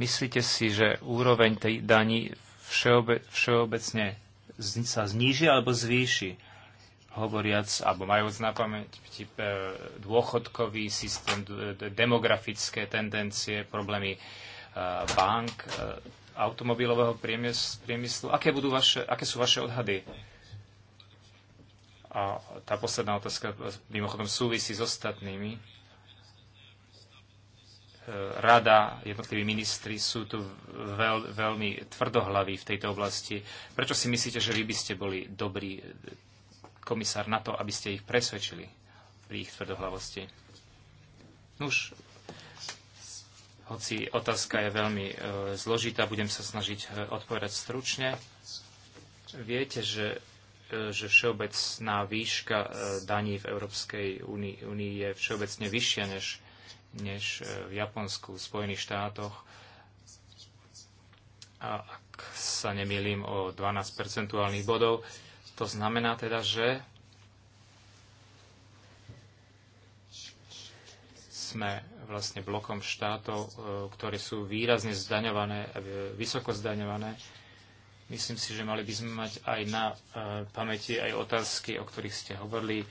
Myslíte si, že úroveň tej daní všeobe- všeobecne sa zníži alebo zvýši? Hovoriac, alebo majúc na pamäti e, dôchodkový systém, demografické tendencie, problémy e, bank, e, automobilového priemyslu. Aké, budú vaše, aké sú vaše odhady? A tá posledná otázka mimochodom súvisí s ostatnými. E, Rada, jednotliví ministri sú tu veľ, veľmi tvrdohlaví v tejto oblasti. Prečo si myslíte, že vy by ste boli dobrý komisár na to, aby ste ich presvedčili pri ich tvrdohlavosti? Nuž, hoci otázka je veľmi e, zložitá, budem sa snažiť e, odpovedať stručne. Viete, že, e, že všeobecná výška e, daní v Európskej únii je všeobecne vyššia než, než e, v Japonsku, v Spojených štátoch. A ak sa nemýlim o 12 percentuálnych bodov, to znamená teda, že sme vlastne blokom štátov, e, ktoré sú výrazne zdaňované, e, vysoko zdaňované. Myslím si, že mali by sme mať aj na e, pamäti aj otázky, o ktorých ste hovorili,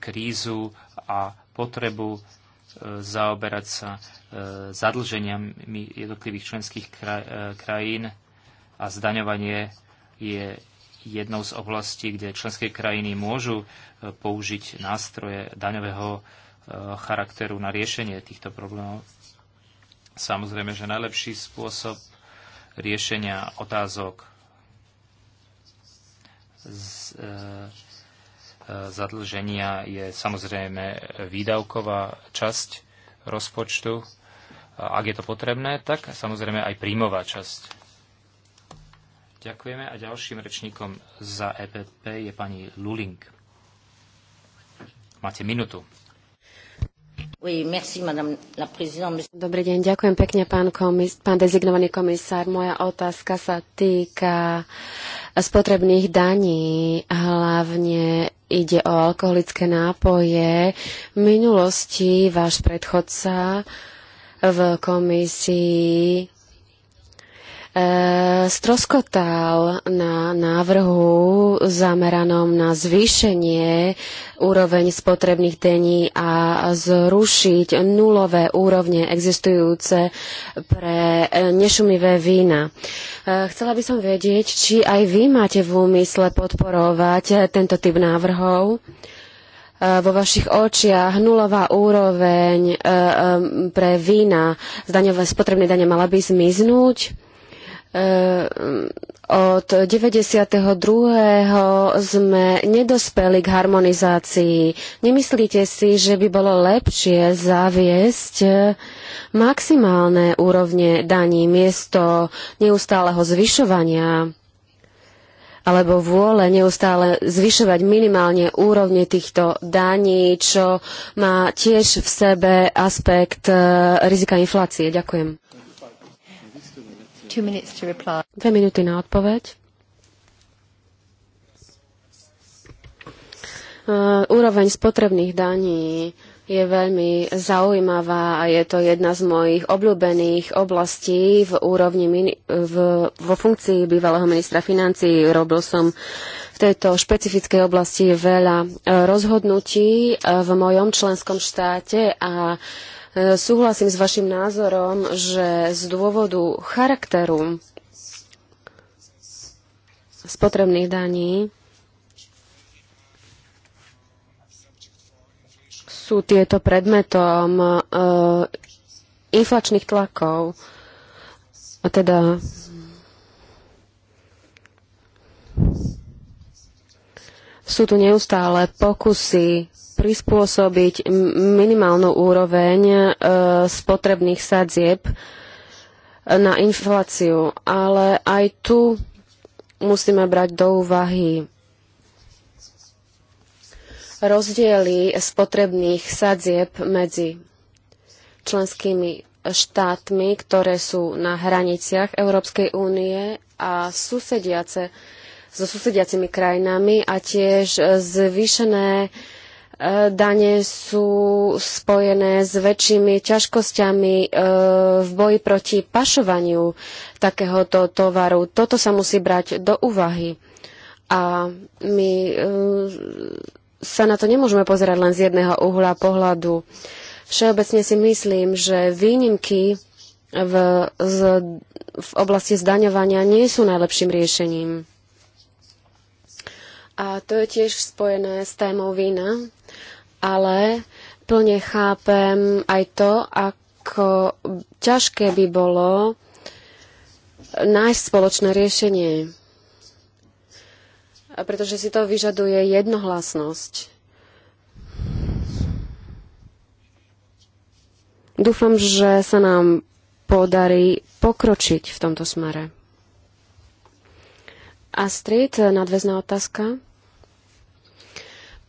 krízu a potrebu zaoberať sa zadlženiami jednotlivých členských krajín a zdaňovanie je jednou z oblastí, kde členské krajiny môžu použiť nástroje daňového charakteru na riešenie týchto problémov. Samozrejme, že najlepší spôsob riešenia otázok z, e, e zadlženia je samozrejme výdavková časť rozpočtu. Ak je to potrebné, tak samozrejme aj príjmová časť. Ďakujeme a ďalším rečníkom za EPP je pani Luling. Máte minutu. Dobrý deň, ďakujem pekne, pán, komis, pán dezignovaný komisár. Moja otázka sa týka spotrebných daní, hlavne ide o alkoholické nápoje. V minulosti váš predchodca v komisii Eh, stroskotal na návrhu zameranom na zvýšenie úroveň spotrebných dení a zrušiť nulové úrovne existujúce pre eh, nešumivé vína. Eh, chcela by som vedieť, či aj vy máte v úmysle podporovať tento typ návrhov vo vašich očiach nulová úroveň pre vína z daňové, spotrebné dane mala by zmiznúť? Ehm, od 92. sme nedospeli k harmonizácii. Nemyslíte si, že by bolo lepšie zaviesť eh, maximálne úrovne daní miesto neustáleho zvyšovania alebo vôle neustále zvyšovať minimálne úrovne týchto daní, čo má tiež v sebe aspekt eh, rizika inflácie. Ďakujem. Dve minúty na odpoveď. Uh, úroveň spotrebných daní je veľmi zaujímavá a je to jedna z mojich obľúbených oblastí v úrovni mini- v, vo funkcii bývalého ministra financí. Robil som v tejto špecifickej oblasti veľa e, rozhodnutí e, v mojom členskom štáte a uh, Súhlasím s vašim názorom, že z dôvodu charakteru spotrebných daní sú tieto predmetom e, inflačných tlakov. A teda sú tu neustále pokusy prispôsobiť minimálnu úroveň e, spotrebných sadzieb na infláciu, ale aj tu musíme brať do úvahy rozdiely spotrebných sadzieb medzi členskými štátmi, ktoré sú na hraniciach Európskej únie a susediace so susediacimi krajinami a tiež zvýšené uh, E, dane sú spojené s väčšími ťažkosťami e, v boji proti pašovaniu takéhoto tovaru. Toto sa musí brať do úvahy. A my e, sa na to nemôžeme pozerať len z jedného uhla pohľadu. Všeobecne si myslím, že výnimky v, z, v oblasti zdaňovania nie sú najlepším riešením. A to je tiež spojené s témou vína, ale plne chápem aj to, ako ťažké by bolo nájsť spoločné riešenie. A pretože si to vyžaduje jednohlasnosť. Dúfam, že sa nám podarí pokročiť v tomto smere. Astrid, nadväzná otázka.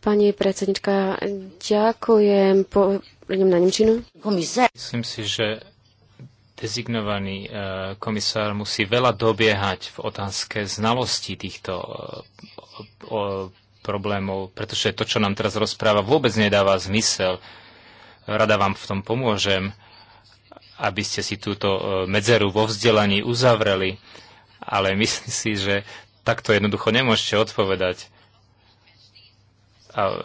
Pani predsednička, ďakujem. Po, idem na Nemčinu. Myslím si, že dezignovaný e, komisár musí veľa dobiehať v otázke znalosti týchto e, problémov, pretože to, čo nám teraz rozpráva, vôbec nedáva zmysel. Rada vám v tom pomôžem, aby ste si túto e, medzeru vo vzdelaní uzavreli, ale myslím si, že takto jednoducho nemôžete odpovedať. A e,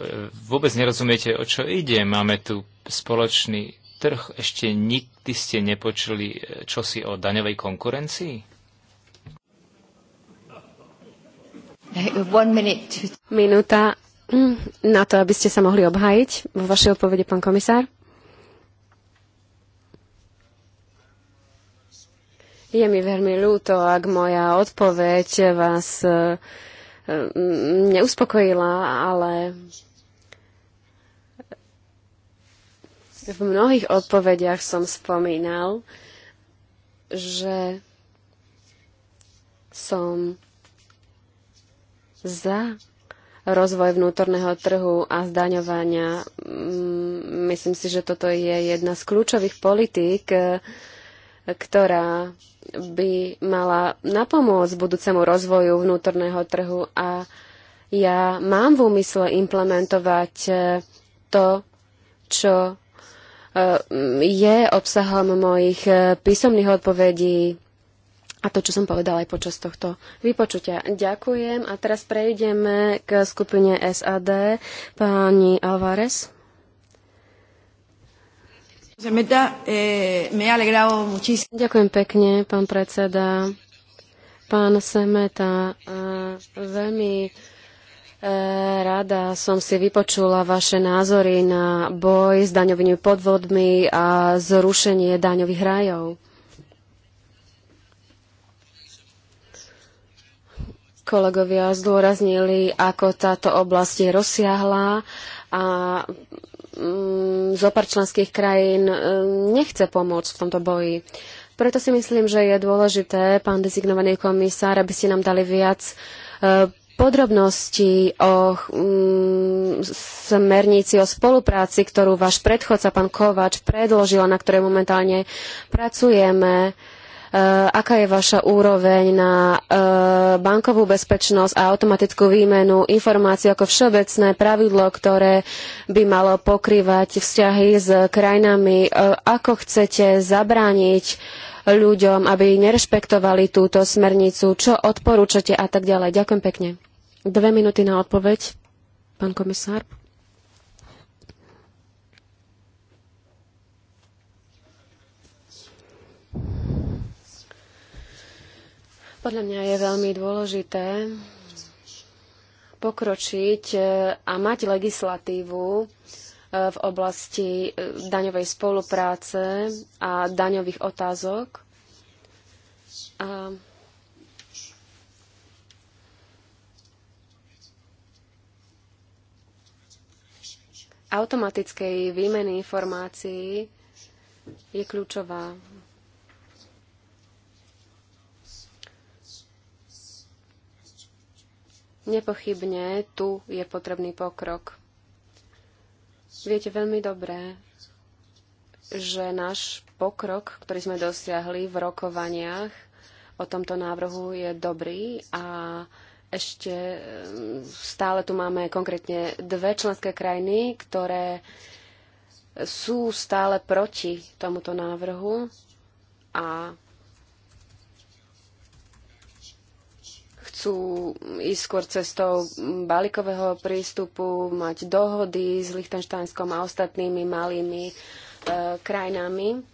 vôbec nerozumiete, o čo ide. Máme tu spoločný trh. Ešte nikdy ste nepočuli e, čosi o daňovej konkurencii? Minúta mm, na to, aby ste sa mohli obhájiť vo vašej odpovede, pán komisár. Je mi veľmi ľúto, ak moja odpoveď vás e, neuspokojila, ale v mnohých odpovediach som spomínal, že som za rozvoj vnútorného trhu a zdaňovania. Myslím si, že toto je jedna z kľúčových politík e, ktorá by mala napomôcť budúcemu rozvoju vnútorného trhu a ja mám v úmysle implementovať e, to, čo e, je obsahom mojich e, písomných odpovedí a to, čo som povedala aj počas tohto vypočutia. Ďakujem a teraz prejdeme k skupine SAD. Pani Alvarez. Eh, Ďakujem pekne, pán predseda. Pán Semeta, veľmi eh, Rada som si vypočula vaše názory na boj s daňovými podvodmi a zrušenie daňových rajov. Kolegovia zdôraznili, ako táto oblasť je rozsiahla a Mm, zo pár členských krajín mm, nechce pomôcť v tomto boji. Preto si myslím, že je dôležité, pán dezignovaný komisár, aby ste nám dali viac e, podrobností o mm, smernici o spolupráci, ktorú váš predchodca, pán Kovač, predložil a na ktorej momentálne pracujeme. Eh, aká je vaša úroveň na eh, bankovú bezpečnosť a automatickú výmenu informácií ako všeobecné pravidlo, ktoré by malo pokrývať vzťahy s krajinami. Eh, ako chcete zabrániť ľuďom, aby nerešpektovali túto smernicu, čo odporúčate a tak ďalej. Ďakujem pekne. Dve minúty na odpoveď, pán komisár. Podľa mňa je veľmi dôležité pokročiť e, a mať legislatívu e, v oblasti e, daňovej spolupráce a daňových otázok. A automatickej výmeny informácií je kľúčová. Nepochybne tu je potrebný pokrok. Viete veľmi dobre, že náš pokrok, ktorý sme dosiahli v rokovaniach o tomto návrhu, je dobrý a ešte eh, stále tu máme konkrétne dve členské krajiny, ktoré sú stále proti tomuto návrhu a chcú ísť skôr cestou balíkového prístupu, mať dohody s Lichtenštánskom a ostatnými malými e, krajinami.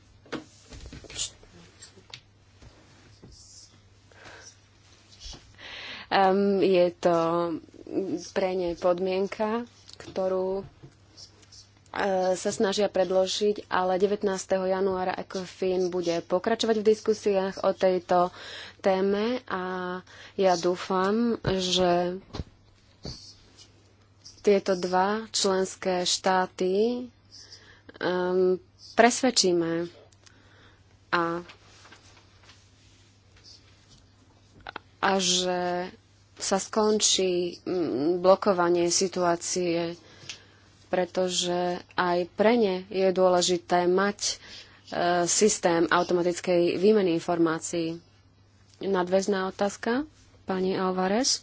Um, je to pre ne podmienka, ktorú e, sa snažia predložiť, ale 19. januára ECOFIN bude pokračovať v diskusiách o tejto téme a ja dúfam, že tieto dva členské štáty um, presvedčíme a, a že sa skončí mm, blokovanie situácie, pretože aj pre ne je dôležité mať e, systém automatickej výmeny informácií. Nadväzná otázka, pani Alvarez.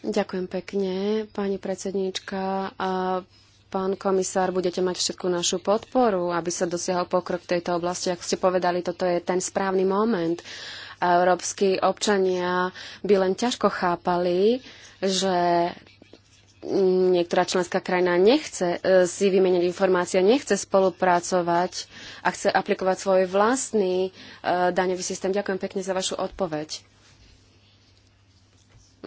Ďakujem pekne, pani predsedníčka. A pán komisár, budete mať všetku našu podporu, aby sa dosiahol pokrok v tejto oblasti. Ako ste povedali, toto je ten správny moment. Európsky občania by len ťažko chápali, že niektorá členská krajina nechce e, si vymeniť informácie, nechce spolupracovať a chce aplikovať svoj vlastný e, daňový systém. Ďakujem pekne za vašu odpoveď.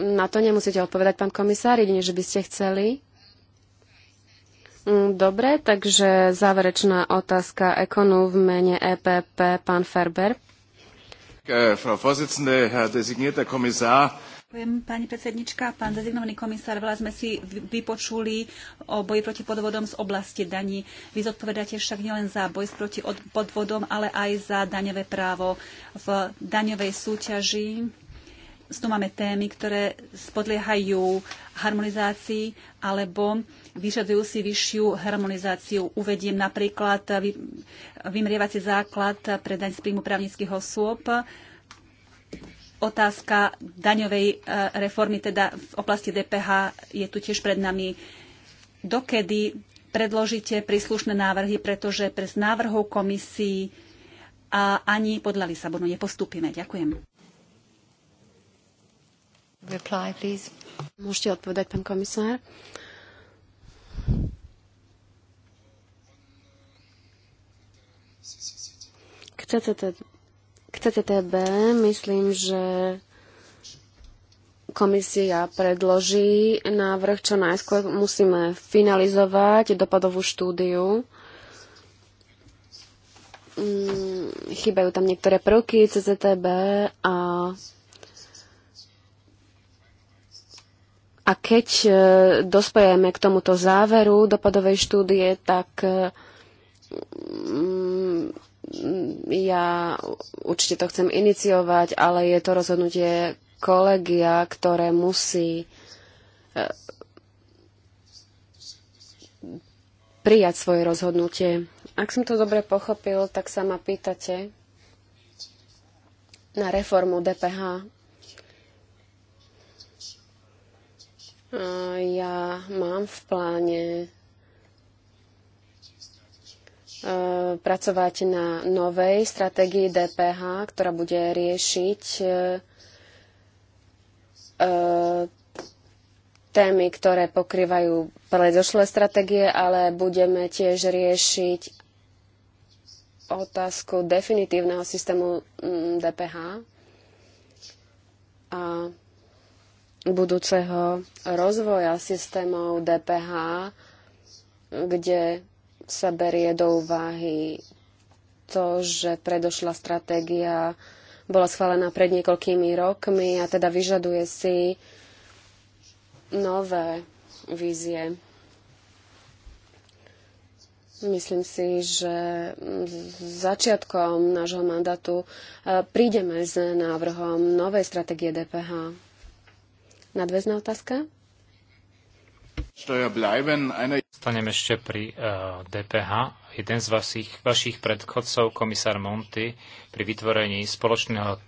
Na to nemusíte odpovedať, pán komisár, jedine, že by ste chceli. Mm, dobre, takže záverečná otázka ekonu v mene EPP, pán Ferber. Frau Vorsitzende, Herr designierter Kommissar, Ďakujem, pani predsednička. Pán dezignovaný komisár, veľa sme si vypočuli o boji proti podvodom z oblasti daní. Vy zodpovedáte však nielen za boj proti podvodom, ale aj za daňové právo v daňovej súťaži. Tu máme témy, ktoré spodliehajú harmonizácii alebo vyžadujú si vyššiu harmonizáciu. Uvediem napríklad vymrievací základ pre daň z príjmu právnických osôb otázka daňovej e, reformy, teda v oblasti DPH je tu tiež pred nami. Dokedy predložíte príslušné návrhy, pretože pre návrhov komisii a ani podľa Lisabonu nepostúpime. Ďakujem. Reply, please. Môžete odpovedať, pán komisár. Chcete CCTB k TTTB myslím, že komisia predloží návrh, čo najskôr musíme finalizovať dopadovú štúdiu. Mm, chýbajú tam niektoré prvky CCTB a A keď e, dospojeme k tomuto záveru dopadovej štúdie, tak e, mm, ja určite to chcem iniciovať, ale je to rozhodnutie kolegia, ktoré musí e, prijať svoje rozhodnutie. Ak som to dobre pochopil, tak sa ma pýtate na reformu DPH. E, ja mám v pláne E, pracovať na novej stratégii DPH, ktorá bude riešiť e, e, témy, ktoré pokrývajú predošlé stratégie, ale budeme tiež riešiť otázku definitívneho systému mm, DPH a budúceho rozvoja systémov DPH, kde sa berie do úvahy to, že predošla stratégia bola schválená pred niekoľkými rokmi a teda vyžaduje si nové vízie. Myslím si, že začiatkom nášho mandátu e, prídeme s návrhom novej stratégie DPH. Nadväzná otázka? Staneme ešte pri DPH. Eh, Jeden z vašich, vašich predchodcov, komisár Monty, pri vytvorení spoločného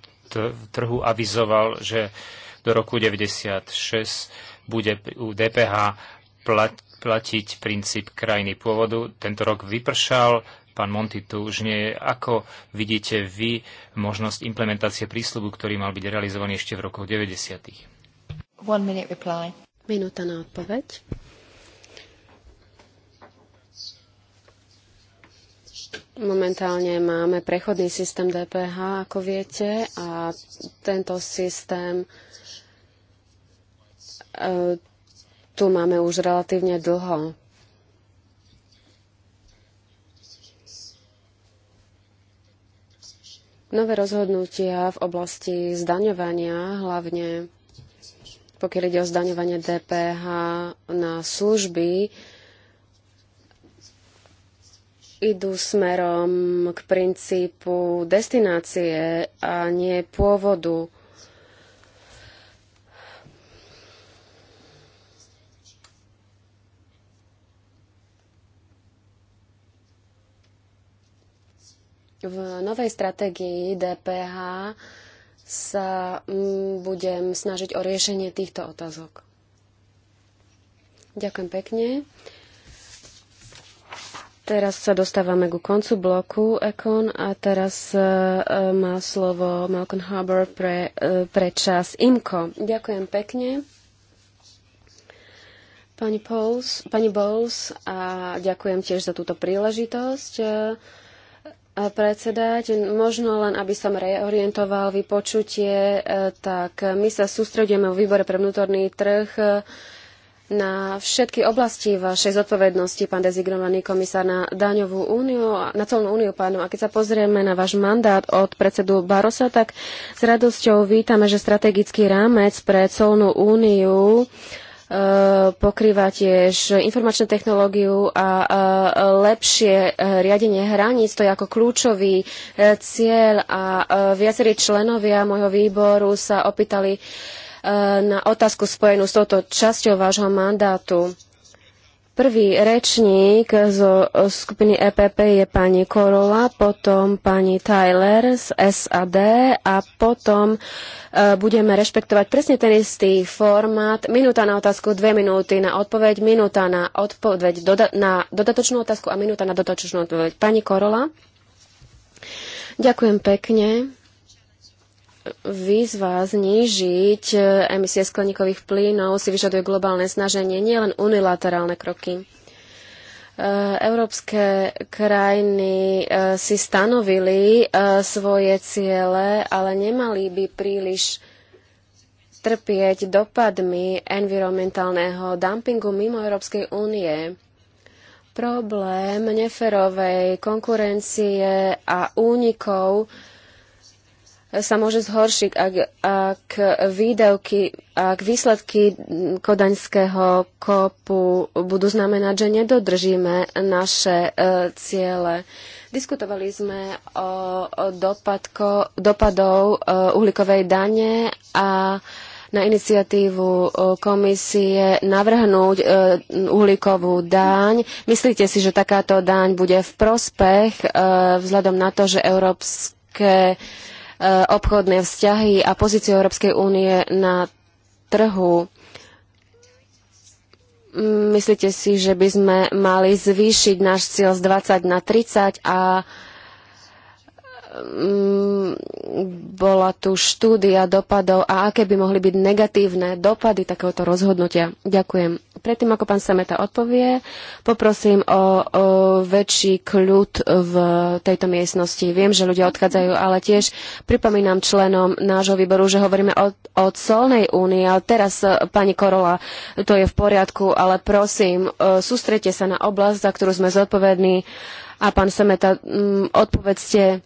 trhu avizoval, že do roku 96 bude u DPH platiť princíp krajiny pôvodu. Tento rok vypršal, pán Monty tu už nie je. Ako vidíte vy možnosť implementácie prísľubu, ktorý mal byť realizovaný ešte v rokoch 90. One minute reply. Minúta na odpoveď. Momentálne máme prechodný systém DPH, ako viete, a tento systém e, tu máme už relatívne dlho. Nové rozhodnutia v oblasti zdaňovania, hlavne pokiaľ ide o zdaňovanie DPH na služby, idú smerom k princípu destinácie a nie pôvodu. V novej stratégii DPH sa mm, budem snažiť o riešenie týchto otázok. Ďakujem pekne. Teraz sa dostávame ku koncu bloku Econ a teraz uh, má slovo Malcolm Harbour pre, uh, pre čas IMCO. Ďakujem pekne. Pani Bowles, pani Bowles a ďakujem tiež za túto príležitosť. Uh, predsedať. Možno len, aby som reorientoval vypočutie, e, tak my sa sústredíme v výbore pre vnútorný trh e, na všetky oblasti vašej zodpovednosti, pán dezignovaný komisár, na daňovú úniu, na celnú úniu, pánu. A keď sa pozrieme na váš mandát od predsedu Barosa, tak s radosťou vítame, že strategický rámec pre colnú úniu E, pokrýva tiež informačnú technológiu a lepšie e, riadenie hraníc. To je ako kľúčový e, cieľ a viacerí členovia môjho výboru sa opýtali na otázku spojenú s touto časťou vášho mandátu. Prvý rečník zo skupiny EPP je pani Korola, potom pani Tyler z SAD a potom e, budeme rešpektovať presne ten istý formát. Minúta na otázku, dve minúty na odpoveď, minúta na odpoveď doda- na dodatočnú otázku a minúta na dodatočnú odpoveď. Pani Korola. Ďakujem pekne výzva znížiť e, emisie skleníkových plynov si vyžaduje globálne snaženie, nielen unilaterálne kroky. E, európske krajiny e, si stanovili svoje ciele, ale nemali by príliš trpieť dopadmi environmentálneho dumpingu mimo Európskej únie. Problém neferovej konkurencie a únikov sa môže zhoršiť, ak, ak výdavky, ak výsledky kodaňského kopu budú znamenať, že nedodržíme naše e, ciele. Diskutovali sme o, o dopadko, dopadov e, uhlíkovej dane a na iniciatívu e, komisie navrhnúť e, uhlíkovú daň. Myslíte si, že takáto daň bude v prospech e, vzhľadom na to, že európske Eh, obchodné vzťahy a pozíciu Európskej únie na trhu. Myslíte si, že by sme mali zvýšiť náš cieľ z 20 na 30 a Mm, bola tu štúdia dopadov a aké by mohli byť negatívne dopady takéhoto rozhodnutia. Ďakujem. Predtým, ako pán Sameta odpovie, poprosím o, o väčší kľud v tejto miestnosti. Viem, že ľudia odchádzajú, ale tiež pripomínam členom nášho výboru, že hovoríme o, o colnej únii, ale teraz, e, pani Korola, to je v poriadku, ale prosím, e, sústrete sa na oblasť, za ktorú sme zodpovední a pán sameta, mm, odpovedzte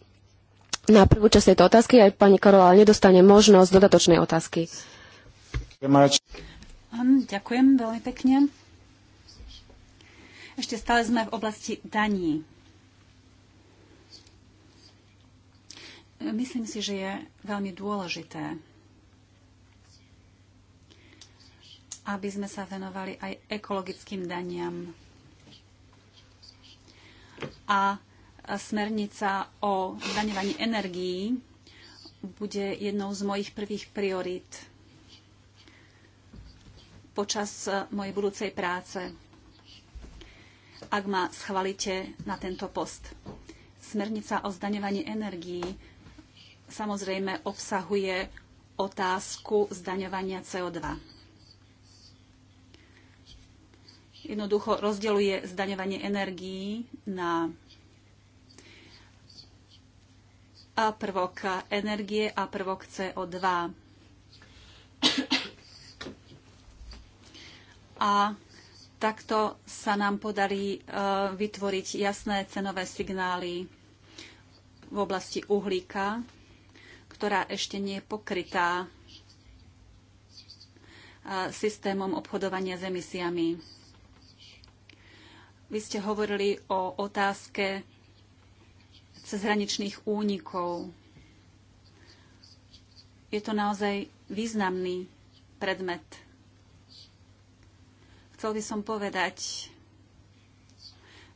na prvú časť tejto otázky. Aj pani Karola nedostane možnosť dodatočnej otázky. Ďakujem veľmi pekne. Ešte stále sme v oblasti daní. Myslím si, že je veľmi dôležité, aby sme sa venovali aj ekologickým daniam a Smernica o zdaňovaní energií bude jednou z mojich prvých priorít počas e, mojej budúcej práce, ak ma schvalíte na tento post. Smernica o zdaňovaní energií samozrejme obsahuje otázku zdaňovania CO2. jednoducho rozdeľuje zdaňovanie energií na prvok energie a prvok CO2. A takto sa nám podarí e, vytvoriť jasné cenové signály v oblasti uhlíka, ktorá ešte nie je pokrytá e, systémom obchodovania s emisiami. Vy ste hovorili o otázke cezhraničných únikov. Je to naozaj významný predmet. Chcel by som povedať,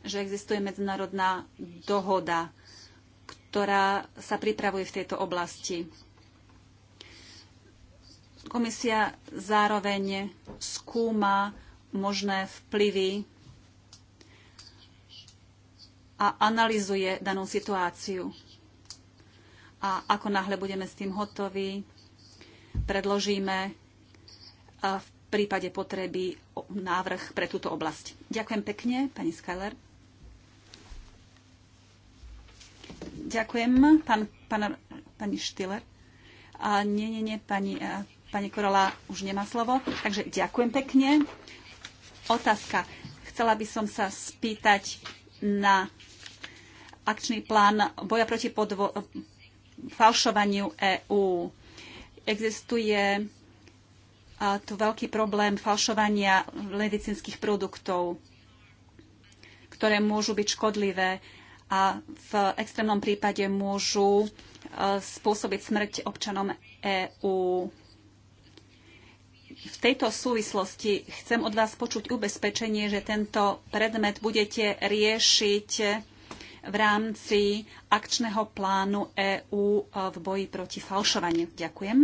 že existuje medzinárodná dohoda, ktorá sa pripravuje v tejto oblasti. Komisia zároveň skúma možné vplyvy a analizuje danú situáciu. A ako náhle budeme s tým hotoví, predložíme e, v prípade potreby návrh pre túto oblasť. Ďakujem pekne, pani Skyler. Ďakujem, pán, pán, pani Štiller. A nie, nie, nie, pani, e, pani Korola už nemá slovo. Takže ďakujem pekne. Otázka. Chcela by som sa spýtať, na akčný plán boja proti podvo- falšovaniu EÚ. Existuje tu veľký problém falšovania medicínskych produktov, ktoré môžu byť škodlivé a v extrémnom prípade môžu spôsobiť smrť občanom EÚ v tejto súvislosti chcem od vás počuť ubezpečenie, že tento predmet budete riešiť v rámci akčného plánu EÚ v boji proti falšovaniu. Ďakujem.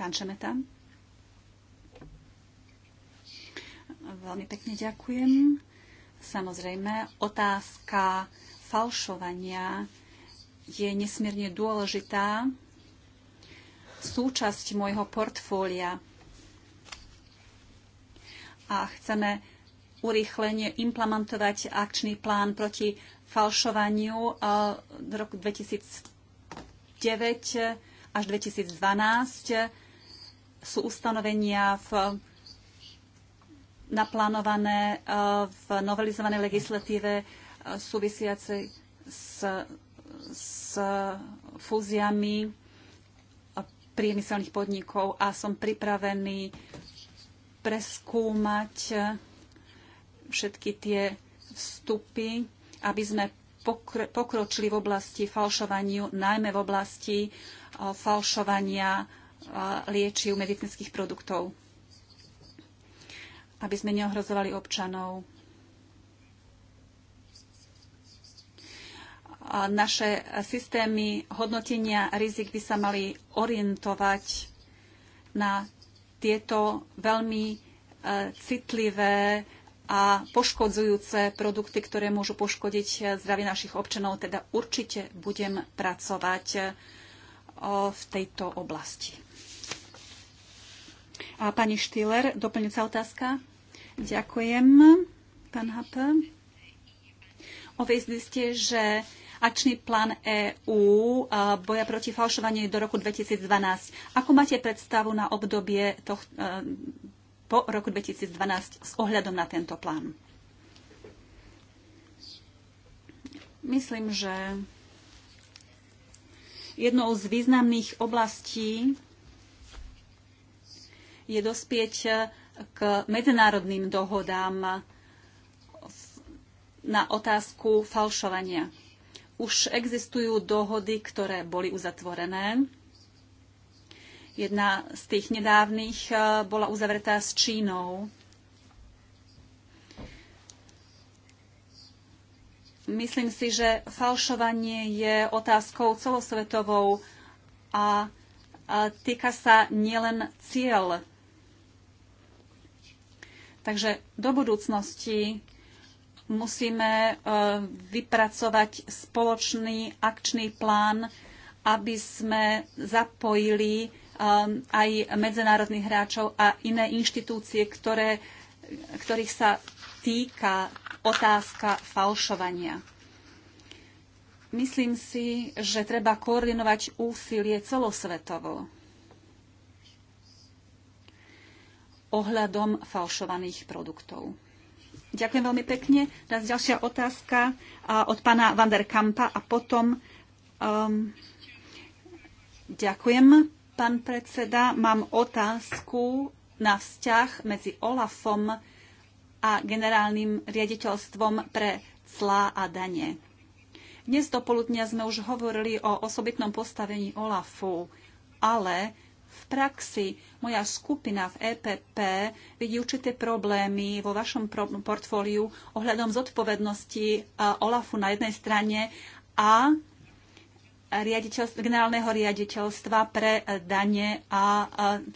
Pán Šemeta. Veľmi pekne ďakujem. Samozrejme, otázka falšovania je nesmierne dôležitá súčasť môjho portfólia a chceme urýchlenie implementovať akčný plán proti falšovaniu z uh, roku 2009 až 2012. Sú ustanovenia v naplánované uh, v novelizovanej legislatíve uh, súvisiace s, s fúziami priemyselných podnikov a som pripravený preskúmať všetky tie vstupy, aby sme pokr pokročili v oblasti falšovaniu, najmä v oblasti falšovania liečiv medicínskych produktov, aby sme neohrozovali občanov. naše systémy hodnotenia rizik by sa mali orientovať na tieto veľmi e, citlivé a poškodzujúce produkty, ktoré môžu poškodiť e, zdravie našich občanov. Teda určite budem pracovať e, v tejto oblasti. A pani Štýler, doplňujúca otázka. Ďakujem, pán Hape. Ovezli ste, že akčný plán EÚ boja proti falšovaniu do roku 2012. Ako máte predstavu na obdobie toh- e, po roku 2012 s ohľadom na tento plán? Myslím, že jednou z významných oblastí je dospieť k medzinárodným dohodám na otázku falšovania. Už existujú dohody, ktoré boli uzatvorené. Jedna z tých nedávnych eh, bola uzavretá s Čínou. Myslím si, že falšovanie je otázkou celosvetovou a týka sa nielen cieľ. Takže do budúcnosti musíme e, vypracovať spoločný akčný plán, aby sme zapojili e, aj medzinárodných hráčov a iné inštitúcie, ktoré, ktorých sa týka otázka falšovania. Myslím si, že treba koordinovať úsilie celosvetovo ohľadom falšovaných produktov. Ďakujem veľmi pekne. Teraz ďalšia otázka od pána Vanderkampa a potom um, ďakujem, pán predseda. Mám otázku na vzťah medzi OLAFom a generálnym riaditeľstvom pre clá a dane. Dnes do poludnia sme už hovorili o osobitnom postavení OLAFu, ale v praxi. Moja skupina v EPP vidí určité problémy vo vašom portfóliu ohľadom zodpovednosti e, OLAFu na jednej strane a generálneho riaditeľstva pre e, dane a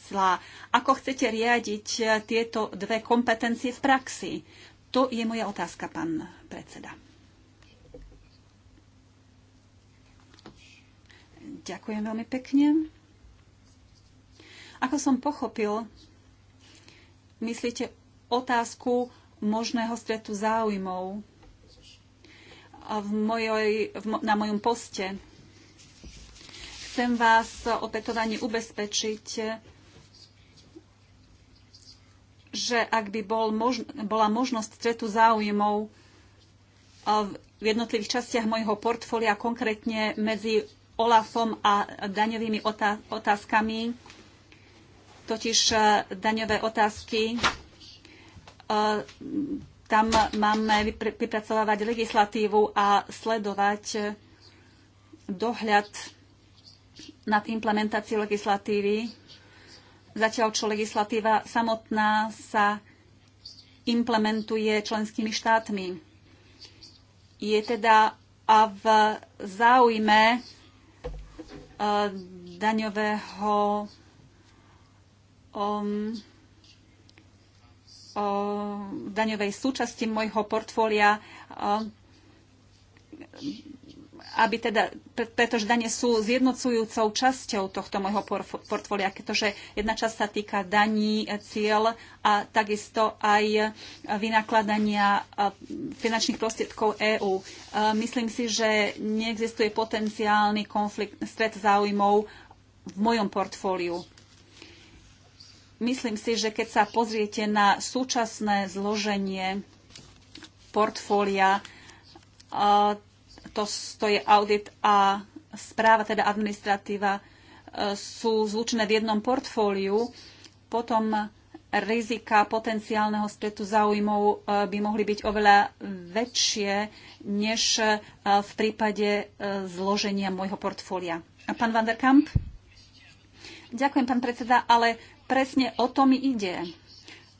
clá. E, Ako chcete riadiť tieto dve kompetencie v praxi? To je moja otázka, pán predseda. Ďakujem veľmi pekne. Ako som pochopil, myslíte otázku možného stretu záujmov v mojoj, v, na mojom poste. Chcem vás opätovane ubezpečiť, že ak by bol mož, bola možnosť stretu záujmov v jednotlivých častiach mojho portfólia, konkrétne medzi OLAFom a daňovými otázkami, totiž eh, daňové otázky. Eh, tam máme vypracovávať legislatívu a sledovať eh, dohľad nad implementáciou legislatívy, zatiaľ čo legislatíva samotná sa implementuje členskými štátmi. Je teda a v záujme daňového o, um, o daňovej súčasti môjho portfólia, um, aby teda, pretože dane sú zjednocujúcou časťou tohto môjho portfólia, pretože jedna časť sa týka daní, cieľ a takisto aj vynakladania finančných prostriedkov EÚ. Myslím si, že neexistuje potenciálny konflikt, stred záujmov v mojom portfóliu. Myslím si, že keď sa pozriete na súčasné zloženie portfólia, to, to je audit a správa, teda administratíva, e, sú zlučené v jednom portfóliu, potom rizika potenciálneho stretu záujmov e, by mohli byť oveľa väčšie než e, v prípade zloženia môjho portfólia. Pán Van der Kamp? Ďakujem, pán predseda, ale presne o to mi ide.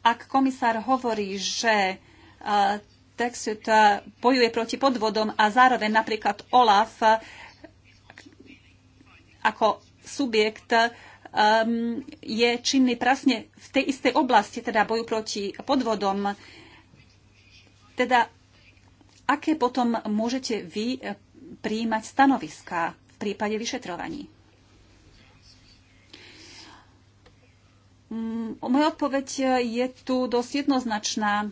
Ak komisár hovorí, že e, Texit bojuje proti podvodom a zároveň napríklad OLAF e, ako subjekt um, je činný prasne v tej istej oblasti, teda boju proti podvodom. Teda aké potom môžete vy príjmať stanoviská v prípade vyšetrovaní? Mm, moja odpoveď e, je tu dosť jednoznačná.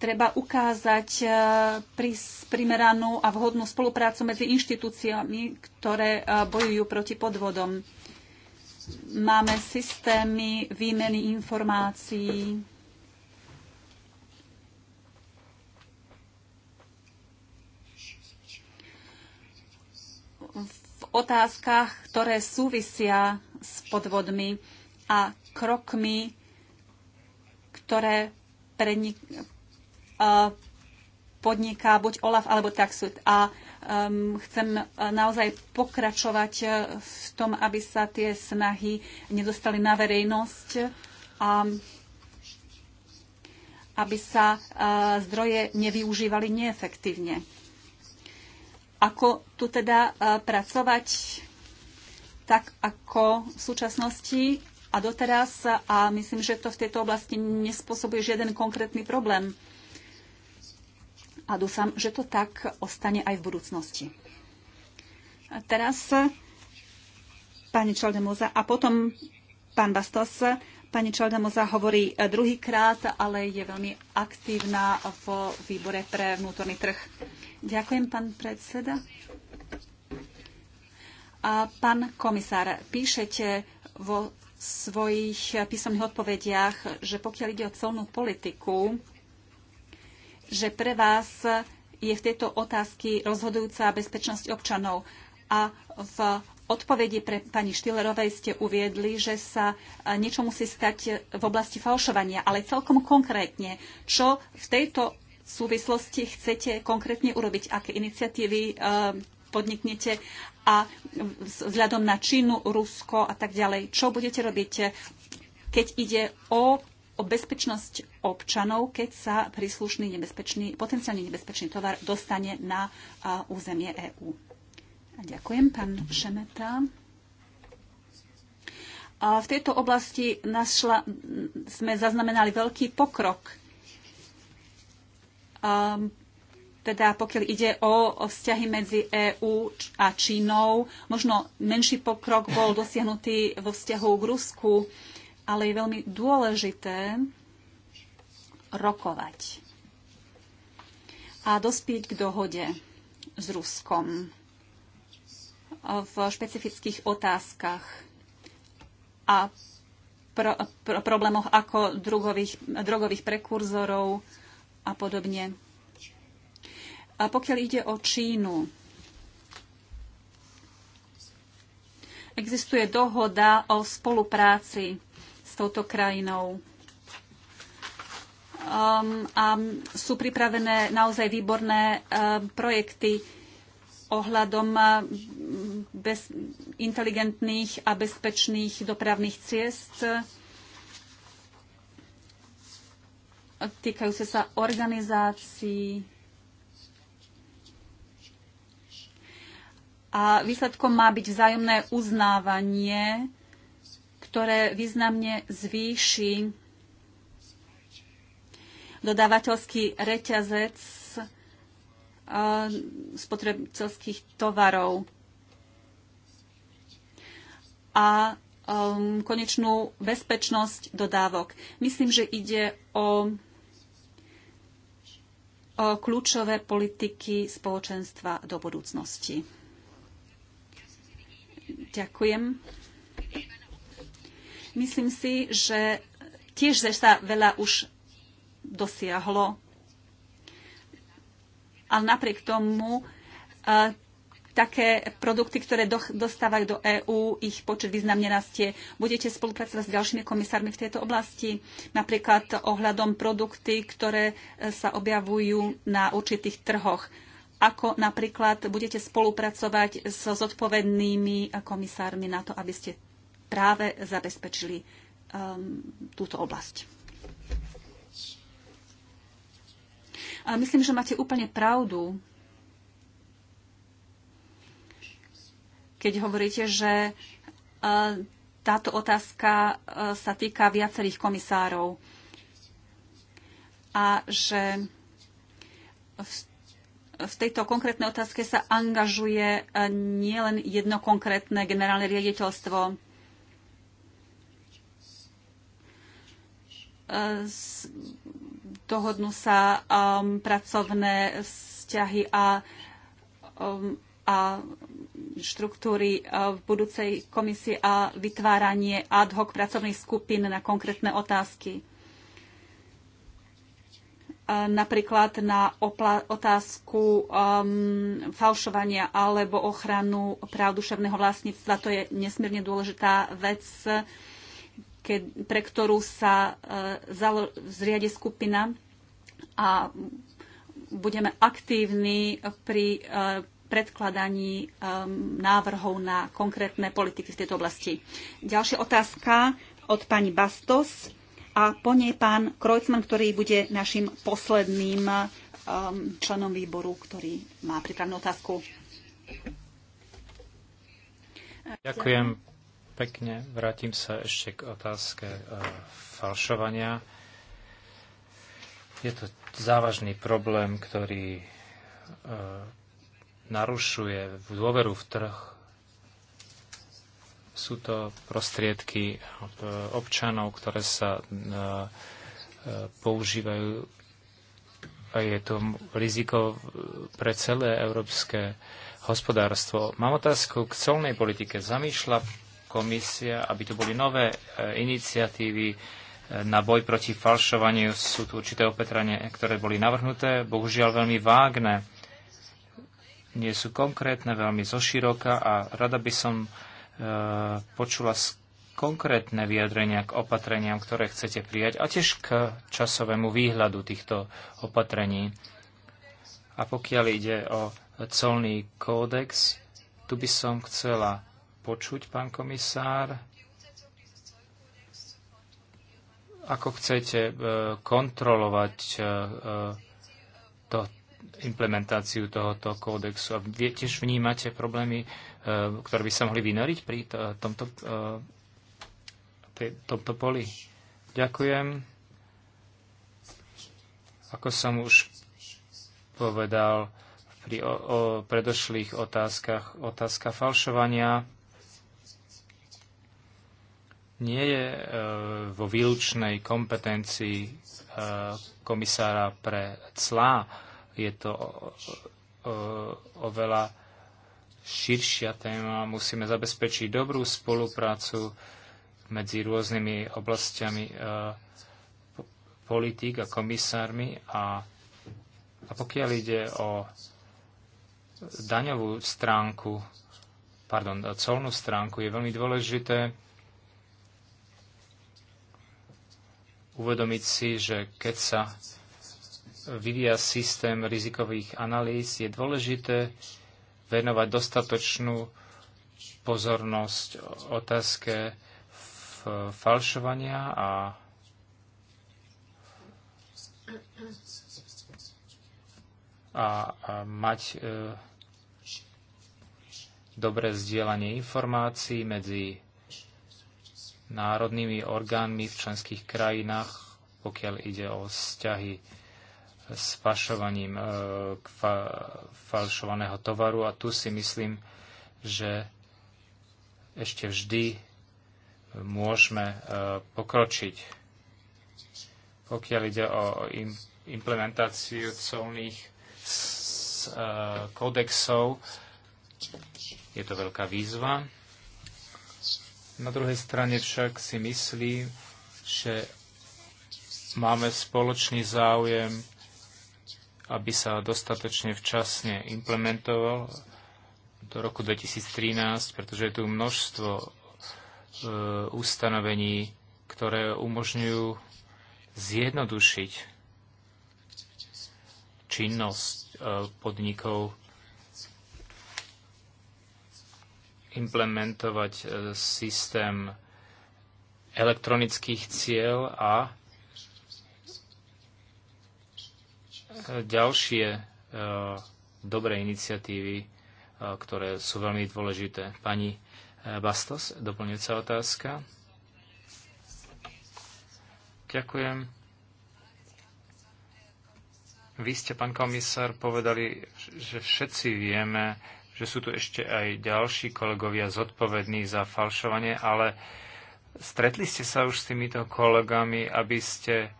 Treba ukázať e, primeranú a vhodnú spoluprácu medzi inštitúciami, ktoré e, bojujú proti podvodom. Máme systémy výmeny informácií, v otázkach, ktoré súvisia s podvodmi a krokmi, ktoré prenik- podniká buď OLAF alebo Taxud. A um, chcem e, naozaj pokračovať e, v tom, aby sa tie snahy nedostali na verejnosť a aby sa uh, zdroje nevyužívali neefektívne. Ako tu teda uh, pracovať tak, ako v súčasnosti a doteraz a myslím, že to v tejto oblasti nespôsobuje žiaden konkrétny problém. A dúfam, že to tak ostane aj v budúcnosti. A teraz pani Čaldemoza a potom pán Bastos. Pani Čaldemoza hovorí druhýkrát, ale je veľmi aktívna v výbore pre vnútorný trh. Ďakujem, pán predseda. A pán komisár, píšete vo svojich písomných odpovediach, že pokiaľ ide o celnú politiku, že pre vás je v tejto otázky rozhodujúca bezpečnosť občanov. A v odpovedi pre pani Štýlerovej ste uviedli, že sa niečo musí stať v oblasti falšovania, ale celkom konkrétne, čo v tejto súvislosti chcete konkrétne urobiť, aké iniciatívy podniknete a vzhľadom na Čínu, Rusko a tak ďalej. Čo budete robiť, keď ide o, o bezpečnosť občanov, keď sa príslušný nebezpečný, potenciálne nebezpečný tovar dostane na a, územie EÚ? Ďakujem, pán Šemeta. A v tejto oblasti našla, sme zaznamenali veľký pokrok. A, teda pokiaľ ide o, vzťahy medzi EÚ a Čínou, možno menší pokrok bol dosiahnutý vo vzťahu k Rusku, ale je veľmi dôležité rokovať a dospieť k dohode s Ruskom v špecifických otázkach a pro, pro, problémoch ako drogových, drogových prekurzorov a podobne. A pokiaľ ide o Čínu, existuje dohoda o spolupráci s touto krajinou. Um, a sú pripravené naozaj výborné um, projekty ohľadom um, bez, inteligentných a bezpečných dopravných ciest. Týkajú sa organizácií a výsledkom má byť vzájomné uznávanie, ktoré významne zvýši dodávateľský reťazec eh, spotrebiteľských tovarov a eh, konečnú bezpečnosť dodávok. Myslím, že ide o kľúčové politiky spoločenstva do budúcnosti. Ďakujem. Myslím si, že tiež sa veľa už dosiahlo. Ale napriek tomu e, také produkty, ktoré dostávajú do EÚ, ich počet významne rastie. Budete spolupracovať s ďalšími komisármi v tejto oblasti, napríklad ohľadom produkty, ktoré e, sa objavujú na určitých trhoch. Ako napríklad budete spolupracovať so zodpovednými komisármi na to, aby ste práve zabezpečili um, túto oblasť. A myslím, že máte úplne pravdu, keď hovoríte, že uh, táto otázka uh, sa týka viacerých komisárov a že v v tejto konkrétnej otázke sa angažuje e, nielen jedno konkrétne generálne riaditeľstvo. E, dohodnú sa um, pracovné vzťahy a, um, a štruktúry e, v budúcej komisii a vytváranie ad hoc pracovných skupín na konkrétne otázky napríklad na otázku um, falšovania alebo ochranu práv duševného vlastníctva. To je nesmierne dôležitá vec, pre ktorú sa uh, e, zriade skupina a budeme aktívni pri uh, predkladaní um, návrhov na konkrétne politiky v tejto oblasti. Ďalšia otázka od pani Bastos a po nej pán Krojcman, ktorý bude našim posledným um, členom výboru, ktorý má prípravnú otázku. Ďakujem pekne. Vrátim sa ešte k otázke uh, falšovania. Je to závažný problém, ktorý uh, narušuje dôveru v trh sú to prostriedky občanov, ktoré sa e, e, používajú a je to riziko pre celé európske hospodárstvo. Mám otázku k colnej politike. Zamýšľa komisia, aby tu boli nové e, iniciatívy na boj proti falšovaniu. Sú tu určité opetranie, ktoré boli navrhnuté, bohužiaľ veľmi vágne. Nie sú konkrétne, veľmi zoširoka a rada by som Eh, počula konkrétne vyjadrenia k opatreniam, ktoré chcete prijať a tiež k časovému výhľadu týchto opatrení. A pokiaľ ide o colný kódex, tu by som chcela počuť, pán komisár, ako chcete eh, kontrolovať eh, to, implementáciu tohoto kódexu. A tiež vnímate problémy Eh, ktoré by sa mohli vynoriť pri eh, tomto, eh, tomto poli. Ďakujem. Ako som už povedal pri o, o predošlých otázkach, otázka falšovania nie je e, vo výlučnej kompetencii e, komisára pre clá. Je to o, o, oveľa širšia téma. Musíme zabezpečiť dobrú spoluprácu medzi rôznymi oblastiami e, politík a komisármi a, a pokiaľ ide o daňovú stránku, pardon, colnú stránku, je veľmi dôležité uvedomiť si, že keď sa vyvíja systém rizikových analýz, je dôležité venovať dostatočnú pozornosť otázke falšovania a a, mať e, dobré zdieľanie informácií medzi národnými orgánmi v členských krajinách, pokiaľ ide o vzťahy s pašovaním fa- e, falšovaného tovaru a tu si myslím, že ešte vždy môžeme e, pokročiť. Pokiaľ ide o implementáciu colných e, kódexov, je to veľká výzva. Na druhej strane však si myslím, že máme spoločný záujem aby sa dostatočne včasne implementoval do roku 2013, pretože je tu množstvo e, ustanovení, ktoré umožňujú zjednodušiť činnosť e, podnikov, implementovať e, systém elektronických cieľ a ďalšie e, dobré iniciatívy, e, ktoré sú veľmi dôležité. Pani e, Bastos, doplňujúca otázka. Ďakujem. Vy ste, pán komisár, povedali, že všetci vieme, že sú tu ešte aj ďalší kolegovia zodpovední za falšovanie, ale stretli ste sa už s týmito kolegami, aby ste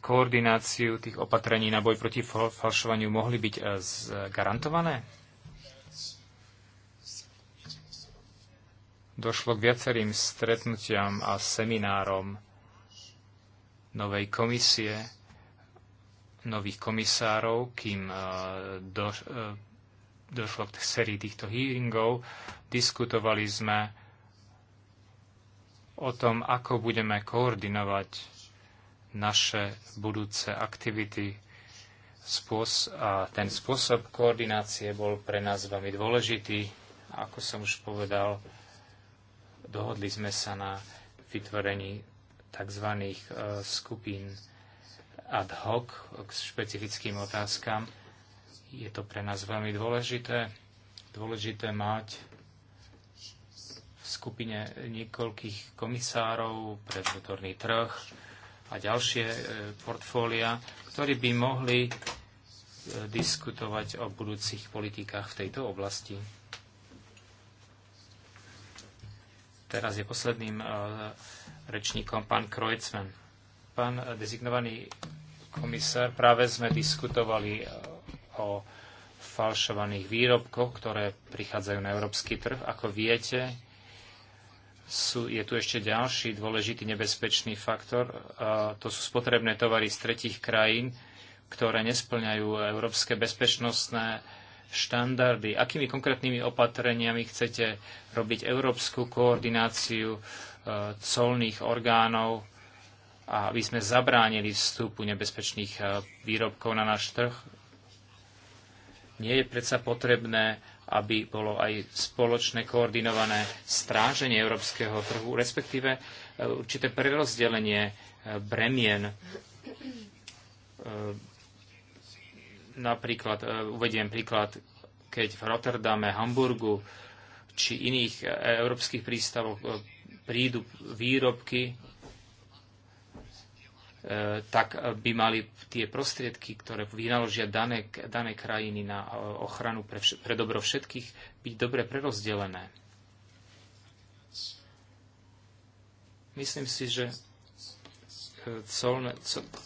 koordináciu tých opatrení na boj proti falšovaniu mohli byť eh, garantované? Došlo k viacerým stretnutiam a seminárom novej komisie, nových komisárov, kým eh, eh, došlo k sérii týchto hearingov. Diskutovali sme o tom, ako budeme koordinovať naše budúce aktivity. Spôs- a ten spôsob koordinácie bol pre nás veľmi dôležitý. Ako som už povedal, dohodli sme sa na vytvorení tzv. E, skupín ad hoc k špecifickým otázkam. Je to pre nás veľmi dôležité. Dôležité mať v skupine niekoľkých komisárov pre vnútorný trh, a ďalšie e, portfólia, ktorí by mohli e, diskutovať o budúcich politikách v tejto oblasti. Teraz je posledným e, rečníkom pán Kreutzmann. Pán dezignovaný komisár, práve sme diskutovali o falšovaných výrobkoch, ktoré prichádzajú na európsky trh. Ako viete, sú, je tu ešte ďalší dôležitý nebezpečný faktor. A to sú spotrebné tovary z tretich krajín, ktoré nesplňajú európske bezpečnostné štandardy. Akými konkrétnymi opatreniami chcete robiť európsku koordináciu e, colných orgánov, aby sme zabránili vstupu nebezpečných e, výrobkov na náš trh? Nie je predsa potrebné aby bolo aj spoločné koordinované stráženie európskeho trhu, respektíve e, určité prerozdelenie e, bremien. E, napríklad, uvediem príklad, keď v Rotterdame, Hamburgu či iných európskych prístavoch prídu výrobky E, tak by mali tie prostriedky, ktoré vynaložia dané, dané krajiny na e, ochranu pre, vš- pre dobro všetkých, byť dobre prerozdelené. Myslím si, že e, colne,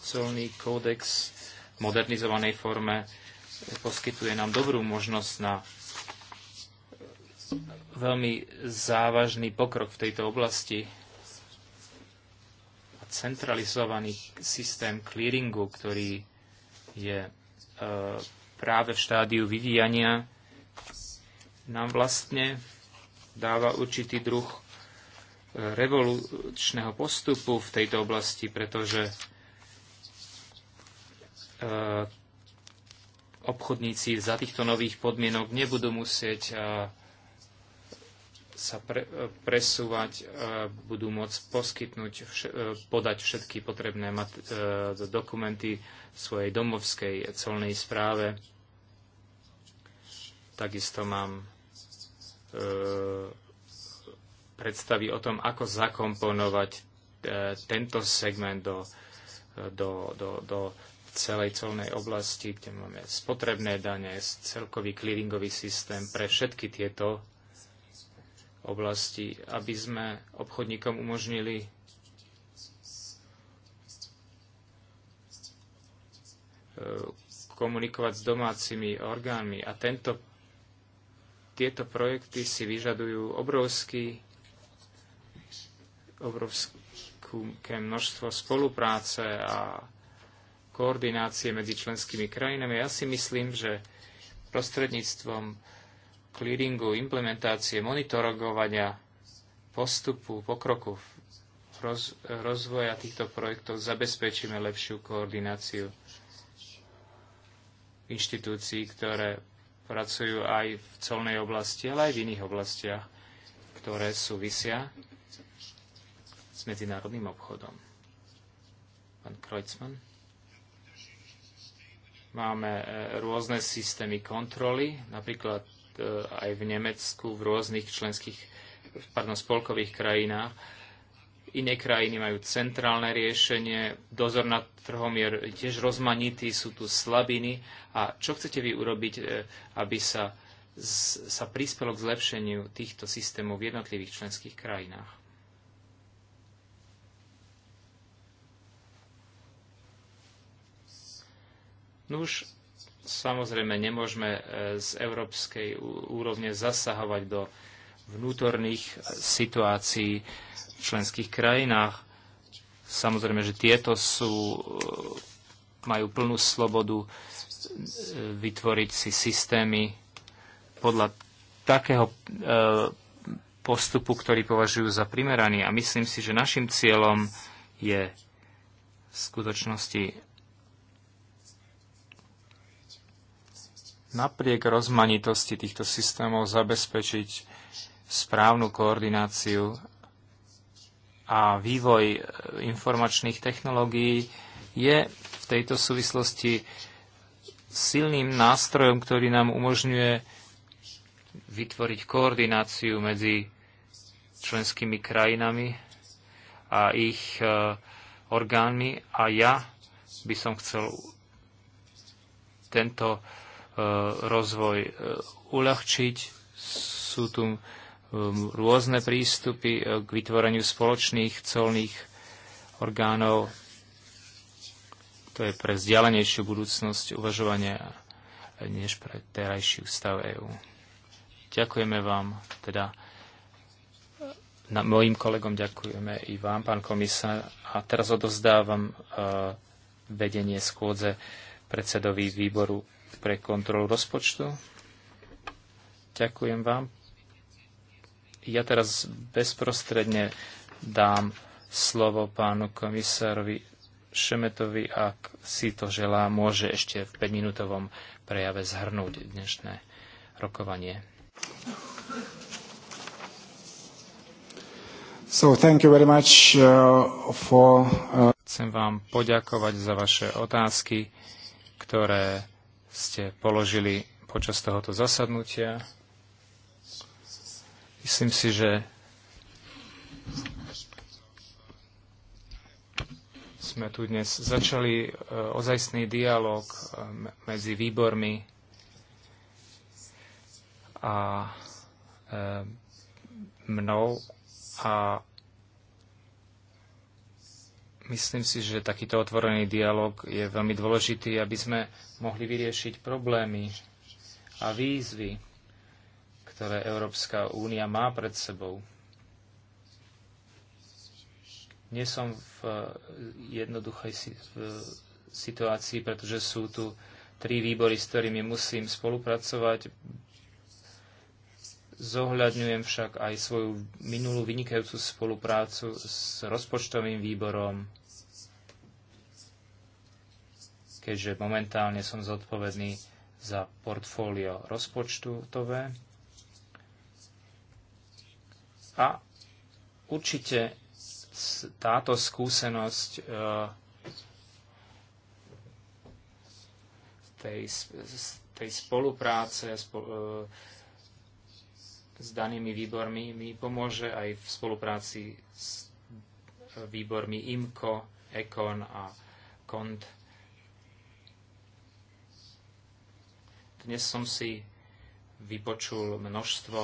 colný kódex v modernizovanej forme poskytuje nám dobrú možnosť na veľmi závažný pokrok v tejto oblasti centralizovaný systém clearingu, ktorý je e, práve v štádiu vyvíjania, nám vlastne dáva určitý druh e, revolučného postupu v tejto oblasti, pretože e, obchodníci za týchto nových podmienok nebudú musieť e, sa pre, e, presúvať, e, budú môcť poskytnúť, e, podať všetky potrebné dokumenty svojej domovskej colnej správe. Takisto mám predstavy o tom, ako zakomponovať tento segment do, do, do, do celej colnej oblasti, kde máme spotrebné dane, celkový clearingový systém pre všetky tieto oblasti, aby sme obchodníkom umožnili komunikovať s domácimi orgánmi. A tento, tieto projekty si vyžadujú obrovský, obrovské množstvo spolupráce a koordinácie medzi členskými krajinami. Ja si myslím, že prostredníctvom clearingu, implementácie, monitorovania postupu, pokroku roz, rozvoja týchto projektov zabezpečíme lepšiu koordináciu inštitúcií, ktoré pracujú aj v colnej oblasti, ale aj v iných oblastiach, ktoré súvisia s medzinárodným obchodom. Pán Kreutzmann máme e, rôzne systémy kontroly, napríklad E, aj v Nemecku, v rôznych členských, pardon, spolkových krajinách. Iné krajiny majú centrálne riešenie, dozor nad trhom je tiež rozmanitý, sú tu slabiny. A čo chcete vy urobiť, e, aby sa, sa prispelo k zlepšeniu týchto systémov v jednotlivých členských krajinách? No už Samozrejme, nemôžeme e, z európskej úrovne zasahovať do vnútorných e, situácií v členských krajinách. Samozrejme, že tieto sú, e, majú plnú slobodu vytvoriť si systémy podľa takého postupu, ktorý považujú za primeraný. A myslím si, že našim cieľom je v skutočnosti napriek rozmanitosti týchto systémov zabezpečiť správnu koordináciu a vývoj e, informačných technológií je v tejto súvislosti silným nástrojom, ktorý nám umožňuje vytvoriť koordináciu medzi členskými krajinami a ich e, orgánmi. A ja by som chcel tento rozvoj e, uľahčiť. Sú tu e, rôzne prístupy e, k vytvoreniu spoločných colných orgánov. To je pre vzdialenejšiu budúcnosť uvažovania než pre terajší ústav EÚ. Ďakujeme vám, teda na, mojim kolegom ďakujeme i vám, pán komisár. A teraz odovzdávam uh, vedenie skôdze predsedovi výboru pre kontrolu rozpočtu. Ďakujem vám. Ja teraz bezprostredne dám slovo pánu komisárovi Šemetovi, ak si to želá, môže ešte v 5-minútovom prejave zhrnúť dnešné rokovanie. So, thank you very much, uh, for, uh... Chcem vám poďakovať za vaše otázky, ktoré ste položili počas tohoto zasadnutia. Myslím si, že sme tu dnes začali e, ozajstný dialog e, medzi výbormi a e, mnou a myslím si, že takýto otvorený dialog je veľmi dôležitý, aby sme mohli vyriešiť problémy a výzvy, ktoré Európska únia má pred sebou. Nie som v eh, jednoduchej situácii, pretože sú tu tri výbory, s ktorými musím spolupracovať. Zohľadňujem však aj svoju minulú vynikajúcu spoluprácu s rozpočtovým výborom, keďže momentálne som zodpovedný za portfólio rozpočtové. A určite táto skúsenosť e, tej, tej spolupráce e, s danými výbormi mi pomôže aj v spolupráci s výbormi IMCO, ECON a CONT. Dnes som si vypočul množstvo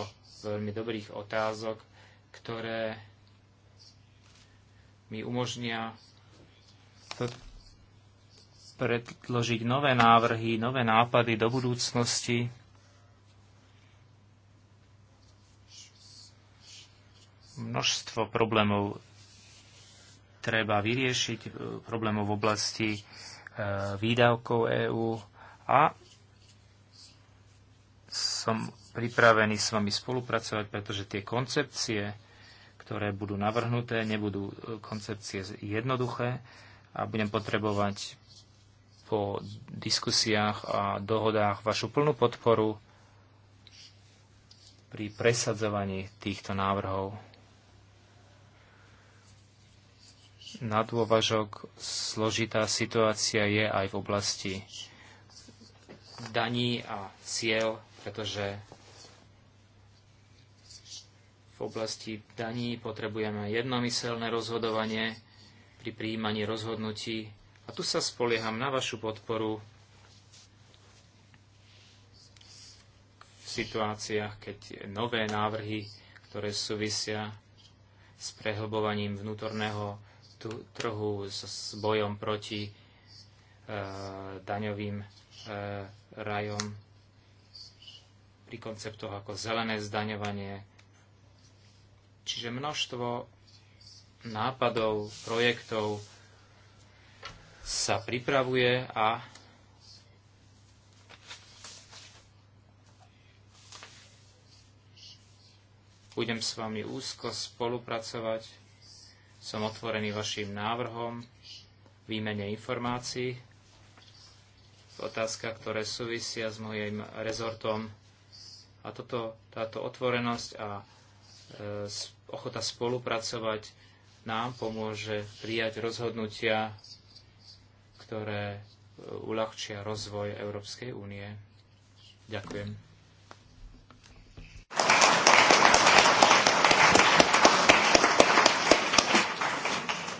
veľmi dobrých otázok, ktoré mi umožnia predložiť nové návrhy, nové nápady do budúcnosti. Množstvo problémov treba vyriešiť, problémov v oblasti eh, výdavkov EÚ a som pripravený s vami spolupracovať, pretože tie koncepcie, ktoré budú navrhnuté, nebudú e, koncepcie jednoduché a budem potrebovať po diskusiách a dohodách vašu plnú podporu pri presadzovaní týchto návrhov. Na dôvažok zložitá situácia je aj v oblasti daní a cieľ pretože v oblasti daní potrebujeme jednomyselné rozhodovanie pri príjmaní rozhodnutí a tu sa spolieham na vašu podporu v situáciách, keď nové návrhy, ktoré súvisia s prehlbovaním vnútorného trhu, s bojom proti e, daňovým e, rajom pri konceptoch ako zelené zdaňovanie. Čiže množstvo nápadov, projektov sa pripravuje a budem s vami úzko spolupracovať. Som otvorený vašim návrhom, výmene informácií otázka, otázkach, ktoré súvisia s mojim rezortom a toto, táto otvorenosť a e, ochota spolupracovať nám pomôže prijať rozhodnutia, ktoré e, uľahčia rozvoj Európskej únie. Ďakujem.